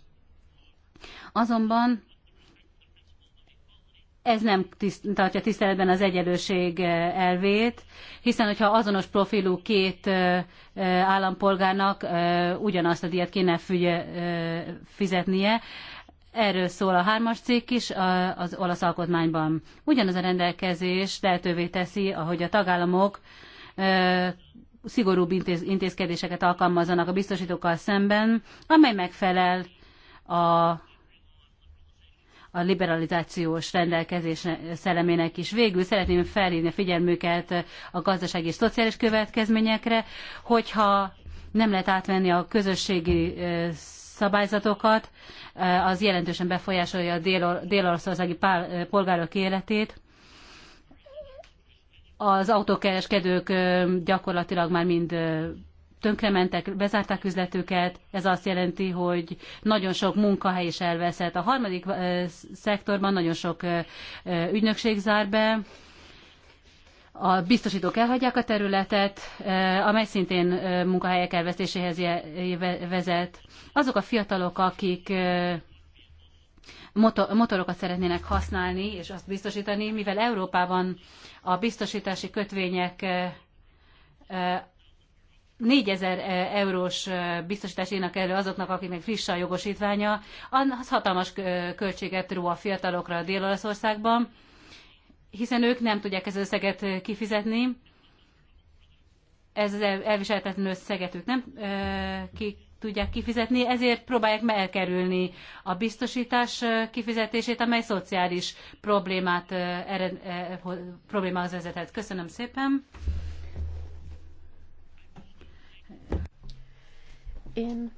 S1: Azonban ez nem tiszt, tartja tiszteletben az egyenlőség elvét, hiszen hogyha azonos profilú két állampolgárnak ugyanazt a díjat kéne fügye, fizetnie, Erről szól a hármas cikk is az olasz alkotmányban. Ugyanaz a rendelkezés lehetővé teszi, ahogy a tagállamok szigorúbb intéz, intézkedéseket alkalmazzanak a biztosítókkal szemben, amely megfelel a, a liberalizációs rendelkezés szellemének is. Végül szeretném felhívni a figyelmüket a gazdasági és szociális következményekre, hogyha nem lehet átvenni a közösségi szabályzatokat, eh, az jelentősen befolyásolja a dél-országi eh, polgárok életét. Az autókereskedők eh, gyakorlatilag már mind tönkrementek, bezárták üzletüket, ez azt jelenti, hogy nagyon sok munkahely is elveszett. A harmadik szektorban nagyon sok ügynökség zár be, a biztosítók elhagyják a területet, eh, amely szintén eh, munkahelyek elvesztéséhez vezet. Azok a fiatalok, akik eh, motorokat szeretnének használni és azt biztosítani, mivel Európában a biztosítási kötvények 4000 eurós biztosítás írnak elő azoknak, akiknek friss a jogosítványa, az hatalmas költséget ró a fiatalokra a Dél-Olaszországban hiszen ők nem tudják ezt az összeget kifizetni, ez az elviselhetetlen összeget ők nem ki tudják kifizetni, ezért próbálják elkerülni a biztosítás kifizetését, amely szociális problémát, ered, problémához vezethet. Köszönöm szépen! Én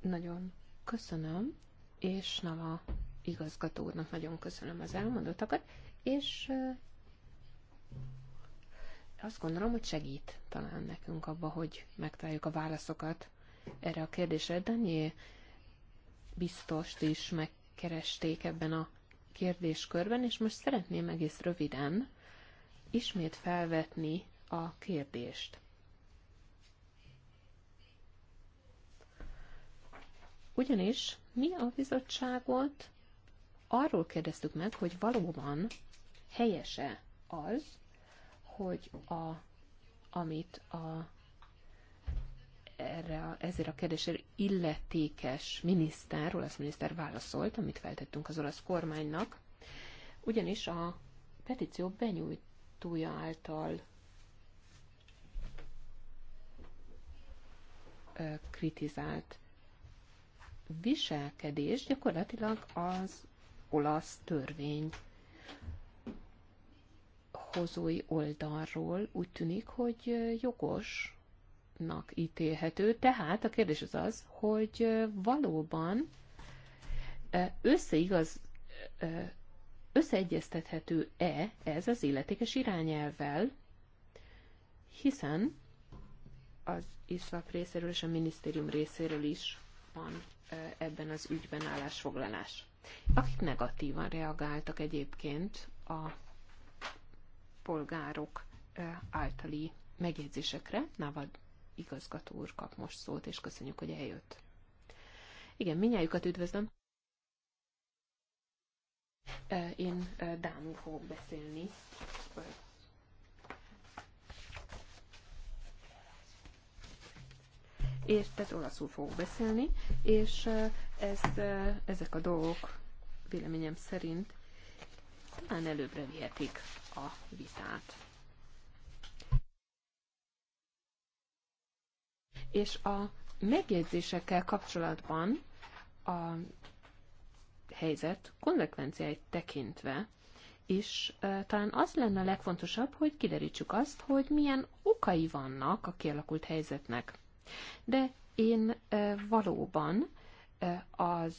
S4: nagyon köszönöm, és nem a igazgató úrnak nagyon köszönöm az elmondottakat, és azt gondolom, hogy segít talán nekünk abba, hogy megtaláljuk a válaszokat erre a kérdésre. Dani biztost is megkeresték ebben a kérdéskörben, és most szeretném egész röviden ismét felvetni a kérdést. Ugyanis mi a bizottságot arról kérdeztük meg, hogy valóban helyese az, hogy a, amit a, erre a, ezért a kérdésre illetékes miniszter, olasz miniszter válaszolt, amit feltettünk az olasz kormánynak, ugyanis a petíció benyújtója által kritizált viselkedés gyakorlatilag az olasz törvény hozói oldalról úgy tűnik, hogy jogosnak ítélhető. Tehát a kérdés az az, hogy valóban összeigaz, összeegyeztethető-e ez az illetékes irányelvvel, hiszen az ISZAP részéről és a minisztérium részéről is van ebben az ügyben állásfoglalás akik negatívan reagáltak egyébként a polgárok általi megjegyzésekre. Navad igazgató úr kap most szót, és köszönjük, hogy eljött. Igen, minnyájukat üdvözlöm. Én Dánul fogok beszélni. és tehát olaszul fogok beszélni, és ez, ezek a dolgok véleményem szerint talán előbbre vihetik a vitát. És a megjegyzésekkel kapcsolatban a helyzet konzekvenciáit tekintve és e, talán az lenne a legfontosabb, hogy kiderítsük azt, hogy milyen okai vannak a kialakult helyzetnek. De én e, valóban az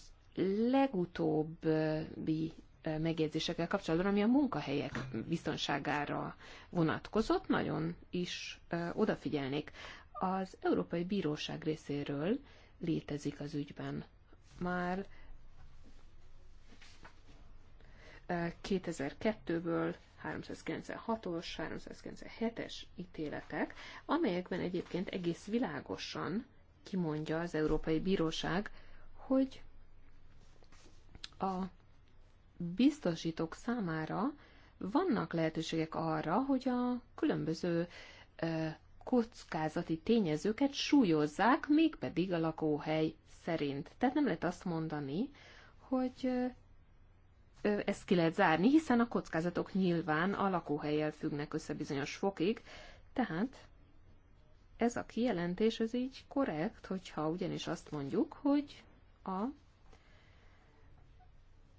S4: legutóbbi megjegyzésekkel kapcsolatban, ami a munkahelyek biztonságára vonatkozott, nagyon is odafigyelnék. Az Európai Bíróság részéről létezik az ügyben már 2002-ből 396-os, 397-es ítéletek, amelyekben egyébként egész világosan kimondja az Európai Bíróság, hogy a biztosítók számára vannak lehetőségek arra, hogy a különböző kockázati tényezőket súlyozzák, mégpedig a lakóhely szerint. Tehát nem lehet azt mondani, hogy ezt ki lehet zárni, hiszen a kockázatok nyilván a lakóhelyel függnek össze bizonyos fokig, tehát ez a kijelentés, ez így korrekt, hogyha ugyanis azt mondjuk, hogy a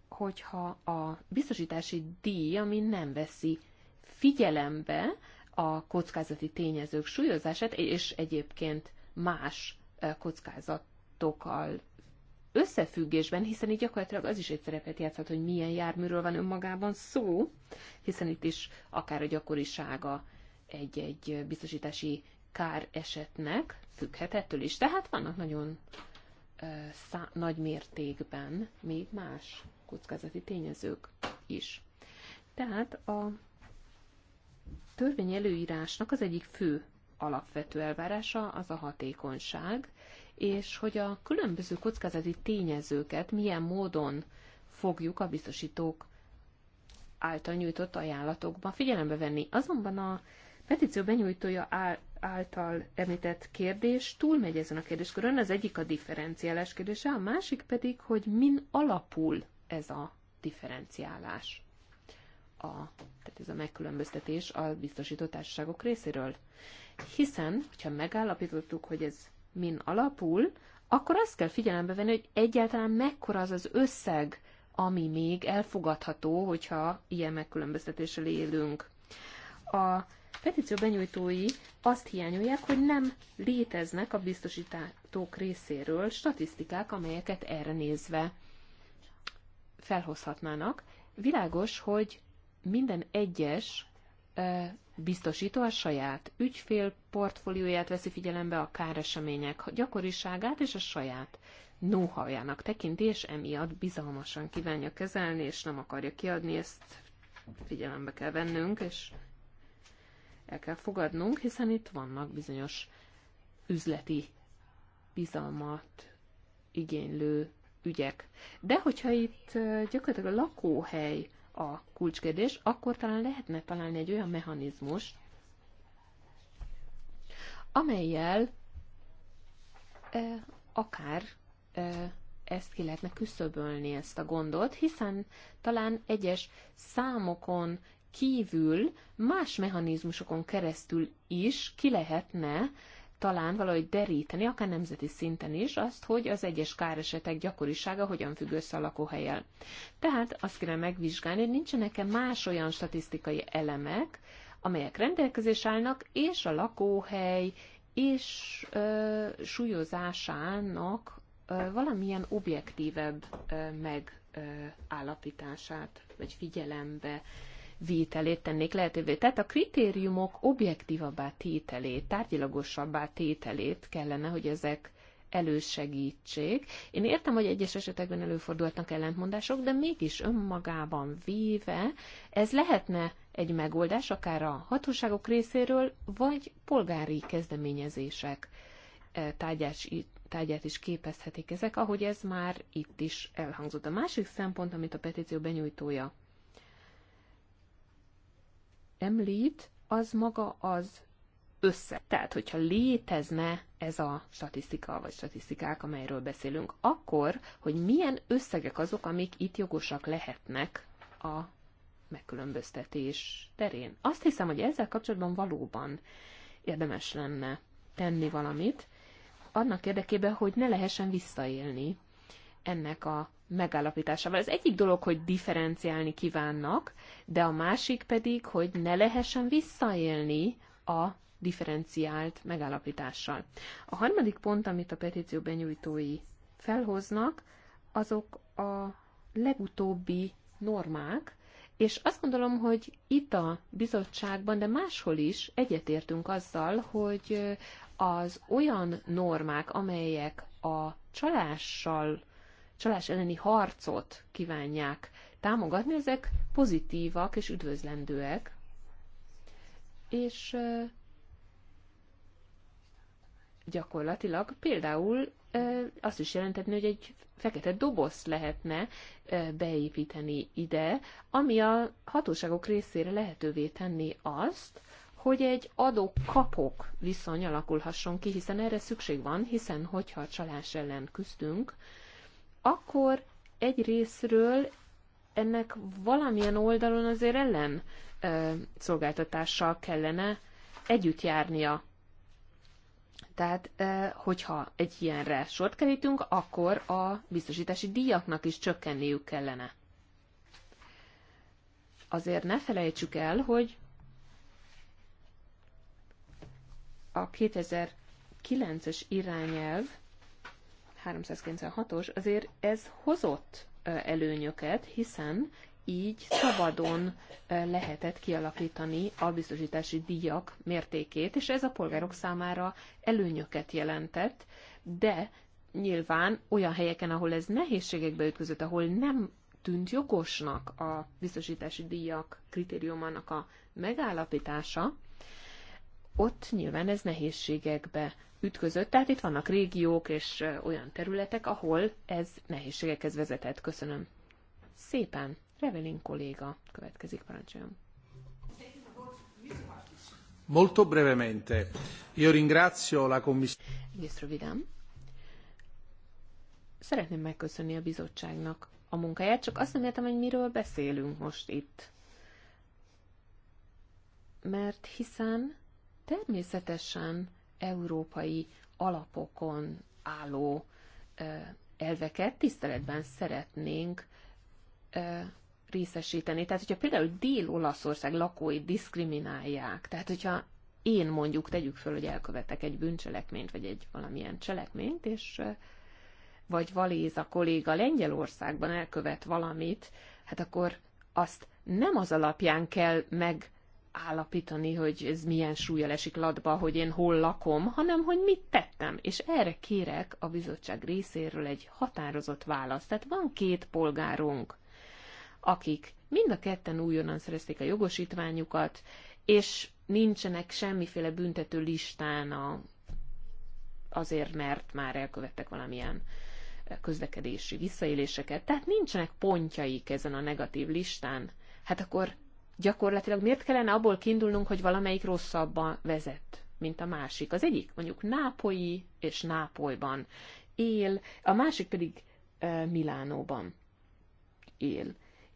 S4: hogyha a biztosítási díj, ami nem veszi figyelembe a kockázati tényezők súlyozását, és egyébként más eh, kockázatokkal összefüggésben, hiszen itt gyakorlatilag az is egy szerepet játszhat, hogy milyen járműről van önmagában szó, hiszen itt is akár a gyakorisága egy-egy biztosítási kár esetnek függhet ettől is. Tehát vannak nagyon szá- nagy mértékben még más kockázati tényezők is. Tehát a törvény előírásnak az egyik fő alapvető elvárása az a hatékonyság, és hogy a különböző kockázati tényezőket milyen módon fogjuk a biztosítók által nyújtott ajánlatokban figyelembe venni. Azonban a petíció benyújtója által említett kérdés túlmegy ezen a kérdéskörön, az egyik a differenciálás kérdése, a másik pedig, hogy min alapul ez a differenciálás, a, tehát ez a megkülönböztetés a biztosított társaságok részéről. Hiszen, hogyha megállapítottuk, hogy ez min alapul, akkor azt kell figyelembe venni, hogy egyáltalán mekkora az az összeg, ami még elfogadható, hogyha ilyen megkülönböztetéssel élünk. A petíció benyújtói azt hiányolják, hogy nem léteznek a biztosítók részéről statisztikák, amelyeket erre nézve felhozhatnának. Világos, hogy minden egyes biztosító a saját ügyfél portfólióját veszi figyelembe, a káresemények gyakoriságát és a saját nóhajának howjának tekinti, és emiatt bizalmasan kívánja kezelni, és nem akarja kiadni, ezt figyelembe kell vennünk, és el kell fogadnunk, hiszen itt vannak bizonyos üzleti bizalmat igénylő ügyek. De hogyha itt gyakorlatilag a lakóhely a kulcskérdés, akkor talán lehetne találni egy olyan mechanizmus, amelyel e, akár e, ezt ki lehetne küszöbölni, ezt a gondot, hiszen talán egyes számokon kívül más mechanizmusokon keresztül is ki lehetne talán valahogy deríteni, akár nemzeti szinten is, azt, hogy az egyes káresetek gyakorisága hogyan függ össze a lakóhelyel. Tehát azt kéne megvizsgálni, hogy nincsenek-e más olyan statisztikai elemek, amelyek rendelkezés állnak, és a lakóhely és ö, súlyozásának ö, valamilyen objektívebb ö, megállapítását, vagy figyelembe vételét tennék lehetővé. Tehát a kritériumok objektívabbá tételét, tárgyilagosabbá tételét kellene, hogy ezek elősegítsék. Én értem, hogy egyes esetekben előfordultak ellentmondások, de mégis önmagában véve ez lehetne egy megoldás, akár a hatóságok részéről, vagy polgári kezdeményezések e, tárgyás, tárgyát is képezhetik ezek, ahogy ez már itt is elhangzott. A másik szempont, amit a petíció benyújtója említ, az maga az össze. Tehát, hogyha létezne ez a statisztika, vagy statisztikák, amelyről beszélünk, akkor, hogy milyen összegek azok, amik itt jogosak lehetnek a megkülönböztetés terén. Azt hiszem, hogy ezzel kapcsolatban valóban érdemes lenne tenni valamit, annak érdekében, hogy ne lehessen visszaélni ennek a megállapításával. Az egyik dolog, hogy differenciálni kívánnak, de a másik pedig, hogy ne lehessen visszaélni a differenciált megállapítással. A harmadik pont, amit a petíció benyújtói felhoznak, azok a legutóbbi normák, és azt gondolom, hogy itt a bizottságban, de máshol is egyetértünk azzal, hogy az olyan normák, amelyek a csalással csalás elleni harcot kívánják támogatni, ezek pozitívak és üdvözlendőek. És gyakorlatilag például azt is jelentetni, hogy egy fekete doboz lehetne beépíteni ide, ami a hatóságok részére lehetővé tenni azt, hogy egy adó-kapok viszony alakulhasson ki, hiszen erre szükség van, hiszen hogyha a csalás ellen küzdünk, akkor egy részről ennek valamilyen oldalon azért ellen ö, szolgáltatással kellene együtt járnia. Tehát, ö, hogyha egy ilyenre sort kerítünk, akkor a biztosítási díjaknak is csökkenniük kellene. Azért ne felejtsük el, hogy a 2009-es irányelv 396-os, azért ez hozott előnyöket, hiszen így szabadon lehetett kialakítani a biztosítási díjak mértékét, és ez a polgárok számára előnyöket jelentett, de nyilván olyan helyeken, ahol ez nehézségekbe ütközött, ahol nem tűnt jogosnak a biztosítási díjak kritériumának a megállapítása, ott nyilván ez nehézségekbe ütközött. Tehát itt vannak régiók és olyan területek, ahol ez nehézségekhez vezetett. Köszönöm. Szépen. Revelin kolléga következik, parancsoljon.
S3: Molto brevemente. Io ringrazio la
S4: commissione. Szeretném megköszönni a bizottságnak a munkáját, csak azt nem értem, hogy miről beszélünk most itt. Mert hiszen természetesen európai alapokon álló elveket tiszteletben szeretnénk részesíteni. Tehát, hogyha például Dél-Olaszország lakói diszkriminálják, tehát, hogyha én mondjuk tegyük föl, hogy elkövetek egy bűncselekményt, vagy egy valamilyen cselekményt, és vagy Valéz a kolléga Lengyelországban elkövet valamit, hát akkor azt nem az alapján kell meg állapítani, hogy ez milyen súlyjal esik latba, hogy én hol lakom, hanem hogy mit tettem. És erre kérek a bizottság részéről egy határozott választ. Tehát van két polgárunk, akik mind a ketten újonnan szerezték a jogosítványukat, és nincsenek semmiféle büntető listán a, azért, mert már elkövettek valamilyen közlekedési visszaéléseket, tehát nincsenek pontjaik ezen a negatív listán, hát akkor gyakorlatilag miért kellene abból kiindulnunk, hogy valamelyik rosszabban vezet, mint a másik. Az egyik mondjuk nápolyi és nápolyban él, a másik pedig Milánóban él.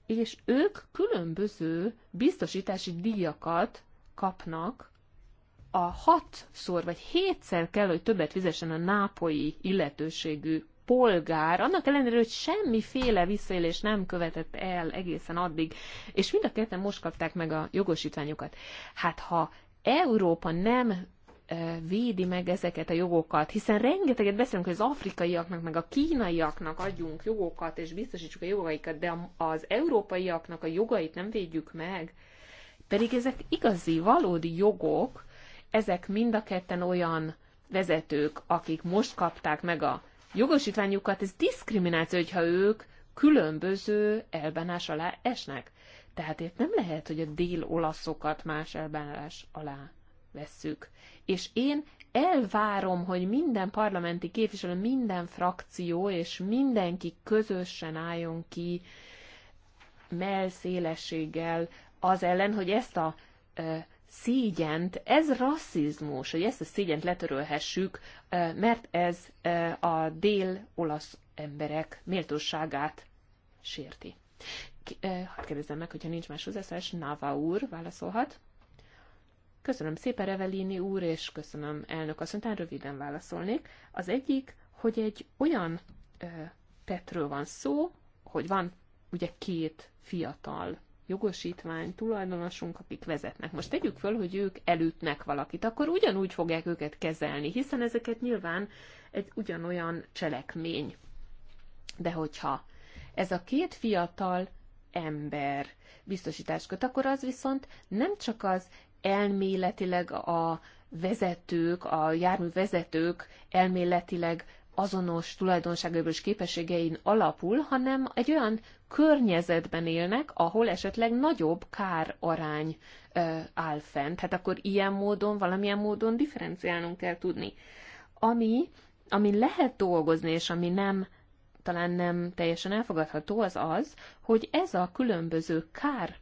S4: És ők különböző biztosítási díjakat kapnak a hatszor vagy hétszer kell, hogy többet fizessen a nápolyi illetőségű polgár, annak ellenére, hogy semmiféle visszaélés nem követett el egészen addig, és mind a ketten most kapták meg a jogosítványokat. Hát ha Európa nem védi meg ezeket a jogokat, hiszen rengeteget beszélünk, hogy az afrikaiaknak, meg a kínaiaknak adjunk jogokat, és biztosítsuk a jogaikat, de az európaiaknak a jogait nem védjük meg, pedig ezek igazi, valódi jogok, ezek mind a ketten olyan vezetők, akik most kapták meg a jogosítványukat, ez diszkrimináció, hogyha ők különböző elbánás alá esnek. Tehát itt nem lehet, hogy a dél-olaszokat más elbánás alá vesszük. És én elvárom, hogy minden parlamenti képviselő, minden frakció és mindenki közösen álljon ki melszélességgel az ellen, hogy ezt a szígyent, ez rasszizmus, hogy ezt a szígyent letörölhessük, mert ez a dél-olasz emberek méltóságát sérti. Hát kérdezem meg, hogyha nincs más hozzászólás, Nava úr válaszolhat. Köszönöm szépen, Revelini úr, és köszönöm elnök asszony, röviden válaszolnék. Az egyik, hogy egy olyan ö, tetről van szó, hogy van ugye két fiatal jogosítvány tulajdonosunk, akik vezetnek. Most tegyük föl, hogy ők elütnek valakit, akkor ugyanúgy fogják őket kezelni, hiszen ezeket nyilván egy ugyanolyan cselekmény. De hogyha ez a két fiatal ember biztosítást köt, akkor az viszont nem csak az elméletileg a vezetők, a jármű vezetők elméletileg azonos tulajdonságaiból és képességein alapul, hanem egy olyan környezetben élnek, ahol esetleg nagyobb kárarány ö, áll fent. Hát akkor ilyen módon, valamilyen módon differenciálnunk kell tudni. Ami, ami lehet dolgozni, és ami nem talán nem teljesen elfogadható, az az, hogy ez a különböző kár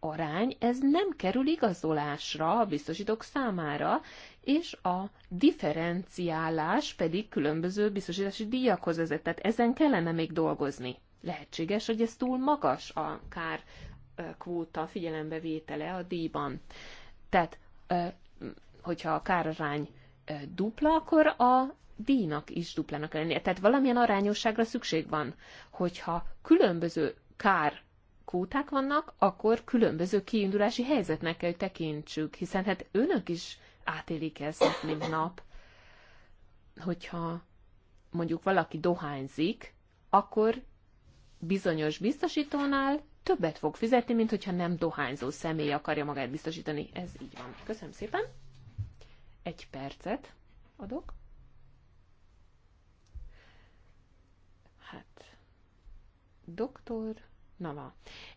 S4: arány, ez nem kerül igazolásra a biztosítók számára, és a differenciálás pedig különböző biztosítási díjakhoz vezet, tehát ezen kellene még dolgozni lehetséges, hogy ez túl magas a kár kvóta vétele a díjban. Tehát, hogyha a kárarány dupla, akkor a díjnak is duplának kell lennie. Tehát valamilyen arányosságra szükség van, hogyha különböző kár kvóták vannak, akkor különböző kiindulási helyzetnek kell, hogy tekintsük, hiszen hát önök is átélik ezt nap, mint nap. Hogyha mondjuk valaki dohányzik, akkor bizonyos biztosítónál többet fog fizetni, mint hogyha nem dohányzó személy akarja magát biztosítani. Ez így van. Köszönöm szépen. Egy percet adok. Hát, doktor Nava.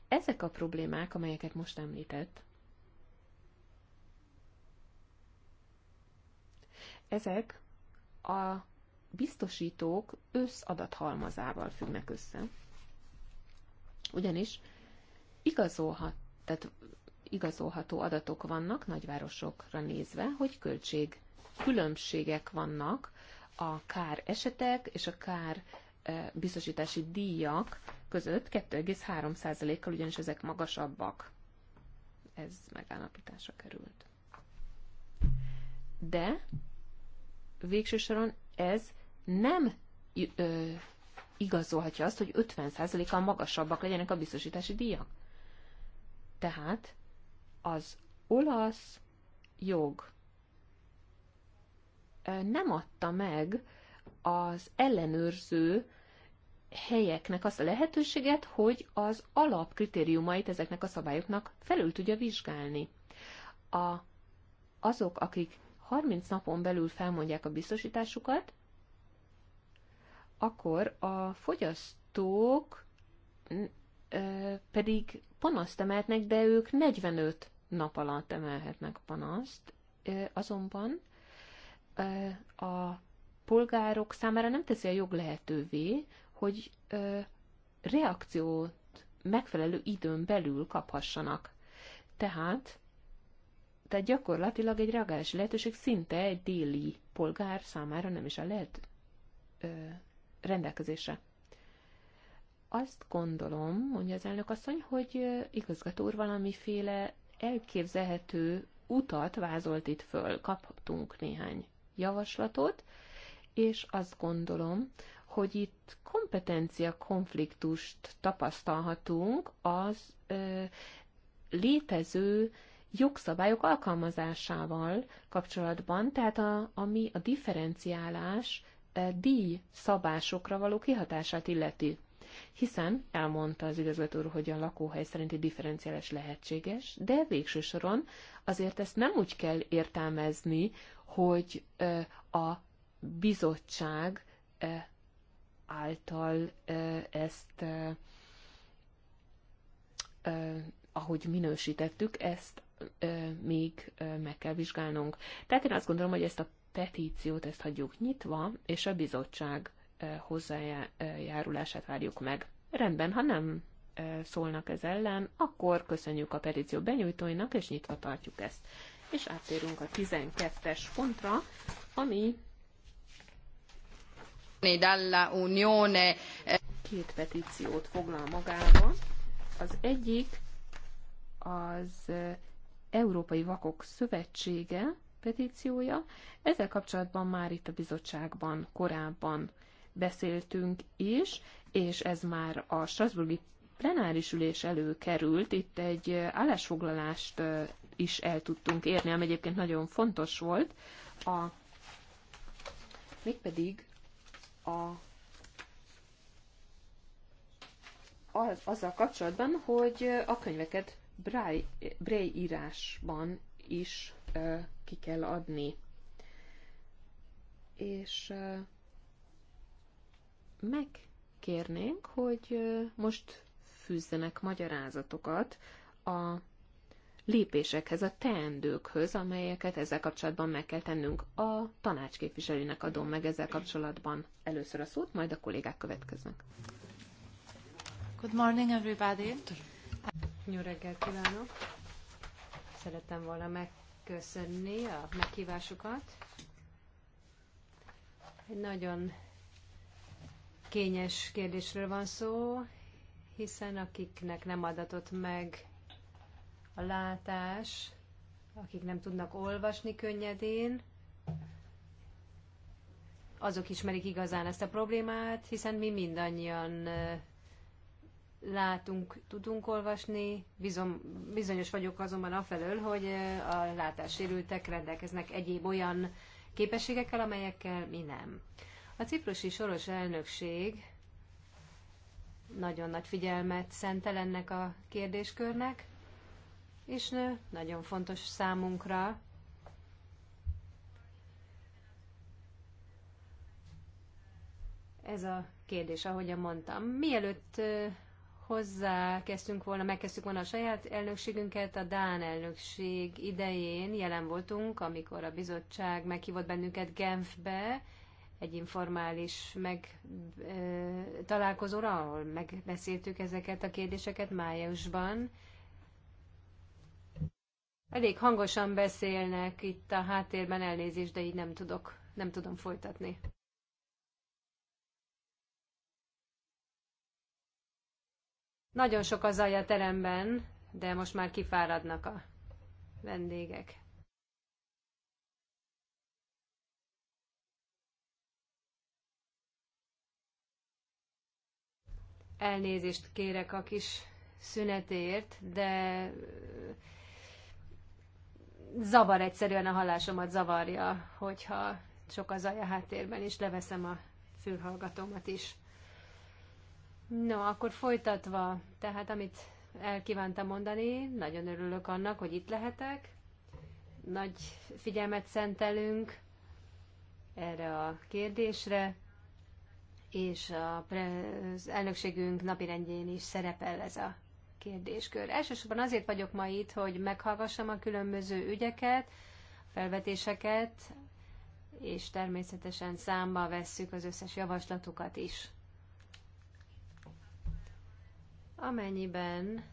S4: Ezek a problémák, amelyeket most említett, ezek a biztosítók összadathalmazával függnek össze. Ugyanis igazolhat, tehát igazolható adatok vannak nagyvárosokra nézve, hogy költség különbségek vannak a kár esetek és a kár e, biztosítási díjak között 2,3%-kal, ugyanis ezek magasabbak. Ez megállapításra került. De végső soron ez nem igazolhatja azt, hogy 50%-kal magasabbak legyenek a biztosítási díjak. Tehát az olasz jog nem adta meg az ellenőrző helyeknek azt a lehetőséget, hogy az alapkritériumait ezeknek a szabályoknak felül tudja vizsgálni. A, azok, akik 30 napon belül felmondják a biztosításukat, akkor a fogyasztók pedig panaszt emelhetnek, de ők 45 nap alatt emelhetnek panaszt, azonban a polgárok számára nem teszi a jog lehetővé, hogy reakciót megfelelő időn belül kaphassanak. Tehát, tehát gyakorlatilag egy reagálási lehetőség szinte egy déli polgár számára nem is a lehet, rendelkezésre. Azt gondolom, mondja az elnök asszony, hogy igazgató úr valamiféle elképzelhető utat vázolt itt föl. Kaptunk néhány javaslatot, és azt gondolom, hogy itt kompetencia konfliktust tapasztalhatunk az ö, létező jogszabályok alkalmazásával kapcsolatban, tehát a, ami a differenciálás E, díj szabásokra való kihatását illeti. Hiszen elmondta az igazgató hogy a lakóhely szerinti differenciális lehetséges, de végső soron azért ezt nem úgy kell értelmezni, hogy e, a bizottság e, által ezt ahogy minősítettük, ezt még meg kell vizsgálnunk. Tehát én azt gondolom, hogy ezt a petíciót, ezt hagyjuk nyitva, és a bizottság hozzájárulását várjuk meg. Rendben, ha nem szólnak ez ellen, akkor köszönjük a petíció benyújtóinak, és nyitva tartjuk ezt. És áttérünk a 12-es pontra, ami eh, két petíciót foglal magába. Az egyik az Európai Vakok Szövetsége, petíciója. Ezzel kapcsolatban már itt a bizottságban korábban beszéltünk is, és ez már a Strasburgi plenáris ülés előkerült, itt egy állásfoglalást is el tudtunk érni, ami egyébként nagyon fontos volt. A, mégpedig a az, azzal kapcsolatban, hogy a könyveket Braille, Braille írásban is ki kell adni. És megkérnénk, hogy most fűzzenek magyarázatokat a lépésekhez, a teendőkhöz, amelyeket ezzel kapcsolatban meg kell tennünk. A tanácsképviselőnek adom meg ezzel kapcsolatban először a szót, majd a kollégák következnek. Good morning,
S2: everybody! Jó reggelt kívánok! Szeretem volna meg köszönni a meghívásukat. Egy nagyon kényes kérdésről van szó, hiszen akiknek nem adatott meg a látás, akik nem tudnak olvasni könnyedén, azok ismerik igazán ezt a problémát, hiszen mi mindannyian eh, látunk, tudunk olvasni, Bizom, bizonyos vagyok azonban afelől, hogy a látássérültek rendelkeznek egyéb olyan képességekkel, amelyekkel mi nem. A ciprusi soros elnökség nagyon nagy figyelmet szentel ennek a kérdéskörnek, és nő, nagyon fontos számunkra, ez a kérdés, ahogyan mondtam. Mielőtt hozzá kezdtünk volna, megkezdtük volna a saját elnökségünket, a Dán elnökség idején jelen voltunk, amikor a bizottság meghívott bennünket Genfbe, egy informális meg, ö, találkozóra, ahol megbeszéltük ezeket a kérdéseket májusban. Elég hangosan beszélnek itt a háttérben, elnézést, de így nem tudok, nem tudom folytatni. Nagyon sok az zaj a teremben, de most már kifáradnak a vendégek. Elnézést kérek a kis szünetért, de zavar egyszerűen a hallásomat zavarja, hogyha sok az zaj a háttérben, és leveszem a fülhallgatómat is. No, akkor folytatva, tehát amit elkívántam mondani, nagyon örülök annak, hogy itt lehetek. Nagy figyelmet szentelünk erre a kérdésre, és a az elnökségünk napirendjén is szerepel ez a kérdéskör. Elsősorban azért vagyok ma itt, hogy meghallgassam a különböző ügyeket, felvetéseket, és természetesen számba vesszük az összes javaslatukat is amennyiben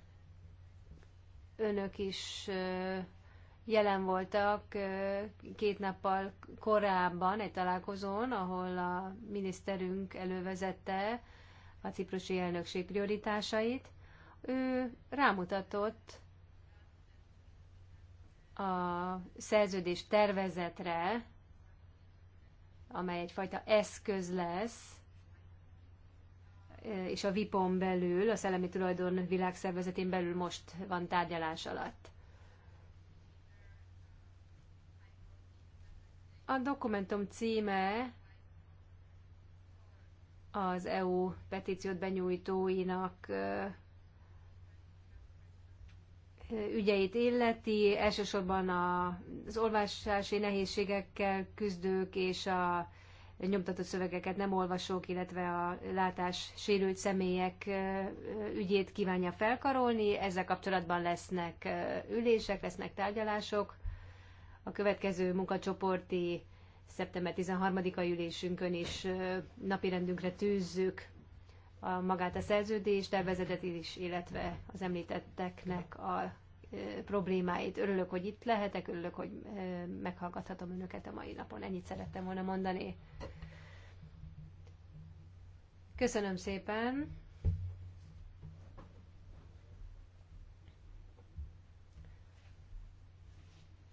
S2: önök is jelen voltak két nappal korábban egy találkozón, ahol a miniszterünk elővezette a ciprusi elnökség prioritásait. Ő rámutatott a szerződés tervezetre, amely egyfajta eszköz lesz és a VIPON belül, a Szellemi Tulajdon Világszervezetén belül most van tárgyalás alatt. A dokumentum címe az EU petíciót benyújtóinak ügyeit illeti, elsősorban az olvasási nehézségekkel küzdők és a nyomtatott szövegeket nem olvasók, illetve a látás sérült személyek ügyét kívánja felkarolni. Ezzel kapcsolatban lesznek ülések, lesznek tárgyalások. A következő munkacsoporti szeptember 13-a ülésünkön is napirendünkre tűzzük a magát a szerződést, tervezetet is, illetve az említetteknek a problémáit. Örülök, hogy itt lehetek, örülök, hogy meghallgathatom önöket a mai napon. Ennyit szerettem volna mondani. Köszönöm szépen!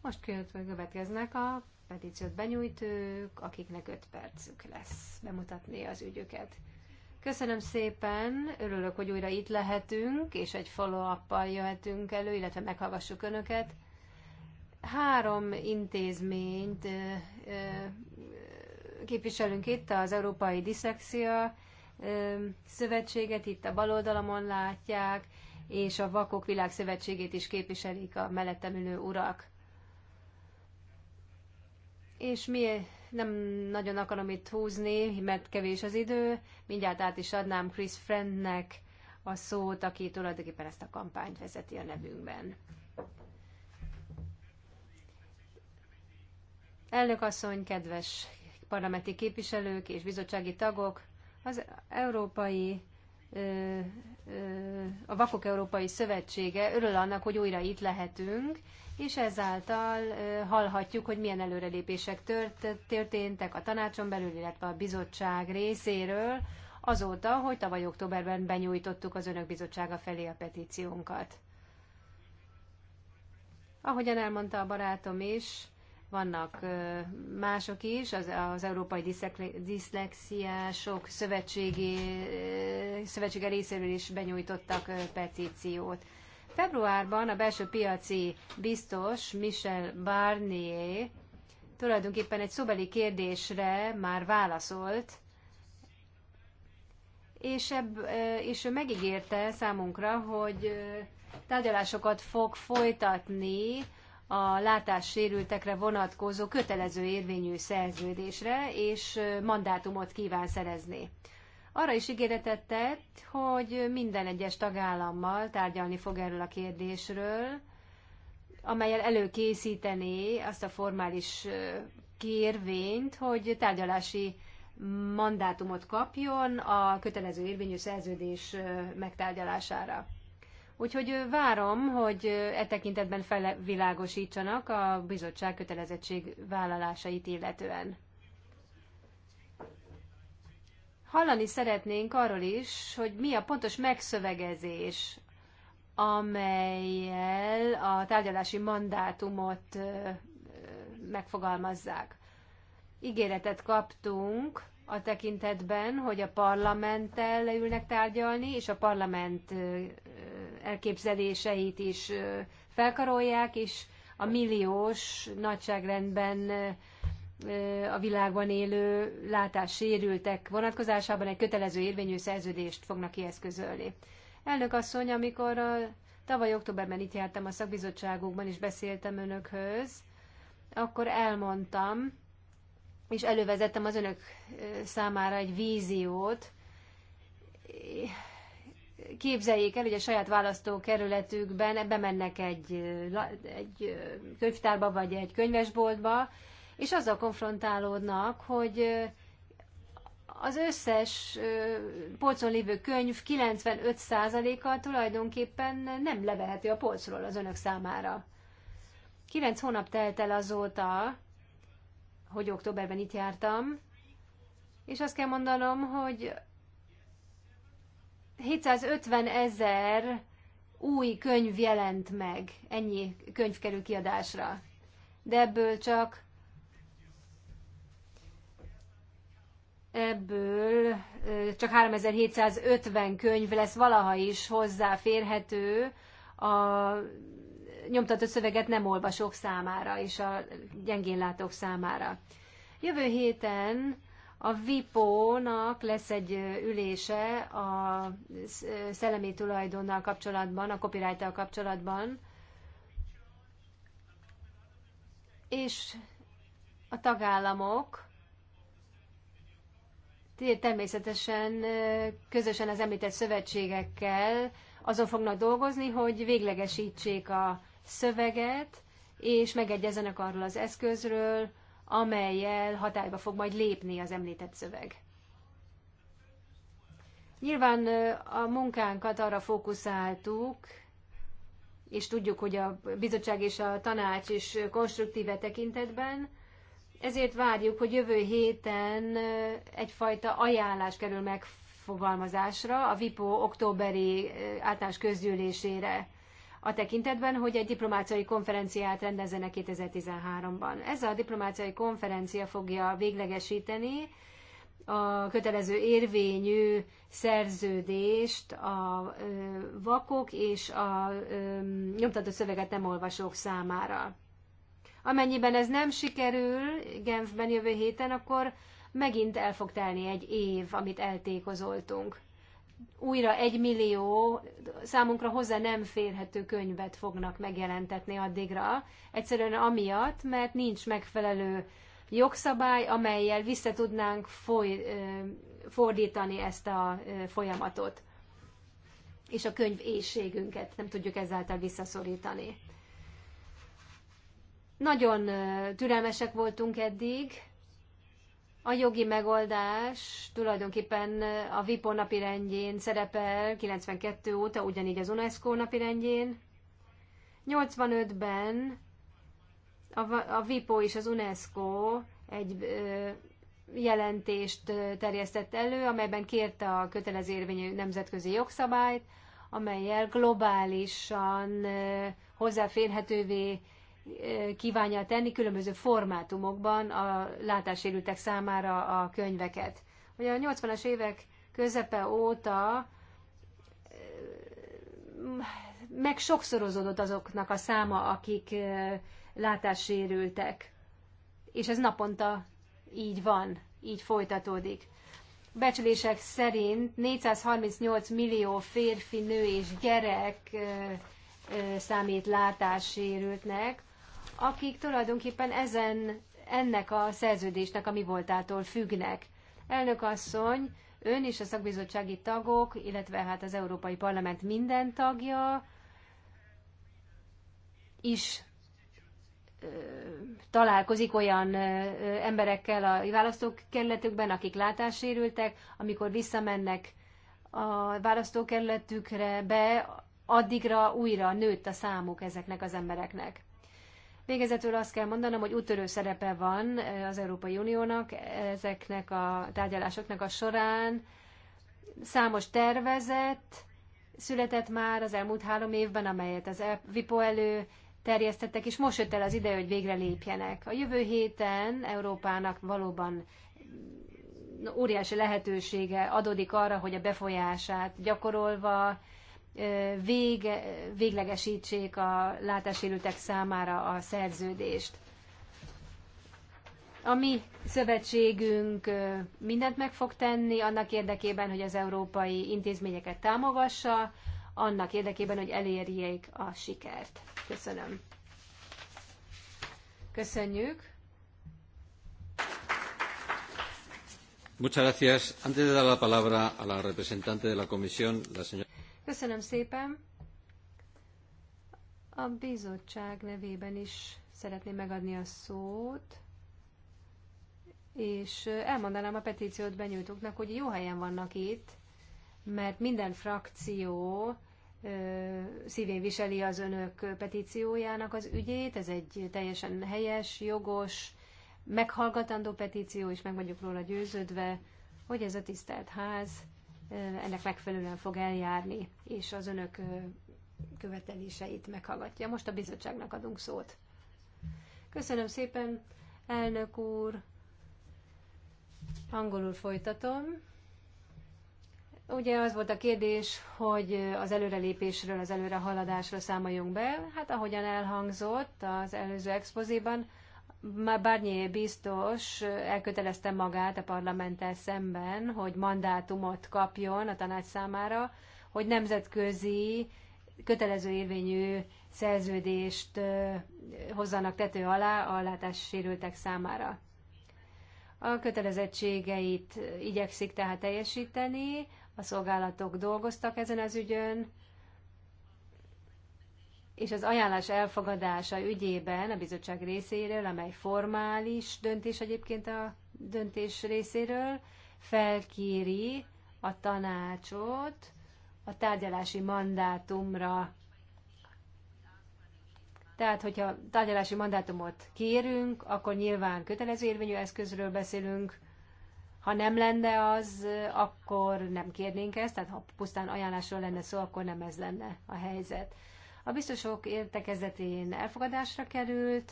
S2: Most következnek a petíciót benyújtők, akiknek 5 percük lesz bemutatni az ügyüket. Köszönöm szépen, örülök, hogy újra itt lehetünk, és egy follow jöhetünk elő, illetve meghallgassuk Önöket. Három intézményt képviselünk itt, az Európai Diszexia Szövetséget, itt a baloldalamon látják, és a Vakok Világszövetségét is képviselik a mellettem ülő urak. És mi nem nagyon akarom itt húzni, mert kevés az idő. Mindjárt át is adnám Chris Friendnek a szót, aki tulajdonképpen ezt a kampányt vezeti a nevünkben. Elnök asszony, kedves parlamenti képviselők és bizottsági tagok, az európai a Vakok Európai Szövetsége örül annak, hogy újra itt lehetünk, és ezáltal hallhatjuk, hogy milyen előrelépések történtek a tanácson belül, illetve a bizottság részéről azóta, hogy tavaly októberben benyújtottuk az Önök Bizottsága felé a petíciónkat. Ahogyan elmondta a barátom is, vannak mások is, az, az Európai Diszlexiások Szövetségi, Szövetsége részéről is benyújtottak petíciót. Februárban a belső piaci biztos Michel Barnier tulajdonképpen egy szobeli kérdésre már válaszolt, és, ebb, és ő megígérte számunkra, hogy tárgyalásokat fog folytatni a látássérültekre vonatkozó kötelező érvényű szerződésre, és mandátumot kíván szerezni arra is ígéretet tett, hogy minden egyes tagállammal tárgyalni fog erről a kérdésről, amelyel előkészítené azt a formális kérvényt, hogy tárgyalási mandátumot kapjon a kötelező érvényű szerződés megtárgyalására. Úgyhogy várom, hogy e tekintetben felvilágosítsanak a bizottság kötelezettség vállalásait illetően. Hallani szeretnénk arról is, hogy mi a pontos megszövegezés, amelyel a tárgyalási mandátumot megfogalmazzák. Ígéretet kaptunk a tekintetben, hogy a parlamenttel leülnek tárgyalni, és a parlament elképzeléseit is felkarolják, és a milliós nagyságrendben a világban élő látássérültek vonatkozásában egy kötelező érvényű szerződést fognak kieszközölni. Elnök asszony, amikor a, tavaly októberben itt jártam a szakbizottságokban és beszéltem önökhöz, akkor elmondtam, és elővezettem az önök számára egy víziót. Képzeljék el, hogy a saját választókerületükben bemennek egy, egy könyvtárba vagy egy könyvesboltba, és azzal konfrontálódnak, hogy az összes polcon lévő könyv 95%-a tulajdonképpen nem leveheti a polcról az önök számára. Kilenc hónap telt el azóta, hogy októberben itt jártam, és azt kell mondanom, hogy 750 ezer új könyv jelent meg, ennyi könyv kerül kiadásra. De ebből csak ebből csak 3750 könyv lesz valaha is hozzáférhető a nyomtatott szöveget nem olvasók számára és a gyengénlátók számára. Jövő héten a VIPO-nak lesz egy ülése a szellemi tulajdonnal kapcsolatban, a copyright kapcsolatban, és a tagállamok természetesen közösen az említett szövetségekkel azon fognak dolgozni, hogy véglegesítsék a szöveget, és megegyezenek arról az eszközről, amelyel hatályba fog majd lépni az említett szöveg. Nyilván a munkánkat arra fókuszáltuk, és tudjuk, hogy a bizottság és a tanács is konstruktíve tekintetben, ezért várjuk, hogy jövő héten egyfajta ajánlás kerül megfogalmazásra a VIPO októberi általános közgyűlésére a tekintetben, hogy egy diplomáciai konferenciát rendezzenek 2013-ban. Ez a diplomáciai konferencia fogja véglegesíteni a kötelező érvényű szerződést a vakok és a nyomtatott szöveget nem olvasók számára. Amennyiben ez nem sikerül Genfben jövő héten, akkor megint el fog telni egy év, amit eltékozoltunk. Újra egy millió számunkra hozzá nem férhető könyvet fognak megjelentetni addigra, egyszerűen amiatt, mert nincs megfelelő jogszabály, amelyel vissza tudnánk foly, fordítani ezt a folyamatot és a könyv éjségünket nem tudjuk ezáltal visszaszorítani. Nagyon türelmesek voltunk eddig. A jogi megoldás tulajdonképpen a VIPO napirendjén szerepel 92 óta, ugyanígy az UNESCO napirendjén. 85-ben a, VIPO és az UNESCO egy jelentést terjesztett elő, amelyben kérte a kötelező érvényű nemzetközi jogszabályt, amelyel globálisan hozzáférhetővé kívánja tenni különböző formátumokban a látássérültek számára a könyveket. Ugye a 80-as évek közepe óta eh, meg sokszorozódott azoknak a száma, akik eh, látássérültek. És ez naponta így van, így folytatódik. Becslések szerint 438 millió férfi, nő és gyerek eh, számít látássérültnek, akik tulajdonképpen ezen, ennek a szerződésnek a mi voltától függnek. Elnök asszony, ön és a szakbizottsági tagok, illetve hát az Európai Parlament minden tagja is találkozik olyan emberekkel a választókerületükben, akik látássérültek, amikor visszamennek a választókerületükre be, addigra újra nőtt a számuk ezeknek az embereknek. Végezetül azt kell mondanom, hogy úttörő szerepe van az Európai Uniónak ezeknek a tárgyalásoknak a során. Számos tervezet született már az elmúlt három évben, amelyet az e VIPO elő terjesztettek, és most jött el az ide, hogy végre lépjenek. A jövő héten Európának valóban óriási lehetősége adódik arra, hogy a befolyását gyakorolva vége, véglegesítsék a látásérültek számára a szerződést. A mi szövetségünk mindent meg fog tenni annak érdekében, hogy az európai intézményeket támogassa, annak érdekében, hogy elérjék a sikert. Köszönöm. Köszönjük.
S3: Muchas gracias. Antes de dar la palabra a la representante de la comisión, la señora
S2: Köszönöm szépen! A bizottság nevében is szeretném megadni a szót, és elmondanám a petíciót benyújtóknak, hogy jó helyen vannak itt, mert minden frakció szívén viseli az önök petíciójának az ügyét. Ez egy teljesen helyes, jogos, meghallgatandó petíció, és meg vagyok róla győződve, hogy ez a tisztelt ház ennek megfelelően fog eljárni, és az önök követeléseit meghallgatja. Most a bizottságnak adunk szót. Köszönöm szépen, elnök úr. Angolul folytatom. Ugye az volt a kérdés, hogy az előrelépésről, az előrehaladásról számoljunk be. Hát ahogyan elhangzott az előző expozíban, Barnier biztos elkötelezte magát a parlamenttel szemben, hogy mandátumot kapjon a tanács számára, hogy nemzetközi kötelező érvényű szerződést hozzanak tető alá a látássérültek számára. A kötelezettségeit igyekszik tehát teljesíteni, a szolgálatok dolgoztak ezen az ügyön, és az ajánlás elfogadása ügyében a bizottság részéről, amely formális döntés egyébként a döntés részéről, felkéri a tanácsot a tárgyalási mandátumra. Tehát, hogyha tárgyalási mandátumot kérünk, akkor nyilván kötelező érvényű eszközről beszélünk, ha nem lenne az, akkor nem kérnénk ezt, tehát ha pusztán ajánlásról lenne szó, akkor nem ez lenne a helyzet. A biztosok értekezetén elfogadásra került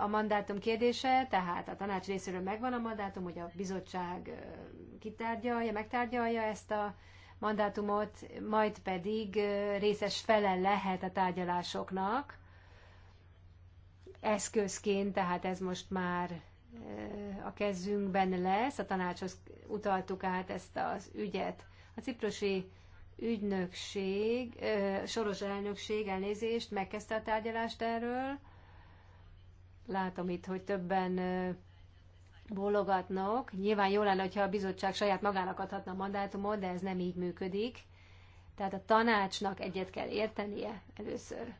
S2: a mandátum kérdése, tehát a tanács részéről megvan a mandátum, hogy a bizottság kitárgyalja, megtárgyalja ezt a mandátumot, majd pedig részes fele lehet a tárgyalásoknak eszközként, tehát ez most már a kezünkben lesz, a tanácshoz utaltuk át ezt az ügyet. A ciprosi ügynökség, soros elnökség elnézést megkezdte a tárgyalást erről. Látom itt, hogy többen bólogatnak. Nyilván jó lenne, hogyha a bizottság saját magának adhatna a mandátumot, de ez nem így működik. Tehát a tanácsnak egyet kell értenie először.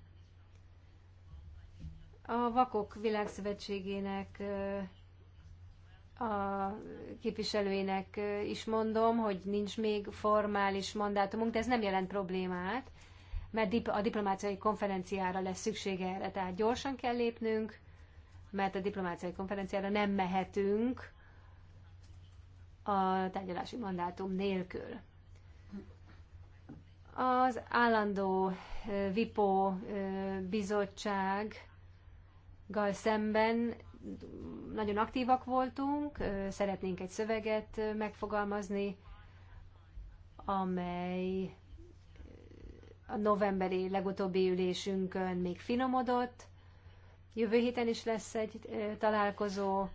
S2: A Vakok Világszövetségének a képviselőinek is mondom, hogy nincs még formális mandátumunk, de ez nem jelent problémát, mert a diplomáciai konferenciára lesz szüksége erre, tehát gyorsan kell lépnünk, mert a diplomáciai konferenciára nem mehetünk a tárgyalási mandátum nélkül. Az állandó VIPO bizottsággal szemben nagyon aktívak voltunk, szeretnénk egy szöveget megfogalmazni, amely a novemberi legutóbbi ülésünkön még finomodott. Jövő héten is lesz egy találkozó,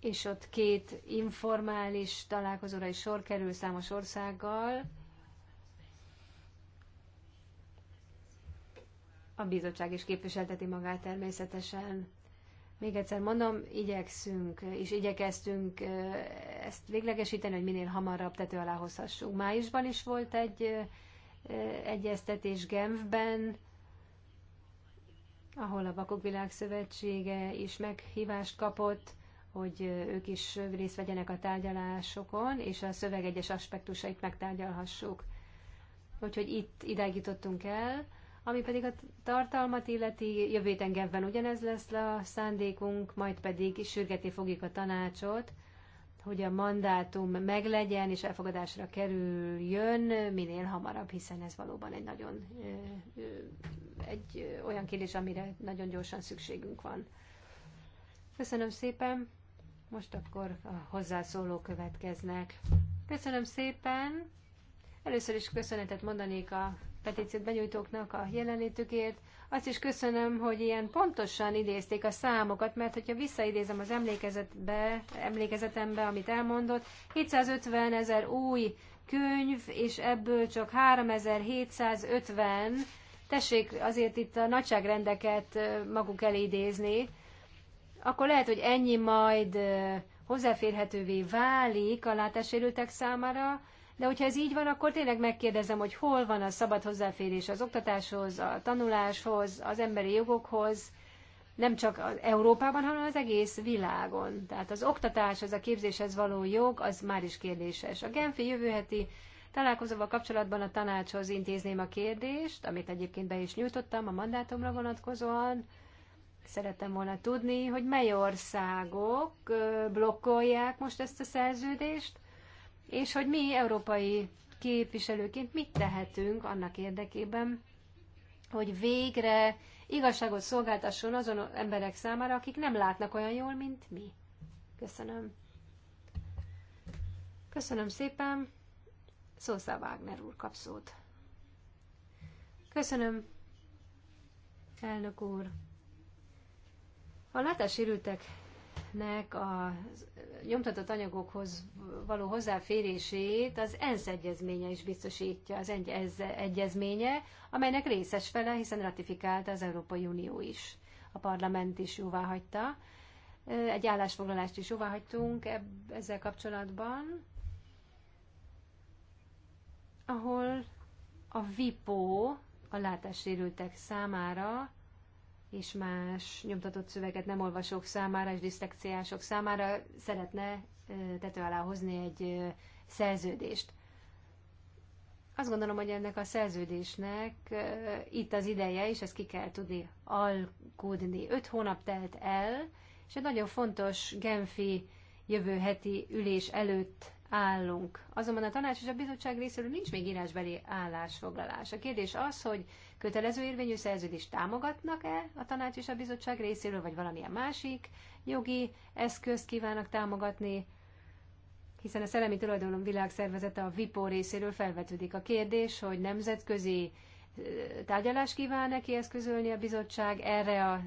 S2: és ott két informális találkozóra is sor kerül számos országgal, A bizottság is képviselteti magát természetesen. Még egyszer mondom, igyekszünk és igyekeztünk ezt véglegesíteni, hogy minél hamarabb tető alá hozhassuk. Májusban is volt egy egyeztetés Genfben, ahol a Vakok Világszövetsége is meghívást kapott, hogy ők is részt vegyenek a tárgyalásokon, és a szöveg egyes aspektusait megtárgyalhassuk. Úgyhogy itt idegítottunk el. Ami pedig a tartalmat illeti, jövő tengerben ugyanez lesz a szándékunk, majd pedig sürgetni fogjuk a tanácsot, hogy a mandátum meglegyen és elfogadásra kerüljön minél hamarabb, hiszen ez valóban egy nagyon egy olyan kérdés, amire nagyon gyorsan szükségünk van. Köszönöm szépen. Most akkor a hozzászólók következnek. Köszönöm szépen. Először is köszönetet mondanék a petíciót benyújtóknak a jelenlétükért. Azt is köszönöm, hogy ilyen pontosan idézték a számokat, mert hogyha visszaidézem az emlékezetbe, emlékezetembe, amit elmondott, 750 ezer új könyv, és ebből csak 3750, tessék azért itt a nagyságrendeket maguk elidézni, akkor lehet, hogy ennyi majd hozzáférhetővé válik a látásérültek számára, de hogyha ez így van, akkor tényleg megkérdezem, hogy hol van a szabad hozzáférés az oktatáshoz, a tanuláshoz, az emberi jogokhoz, nem csak az Európában, hanem az egész világon. Tehát az oktatás, az a képzéshez való jog, az már is kérdéses. A Genfi jövő heti találkozóval kapcsolatban a tanácshoz intézném a kérdést, amit egyébként be is nyújtottam a mandátumra vonatkozóan. Szerettem volna tudni, hogy mely országok blokkolják most ezt a szerződést, és hogy mi európai képviselőként mit tehetünk annak érdekében, hogy végre igazságot szolgáltasson azon emberek számára, akik nem látnak olyan jól, mint mi. Köszönöm. Köszönöm szépen. Szószá Wagner úr kap szót. Köszönöm, elnök úr. A látássérültek embereknek a nyomtatott anyagokhoz való hozzáférését az ENSZ egyezménye is biztosítja, az ENSZ egyezménye, amelynek részes fele, hiszen ratifikálta az Európai Unió is. A parlament is jóvá hagyta. Egy állásfoglalást is jóvá hagytunk ezzel kapcsolatban, ahol a VIPO a látássérültek számára és más nyomtatott szöveget nem olvasók számára és diszlekciások számára szeretne tető alá hozni egy szerződést. Azt gondolom, hogy ennek a szerződésnek itt az ideje, és ezt ki kell tudni alkudni. Öt hónap telt el, és egy nagyon fontos Genfi jövő heti ülés előtt állunk. Azonban a tanács és a bizottság részéről nincs még írásbeli állásfoglalás. A kérdés az, hogy kötelező érvényű szerződést támogatnak-e a tanács és a bizottság részéről, vagy valamilyen másik jogi eszközt kívánnak támogatni, hiszen a Szellemi Tulajdonom Világszervezete a VIPO részéről felvetődik a kérdés, hogy nemzetközi tárgyalást kíván neki eszközölni a bizottság erre a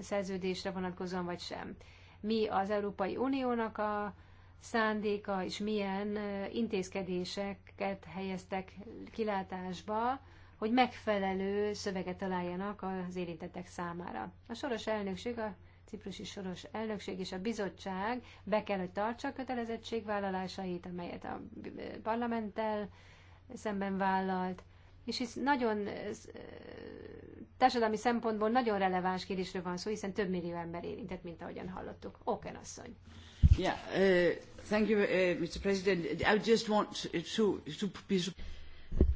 S2: szerződésre vonatkozóan, vagy sem. Mi az Európai Uniónak a szándéka és milyen intézkedéseket helyeztek kilátásba hogy megfelelő szöveget találjanak az érintettek számára. A soros elnökség, a ciprusi soros elnökség és a bizottság be kell, hogy tartsa a kötelezettségvállalásait, amelyet a parlamenttel szemben vállalt, és hisz nagyon társadalmi szempontból nagyon releváns kérdésről van szó, hiszen több millió ember érintett, mint ahogyan hallottuk. Oken asszony.
S3: Yeah, uh,
S1: thank you, uh, Mr. President. I just want to, to be...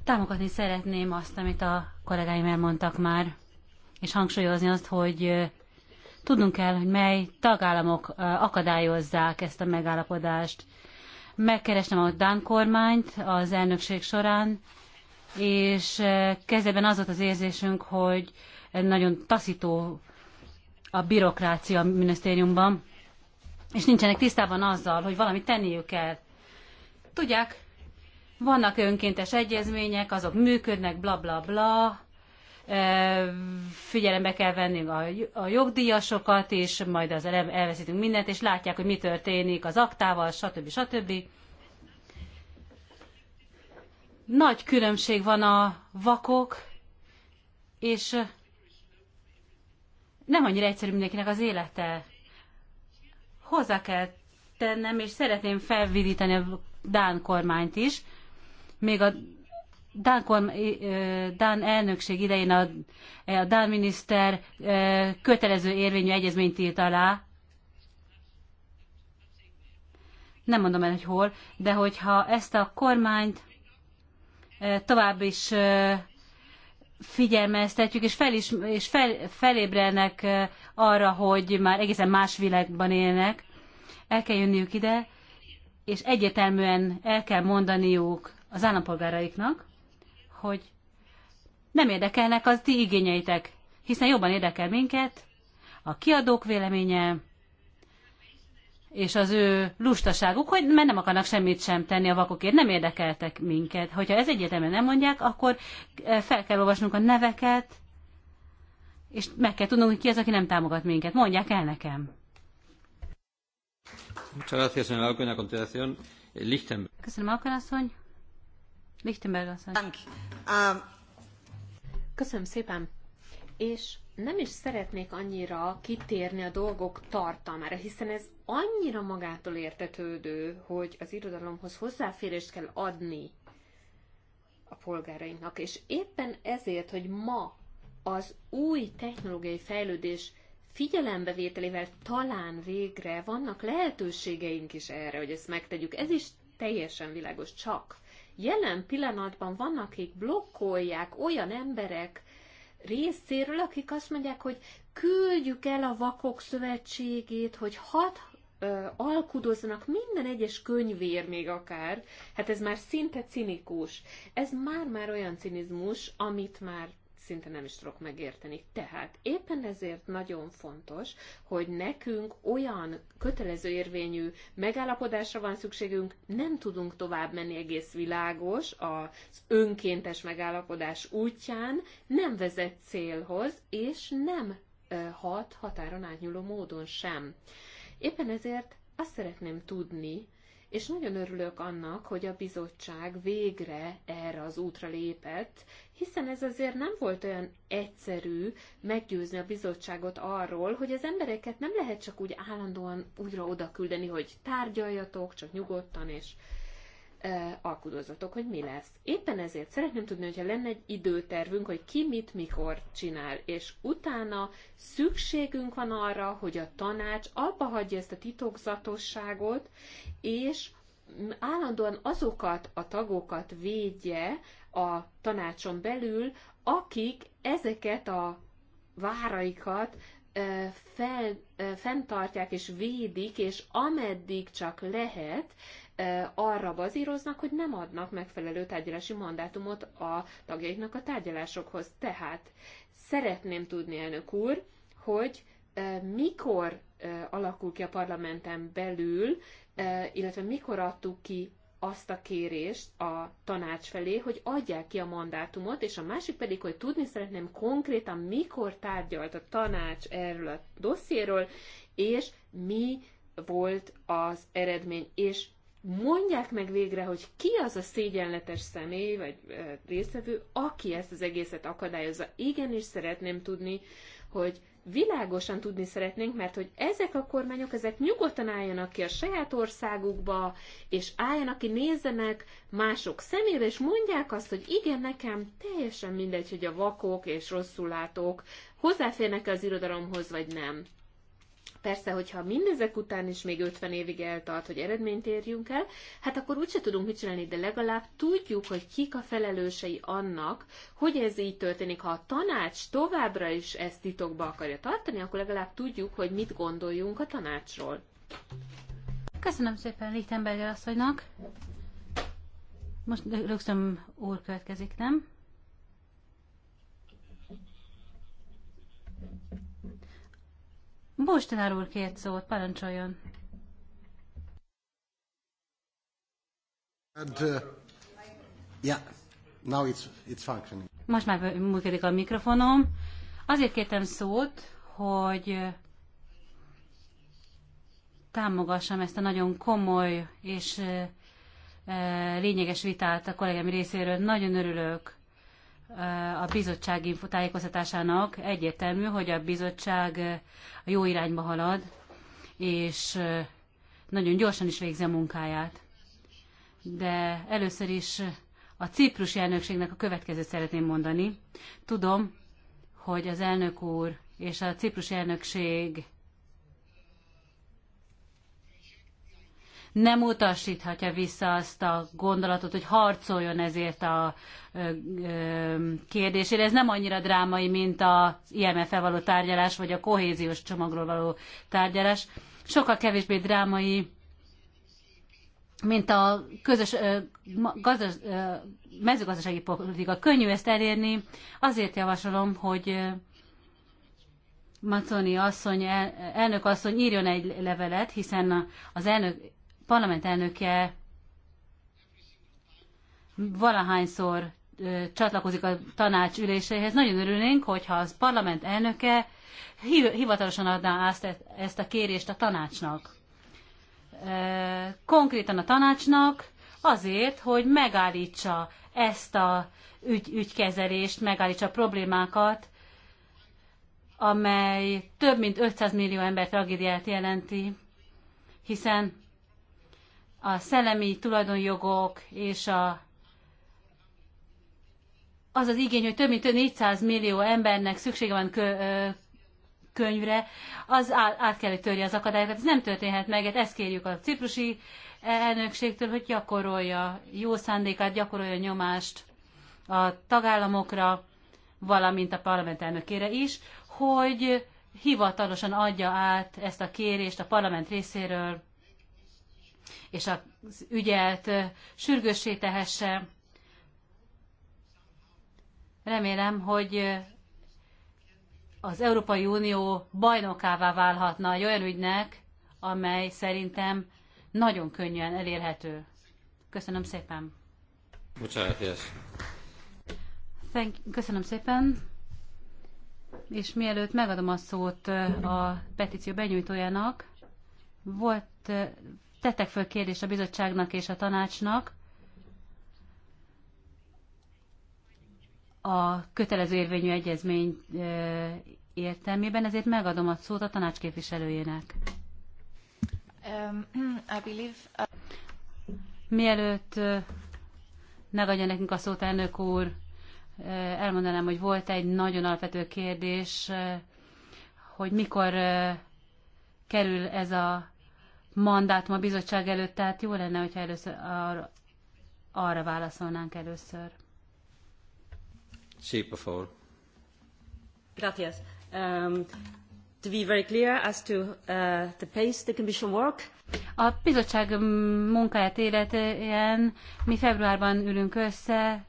S1: Támogatni szeretném azt, amit a kollégáim elmondtak már, és hangsúlyozni azt, hogy tudnunk kell, hogy mely tagállamok akadályozzák ezt a megállapodást. Megkerestem a Dán kormányt az elnökség során, és kezdetben az volt az érzésünk, hogy nagyon taszító a bürokrácia a minisztériumban, és nincsenek tisztában azzal, hogy valamit tenniük kell. Tudják, vannak önkéntes egyezmények, azok működnek, bla bla bla. Figyelembe kell venni a jogdíjasokat is, majd az elveszítünk mindent, és látják, hogy mi történik az aktával, stb. stb. Nagy különbség van a vakok, és nem annyira egyszerű mindenkinek az élete. Hozzá kell tennem, és szeretném felvidítani a Dán kormányt is, még a Dán, korm, Dán elnökség idején a, a Dán miniszter kötelező érvényű egyezményt írt alá. Nem mondom el, hogy hol, de hogyha ezt a kormányt tovább is figyelmeztetjük, és, fel is, és fel, felébrelnek arra, hogy már egészen más világban élnek, el kell jönniük ide, és egyetelműen el kell mondaniuk az állampolgáraiknak, hogy nem érdekelnek az ti igényeitek, hiszen jobban érdekel minket a kiadók véleménye, és az ő lustaságuk, hogy mert nem akarnak semmit sem tenni a vakokért, nem érdekeltek minket. Hogyha ez egyértelműen nem mondják, akkor eh, fel kell olvasnunk a neveket, és meg kell tudnunk, hogy ki az, aki nem támogat minket. Mondják el nekem. Eh, Köszönöm, Alkön Um, Köszönöm szépen. És nem is szeretnék
S4: annyira kitérni a dolgok tartalmára, hiszen ez annyira magától értetődő, hogy az irodalomhoz hozzáférést kell adni a polgárainknak. És éppen ezért, hogy ma az új technológiai fejlődés figyelembevételével talán végre vannak lehetőségeink is erre, hogy ezt megtegyük. Ez is teljesen világos, csak jelen pillanatban vannak, akik blokkolják olyan emberek részéről, akik azt mondják, hogy küldjük el a Vakok Szövetségét, hogy hat ö, alkudoznak minden egyes könyvér még akár, hát ez már szinte cinikus. Ez már-már olyan cinizmus, amit már szinte nem is tudok megérteni. Tehát éppen ezért nagyon fontos, hogy nekünk olyan kötelező érvényű megállapodásra van szükségünk, nem tudunk tovább menni egész világos az önkéntes megállapodás útján, nem vezet célhoz, és nem hat határon átnyúló módon sem. Éppen ezért azt szeretném tudni, és nagyon örülök annak, hogy a bizottság végre erre az útra lépett, hiszen ez azért nem volt olyan egyszerű meggyőzni a bizottságot arról, hogy az embereket nem lehet csak úgy állandóan újra oda küldeni, hogy tárgyaljatok, csak nyugodtan és e, alkudozatok, hogy mi lesz. Éppen ezért szeretném tudni, hogyha lenne egy időtervünk, hogy ki mit mikor csinál, és utána szükségünk van arra, hogy a tanács abba hagyja ezt a titokzatosságot, és állandóan azokat a tagokat védje a tanácson belül, akik ezeket a váraikat fel, fenntartják és védik, és ameddig csak lehet, arra bazíroznak, hogy nem adnak megfelelő tárgyalási mandátumot a tagjaiknak a tárgyalásokhoz. Tehát szeretném tudni, elnök úr, hogy mikor alakul ki a parlamenten belül illetve mikor adtuk ki azt a kérést a tanács felé, hogy adják ki a mandátumot, és a másik pedig, hogy tudni szeretném konkrétan, mikor tárgyalt a tanács erről a dossziéről, és mi volt az eredmény, és mondják meg végre, hogy ki az a szégyenletes személy, vagy résztvevő, aki ezt az egészet akadályozza. Igenis szeretném tudni, hogy világosan tudni szeretnénk, mert hogy ezek a kormányok, ezek nyugodtan álljanak ki a saját országukba, és álljanak ki, nézzenek mások szemébe, és mondják azt, hogy igen, nekem teljesen mindegy, hogy a vakok és rosszul látók hozzáférnek -e az irodalomhoz, vagy nem. Persze, hogyha mindezek után is még 50 évig eltart, hogy eredményt érjünk el, hát akkor úgyse tudunk mit csinálni, de legalább tudjuk, hogy kik a felelősei annak, hogy ez így történik. Ha a tanács továbbra is ezt titokba akarja tartani, akkor legalább tudjuk, hogy mit gondoljunk a tanácsról.
S1: Köszönöm szépen Lichtenberger asszonynak. Most rögtön úr következik, nem? Bostanár úr kért szót, parancsoljon.
S4: And, uh, yeah, now it's,
S1: it's functioning. Most már működik a mikrofonom. Azért kértem szót, hogy támogassam ezt a nagyon komoly és uh, uh, lényeges vitát a kollégám részéről. Nagyon örülök a bizottság tájékoztatásának egyértelmű, hogy a bizottság a jó irányba halad, és nagyon gyorsan is végzi a munkáját. De először is a ciprusi elnökségnek a következőt szeretném mondani. Tudom, hogy az elnök úr és a ciprusi elnökség nem utasíthatja vissza azt a gondolatot, hogy harcoljon ezért a kérdésére. Ez nem annyira drámai, mint az IMF-e való tárgyalás, vagy a kohéziós csomagról való tárgyalás. Sokkal kevésbé drámai, mint a közös gazdas, mezőgazdasági politika. Könnyű ezt elérni, azért javasolom, hogy Maconi asszony, el, elnök asszony írjon egy levelet, hiszen az elnök parlament elnöke valahányszor csatlakozik a tanács üléséhez. Nagyon örülnénk, hogyha az parlament elnöke hivatalosan adná ezt a kérést a tanácsnak. Konkrétan a tanácsnak azért, hogy megállítsa ezt a ügy, ügykezelést, megállítsa a problémákat, amely több mint 500 millió ember tragédiát jelenti, hiszen a szellemi tulajdonjogok és a, az az igény, hogy több mint 400 millió embernek szüksége van kö, ö, könyvre, az át, át kell, hogy törje az akadályokat. Ez nem történhet meg, hát ezt kérjük a ciprusi elnökségtől, hogy gyakorolja jó szándékát, gyakorolja nyomást a tagállamokra, valamint a parlament elnökére is, hogy hivatalosan adja át ezt a kérést a parlament részéről és az ügyelt sürgőssé tehesse. Remélem, hogy az Európai Unió bajnokává válhatna egy olyan ügynek, amely szerintem nagyon könnyen elérhető. Köszönöm szépen.
S3: Bocsánat, yes.
S1: Köszönöm szépen. És mielőtt megadom a szót a petíció benyújtójának, volt, tettek föl kérdést a bizottságnak és a tanácsnak a kötelező érvényű egyezmény értelmében, ezért megadom a szót a tanács képviselőjének.
S3: Um, [clears throat] I believe,
S1: uh... Mielőtt megadja nekünk a szót, elnök úr, elmondanám, hogy volt egy nagyon alapvető kérdés, hogy mikor kerül ez a mandátum a bizottság előtt, tehát jó lenne, hogyha először arra, arra válaszolnánk először.
S3: Sí, por favor.
S1: Gracias. Um, to be very clear as to uh, the pace the commission work. A bizottság munkáját életén mi februárban ülünk össze,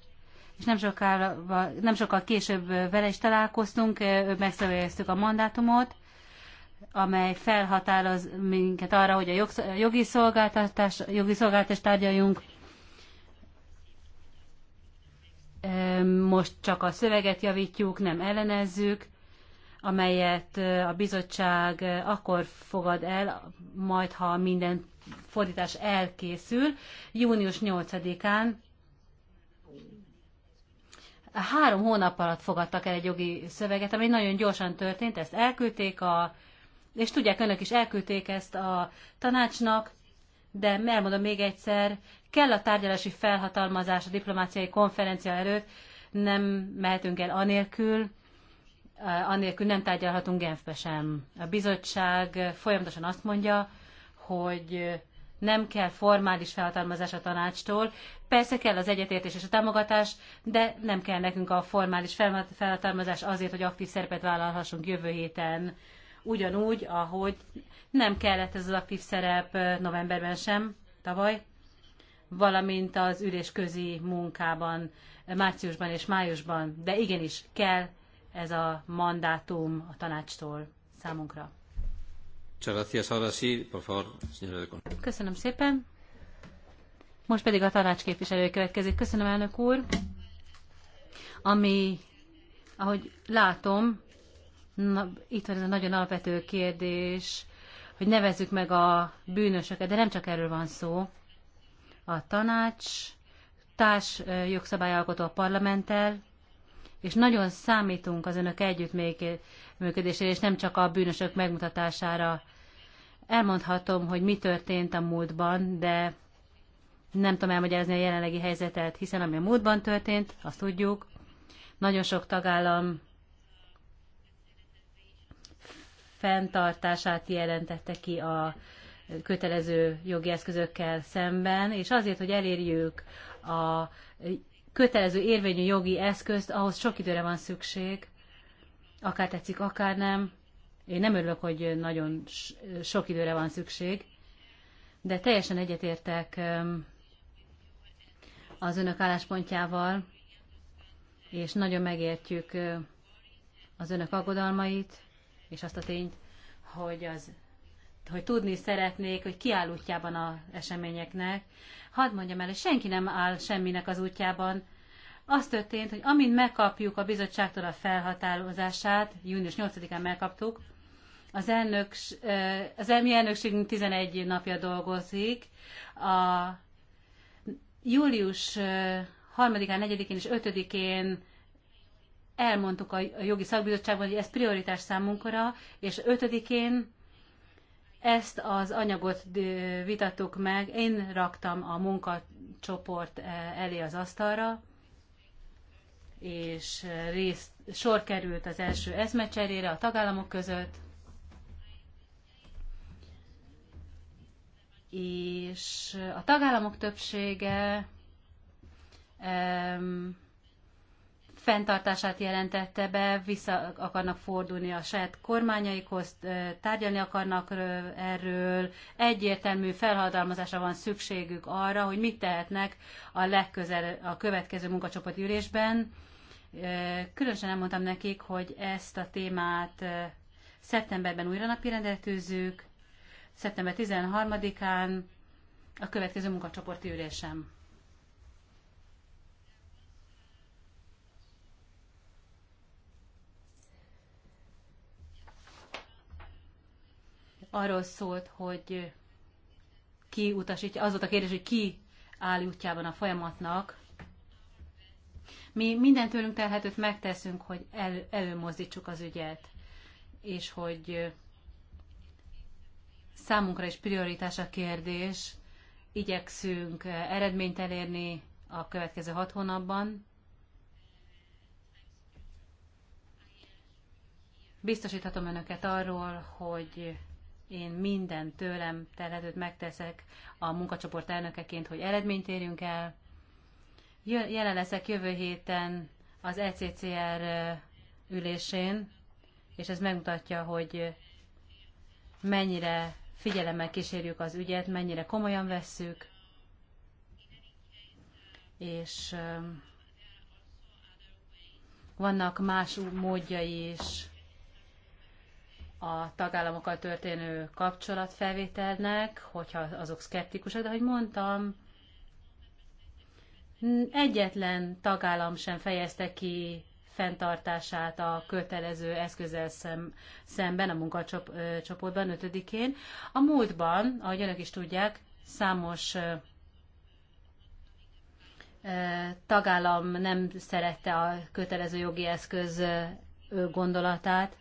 S1: és nem sokkal, nem sokkal később vele is találkoztunk, megszövegeztük a mandátumot, amely felhatároz minket arra, hogy a jogi szolgáltatás, jogi szolgáltatást tárgyaljunk. Most csak a szöveget javítjuk, nem ellenezzük, amelyet a bizottság akkor fogad el, majd ha minden fordítás elkészül, június 8-án három hónap alatt fogadtak el egy jogi szöveget, ami nagyon gyorsan történt, ezt elküldték a és tudják, önök is elküldték ezt a tanácsnak, de elmondom még egyszer, kell a tárgyalási felhatalmazás a diplomáciai konferencia előtt, nem mehetünk el anélkül, eh, anélkül nem tárgyalhatunk Genfbe sem. A bizottság folyamatosan azt mondja, hogy nem kell formális felhatalmazás a tanácstól. Persze kell az egyetértés és a támogatás, de nem kell nekünk a formális felhatalmazás azért, hogy aktív szerepet vállalhassunk jövő héten ugyanúgy, ahogy nem kellett ez az aktív szerep novemberben sem, tavaly, valamint az ülésközi munkában, márciusban és májusban, de igenis kell ez a mandátum a tanácstól számunkra. Köszönöm szépen. Most pedig a tanács képviselője következik. Köszönöm, elnök úr. Ami, ahogy látom, na, itt van ez a nagyon alapvető kérdés, hogy nevezzük meg a bűnösöket, de nem csak erről van szó. A tanács társ jogszabályalkotó a parlamenttel, és nagyon számítunk az önök együttműködésére, és nem csak a bűnösök megmutatására. Elmondhatom, hogy mi történt a múltban, de nem tudom elmagyarázni a jelenlegi helyzetet, hiszen ami a múltban történt, azt tudjuk, nagyon sok tagállam fenntartását jelentette ki a kötelező jogi eszközökkel szemben, és azért, hogy elérjük a kötelező érvényű jogi eszközt, ahhoz sok időre van szükség, akár tetszik, akár nem. Én nem örülök, hogy nagyon sok időre van szükség, de teljesen egyetértek az önök álláspontjával, és nagyon megértjük az önök aggodalmait, és azt a tényt, hogy az hogy tudni szeretnék, hogy kiáll útjában az eseményeknek. Hadd mondjam el, hogy senki nem áll semminek az útjában. Az történt, hogy amint megkapjuk a bizottságtól a felhatározását, június 8-án megkaptuk, az, elnök, eh, az elmi elnökségünk 11 napja dolgozik, a július 3-án, eh, 4-én és 5-én elmondtuk a jogi szakbizottságban, hogy ez prioritás számunkra, és ötödikén ezt az anyagot vitattuk meg, én raktam a munkacsoport elé az asztalra, és részt, sor került az első eszmecserére a tagállamok között, és a tagállamok többsége um, fenntartását jelentette be, vissza akarnak fordulni a saját kormányaikhoz, tárgyalni akarnak erről, egyértelmű felhatalmazásra van szükségük arra, hogy mit tehetnek a, legközel, a következő munkacsoport ülésben. Különösen mondtam nekik, hogy ezt a témát szeptemberben újra napirendre tűzzük, szeptember 13-án a következő munkacsoporti ülésem. arról szólt, hogy ki utasítja, az volt a kérdés, hogy ki áll útjában a folyamatnak. Mi minden tőlünk telhetőt megteszünk, hogy el, előmozdítsuk az ügyet, és hogy számunkra is prioritás a kérdés, igyekszünk eredményt elérni a következő hat hónapban. Biztosíthatom önöket arról, hogy én minden tőlem telhetőt megteszek a munkacsoport elnökeként, hogy eredményt érjünk el. Jelen leszek jövő héten az ECCR ülésén, és ez megmutatja, hogy mennyire figyelemmel kísérjük az ügyet, mennyire komolyan vesszük, és vannak más módjai is a tagállamokkal történő kapcsolatfelvételnek, hogyha azok szkeptikusak, de hogy mondtam, egyetlen tagállam sem fejezte ki fenntartását a kötelező eszközzel szem, szemben a munkacsoportban 5-én. A múltban, ahogy önök is tudják, számos tagállam nem szerette a kötelező jogi eszköz gondolatát,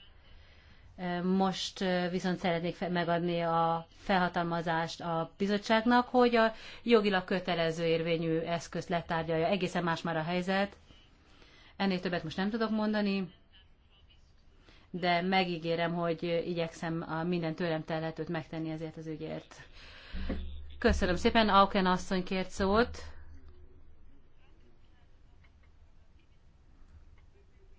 S1: most viszont szeretnék megadni a felhatalmazást a bizottságnak, hogy a jogilag kötelező érvényű eszközt letárgyalja. Egészen más már a helyzet. Ennél többet most nem tudok mondani, de megígérem, hogy igyekszem a minden tőlem telhetőt megtenni ezért az ügyért. Köszönöm szépen, Auken asszony kért szót.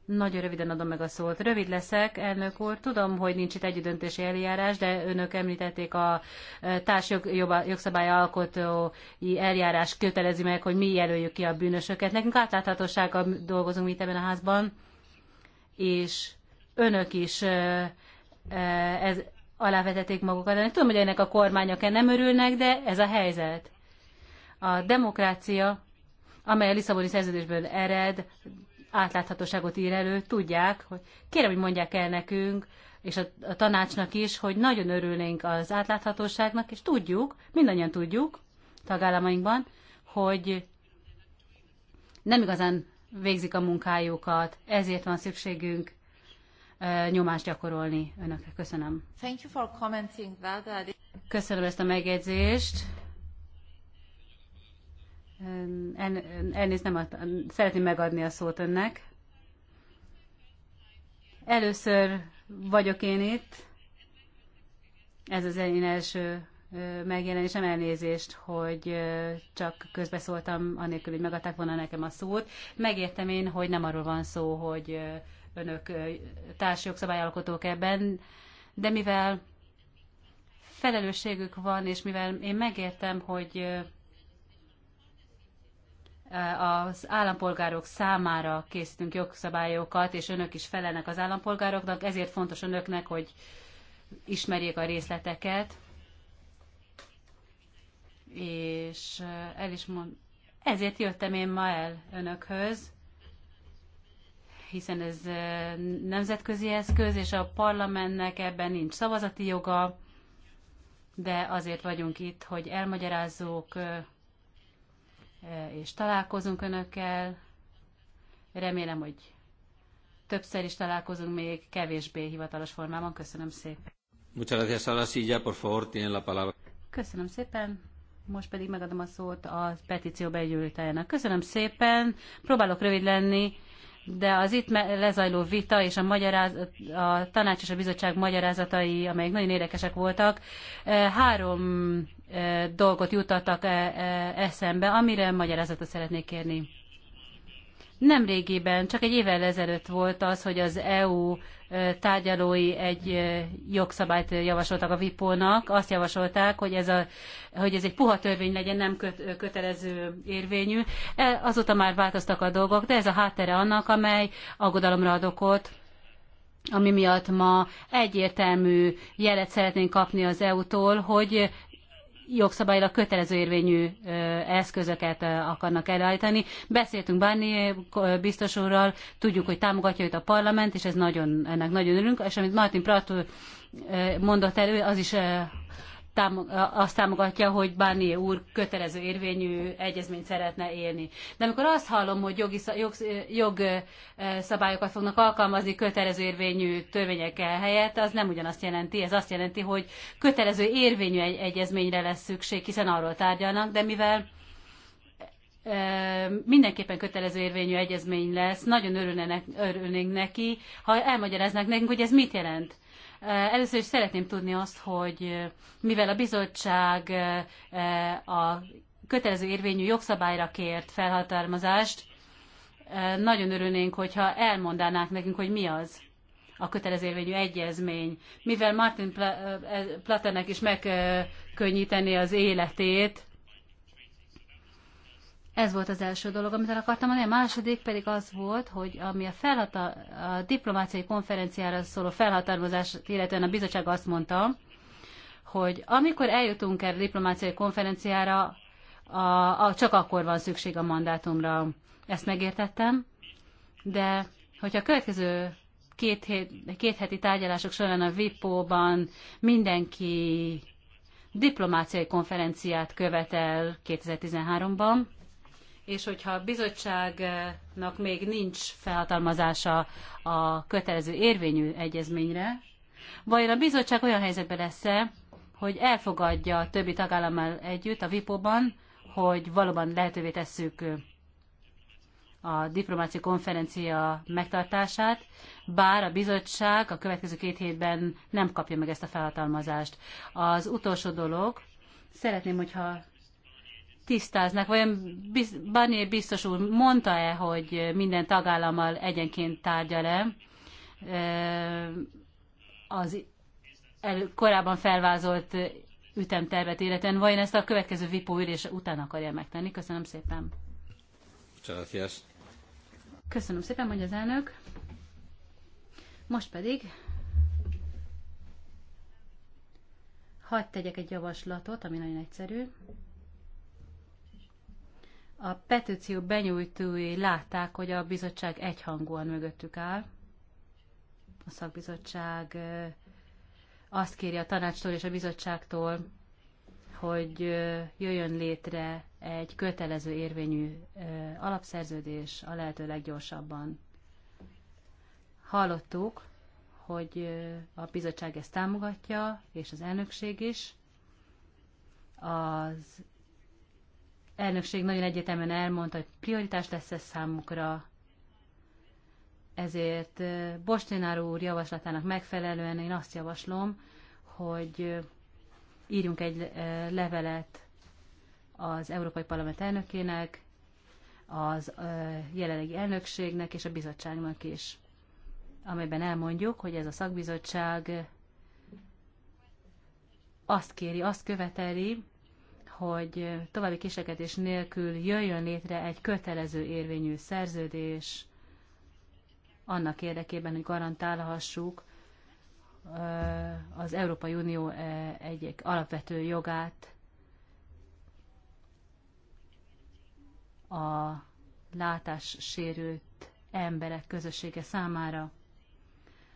S1: Nagyon röviden adom meg a szót. Rövid leszek, elnök úr. Tudom, hogy nincs itt együttdöntési eljárás, de önök említették a e, társjogszabály alkotói eljárás kötelezi meg, hogy mi jelöljük ki a bűnösöket. Nekünk átláthatósággal dolgozunk itt ebben a házban, és önök is e, e, ez alávetették magukat. De tudom, hogy ennek a kormányok nem örülnek, de ez a helyzet. A demokrácia, amely a Lisszaboni szerződésből ered, átláthatóságot ír elő, tudják, hogy kérem, hogy mondják el nekünk, és a, a tanácsnak is, hogy nagyon örülnénk az átláthatóságnak, és tudjuk, mindannyian tudjuk tagállamainkban, hogy nem igazán végzik a munkájukat, ezért van szükségünk nyomást gyakorolni önökre. Köszönöm. Köszönöm ezt a megjegyzést. Elnézést, nem ad, szeretném megadni a szót önnek. Először vagyok én itt. Ez az én első megjelenésem elnézést, hogy csak közbeszóltam, anélkül, hogy megadták volna nekem a szót. Megértem én, hogy nem arról van szó, hogy önök társjogszabályalkotók ebben, de mivel felelősségük van, és mivel én megértem, hogy az állampolgárok számára készítünk jogszabályokat, és önök is felelnek az állampolgároknak, ezért fontos önöknek, hogy ismerjék a részleteket. És eh, el is mond, ezért jöttem én ma el önökhöz, hiszen ez eh, nemzetközi eszköz, és a parlamentnek ebben nincs szavazati joga, de azért vagyunk itt, hogy elmagyarázzuk eh, E, és találkozunk önökkel. Remélem, hogy többször is találkozunk még, kevésbé hivatalos formában. Köszönöm szépen.
S3: Muchas gracias a la silla, por favor, tiene la palabra.
S1: Köszönöm szépen. Most pedig megadom a szót a petíció begyűltájának. Köszönöm szépen. Próbálok rövid lenni de az itt lezajló vita és a, magyaráz, a tanács és a bizottság magyarázatai, amelyek nagyon érdekesek voltak, eh, három eh, dolgot jutottak eh, eszembe, amire magyarázatot szeretnék kérni. Nem régiben, csak egy évvel ezelőtt volt az, hogy az EU tárgyalói egy jogszabályt javasoltak a VIPO-nak. Azt javasolták, hogy ez, a, hogy ez egy puha törvény legyen, nem köt, kötelező érvényű. E, azóta már változtak a dolgok, de ez a háttere annak, amely aggodalomra ad okot ami miatt ma egyértelmű jelet szeretnénk kapni az EU-tól, hogy jogszabályra kötelező érvényű eszközöket akarnak előállítani. Beszéltünk bárni biztos úrral, tudjuk, hogy támogatja őt a parlament, és ez nagyon, ennek nagyon örülünk, és amit Martin Pratt mondott elő, az is azt támogatja, hogy Barnier úr kötelező érvényű egyezményt szeretne élni. De amikor azt hallom, hogy jogi, jog, szabályokat fognak alkalmazni kötelező érvényű törvényekkel helyett, az nem ugyanazt jelenti. Ez azt jelenti, hogy kötelező érvényű egy egyezményre lesz szükség, hiszen arról tárgyalnak, de mivel mindenképpen kötelező érvényű egyezmény lesz, nagyon örülnének, örülnénk neki, ha elmagyaráznak nekünk, hogy ez mit jelent Eh, először is szeretném tudni azt, hogy eh, mivel a bizottság eh, a kötelező érvényű jogszabályra kért felhatalmazást, nagyon örülnénk, hogyha elmondanák nekünk, hogy mi az a kötelező érvényű egyezmény. Mivel Martin Platernek is megkönnyíteni az életét, ez volt az első dolog, amit el akartam mondani. A második pedig az volt, hogy ami a, felhata, a diplomáciai konferenciára szóló felhatalmazás, illetően a bizottság azt mondta, hogy amikor eljutunk erre a diplomáciai konferenciára, a, a, csak akkor van szükség a mandátumra. Ezt megértettem, de hogyha a következő két, hét, két heti tárgyalások során a VIPO-ban mindenki diplomáciai konferenciát követel 2013-ban, és hogyha a bizottságnak még nincs felhatalmazása a kötelező érvényű egyezményre, vajon a bizottság olyan helyzetben lesz-e, hogy elfogadja a többi tagállammal együtt a VIPO-ban, hogy valóban lehetővé tesszük a diplomáciai konferencia megtartását, bár a bizottság a következő két hétben nem kapja meg ezt a felhatalmazást. Az utolsó dolog, szeretném, hogyha tisztáznak. Vajon biz, Barnier biztos úr mondta-e, hogy minden tagállammal egyenként tárgyal-e az el, korábban felvázolt ütemtervet életen? Vajon ezt a következő VIPO ülés után akarja megtenni? Köszönöm szépen. Köszönöm szépen, mondja az elnök. Most pedig hadd tegyek egy javaslatot, ami nagyon egyszerű. A petíció benyújtói látták, hogy a bizottság egyhangúan mögöttük áll. A szakbizottság azt kéri a tanácstól és a bizottságtól, hogy jöjjön létre egy kötelező érvényű alapszerződés a lehető leggyorsabban. Hallottuk, hogy a bizottság ezt támogatja, és az elnökség is. Az elnökség nagyon egyetemen elmondta, hogy prioritás lesz ez számukra, ezért Bostinár úr javaslatának megfelelően én azt javaslom, hogy írjunk egy levelet az Európai Parlament elnökének, az jelenlegi elnökségnek és a bizottságnak is, amelyben elmondjuk, hogy ez a szakbizottság azt kéri, azt követeli, hogy további kisekedés nélkül jöjjön létre egy kötelező érvényű szerződés annak érdekében, hogy garantálhassuk az Európai Unió egyik alapvető jogát, a látássérült emberek közössége számára,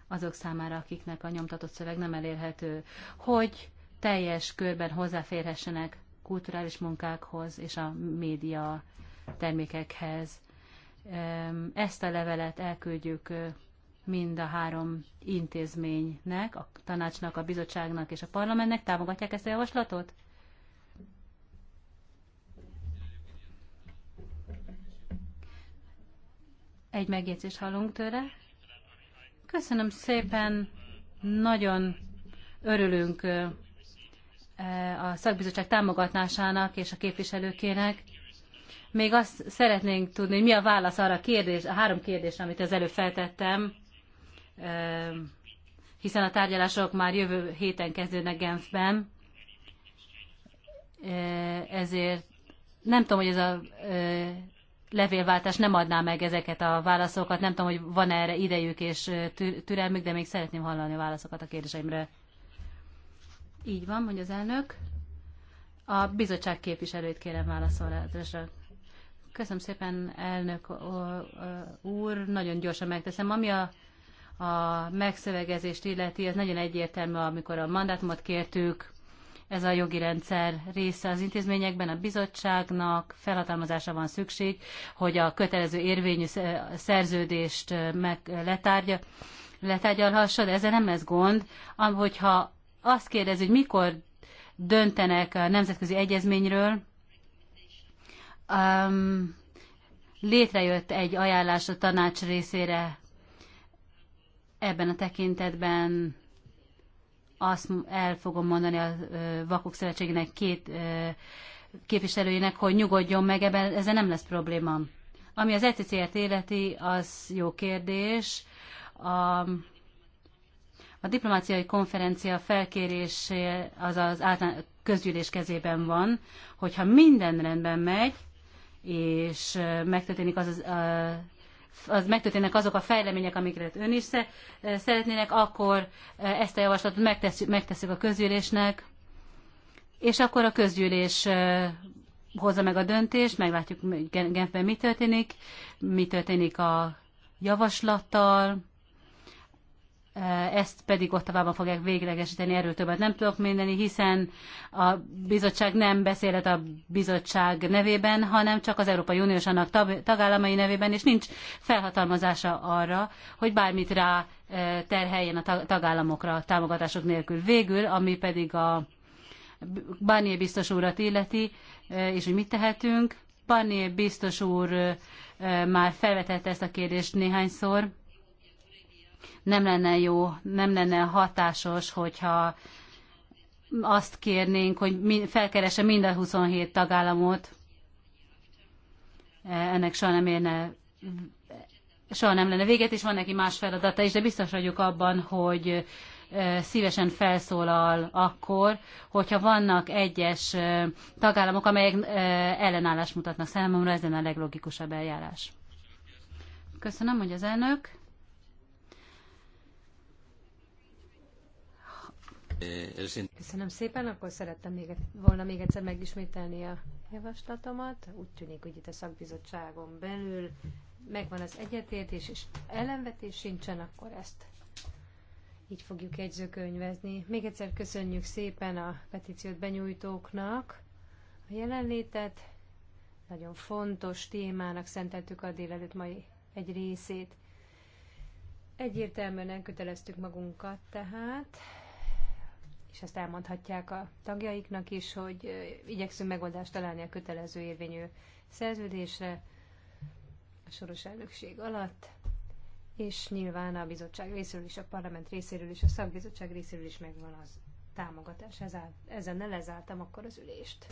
S1: azok számára, akiknek a nyomtatott szöveg nem elérhető, hogy teljes körben hozzáférhessenek kulturális munkákhoz és a média termékekhez. Ezt a levelet elküldjük mind a három intézménynek, a tanácsnak, a bizottságnak és a parlamentnek. Támogatják ezt a javaslatot? Egy megjegyzést hallunk tőle. Köszönöm szépen, nagyon örülünk a szakbizottság támogatásának és a képviselőkének. Még azt szeretnénk tudni, hogy mi a válasz arra a, kérdés, a három kérdésre, amit az előbb feltettem, hiszen a tárgyalások már jövő héten kezdődnek Genfben, ezért nem tudom, hogy ez a levélváltás nem adná meg ezeket a válaszokat, nem tudom, hogy van -e erre idejük és türelmük, de még szeretném hallani a válaszokat a kérdéseimre. Így van, mondja az elnök. A bizottság képviselőt kérem válaszolásra. Köszönöm szépen, elnök úr. Nagyon gyorsan megteszem. Ami a, a megszövegezést illeti, ez nagyon egyértelmű, amikor a mandátumot kértük. Ez a jogi rendszer része az intézményekben, a bizottságnak felhatalmazása van szükség, hogy a kötelező érvényű szerződést meg letárgya, letárgyalhassa, de ezzel nem lesz gond, hogyha azt kérdezi, hogy mikor döntenek a nemzetközi egyezményről. Um, létrejött egy ajánlás a tanács részére ebben a tekintetben. Azt el fogom mondani a Vakok Szövetségének két képviselőjének, hogy nyugodjon meg, ebben ezzel nem lesz probléma. Ami az ECCR-t életi, az jó kérdés. A, a diplomáciai konferencia felkérés az az általán, közgyűlés kezében van, hogyha minden rendben megy, és megtörténik az, az, az megtörténnek azok a fejlemények, amiket ön is szeretnének, akkor ezt a javaslatot megtesszük, megtesszük a közgyűlésnek, és akkor a közgyűlés hozza meg a döntést, meglátjuk Genfben mi történik, mi történik a javaslattal, Eh, ezt pedig Ottavában fogják véglegesíteni, erről többet nem tudok mindeni, hiszen a bizottság nem beszélhet a bizottság nevében, hanem csak az Európai Uniós annak tagállamai nevében, és nincs felhatalmazása arra, hogy bármit rá eh, terheljen a tagállamokra támogatások nélkül. Végül, ami pedig a Barnier biztos úrat illeti, eh, és hogy mit tehetünk, Barnier biztos úr már felvetette ezt a kérdést néhányszor, nem lenne jó, nem lenne hatásos, hogyha azt kérnénk, hogy felkeresse mind a 27 tagállamot. E, ennek soha nem érne soha nem lenne véget, és van neki más feladata is, de biztos vagyok abban, hogy e, szívesen felszólal akkor, hogyha vannak egyes e, tagállamok, amelyek ellenállást mutatnak számomra, ez lenne a leglogikusabb eljárás. Köszönöm, hogy az elnök.
S2: Köszönöm szépen, akkor szerettem még, volna még egyszer megismételni a javaslatomat. Úgy tűnik, hogy itt a szakbizottságon belül megvan az egyetértés, és ellenvetés sincsen, akkor ezt így fogjuk jegyzőkönyvezni. Még egyszer köszönjük szépen a petíciót benyújtóknak a jelenlétet. Nagyon fontos témának szenteltük a délelőtt mai egy részét. Egyértelműen elköteleztük magunkat tehát és ezt elmondhatják a tagjaiknak is, hogy igyekszünk megoldást találni a kötelező érvényű szerződésre a soros elnökség alatt, és nyilván a bizottság részéről is, a parlament részéről is, a szakbizottság részéről is megvan az támogatás. Ezzel, ezzel ne lezártam akkor az ülést.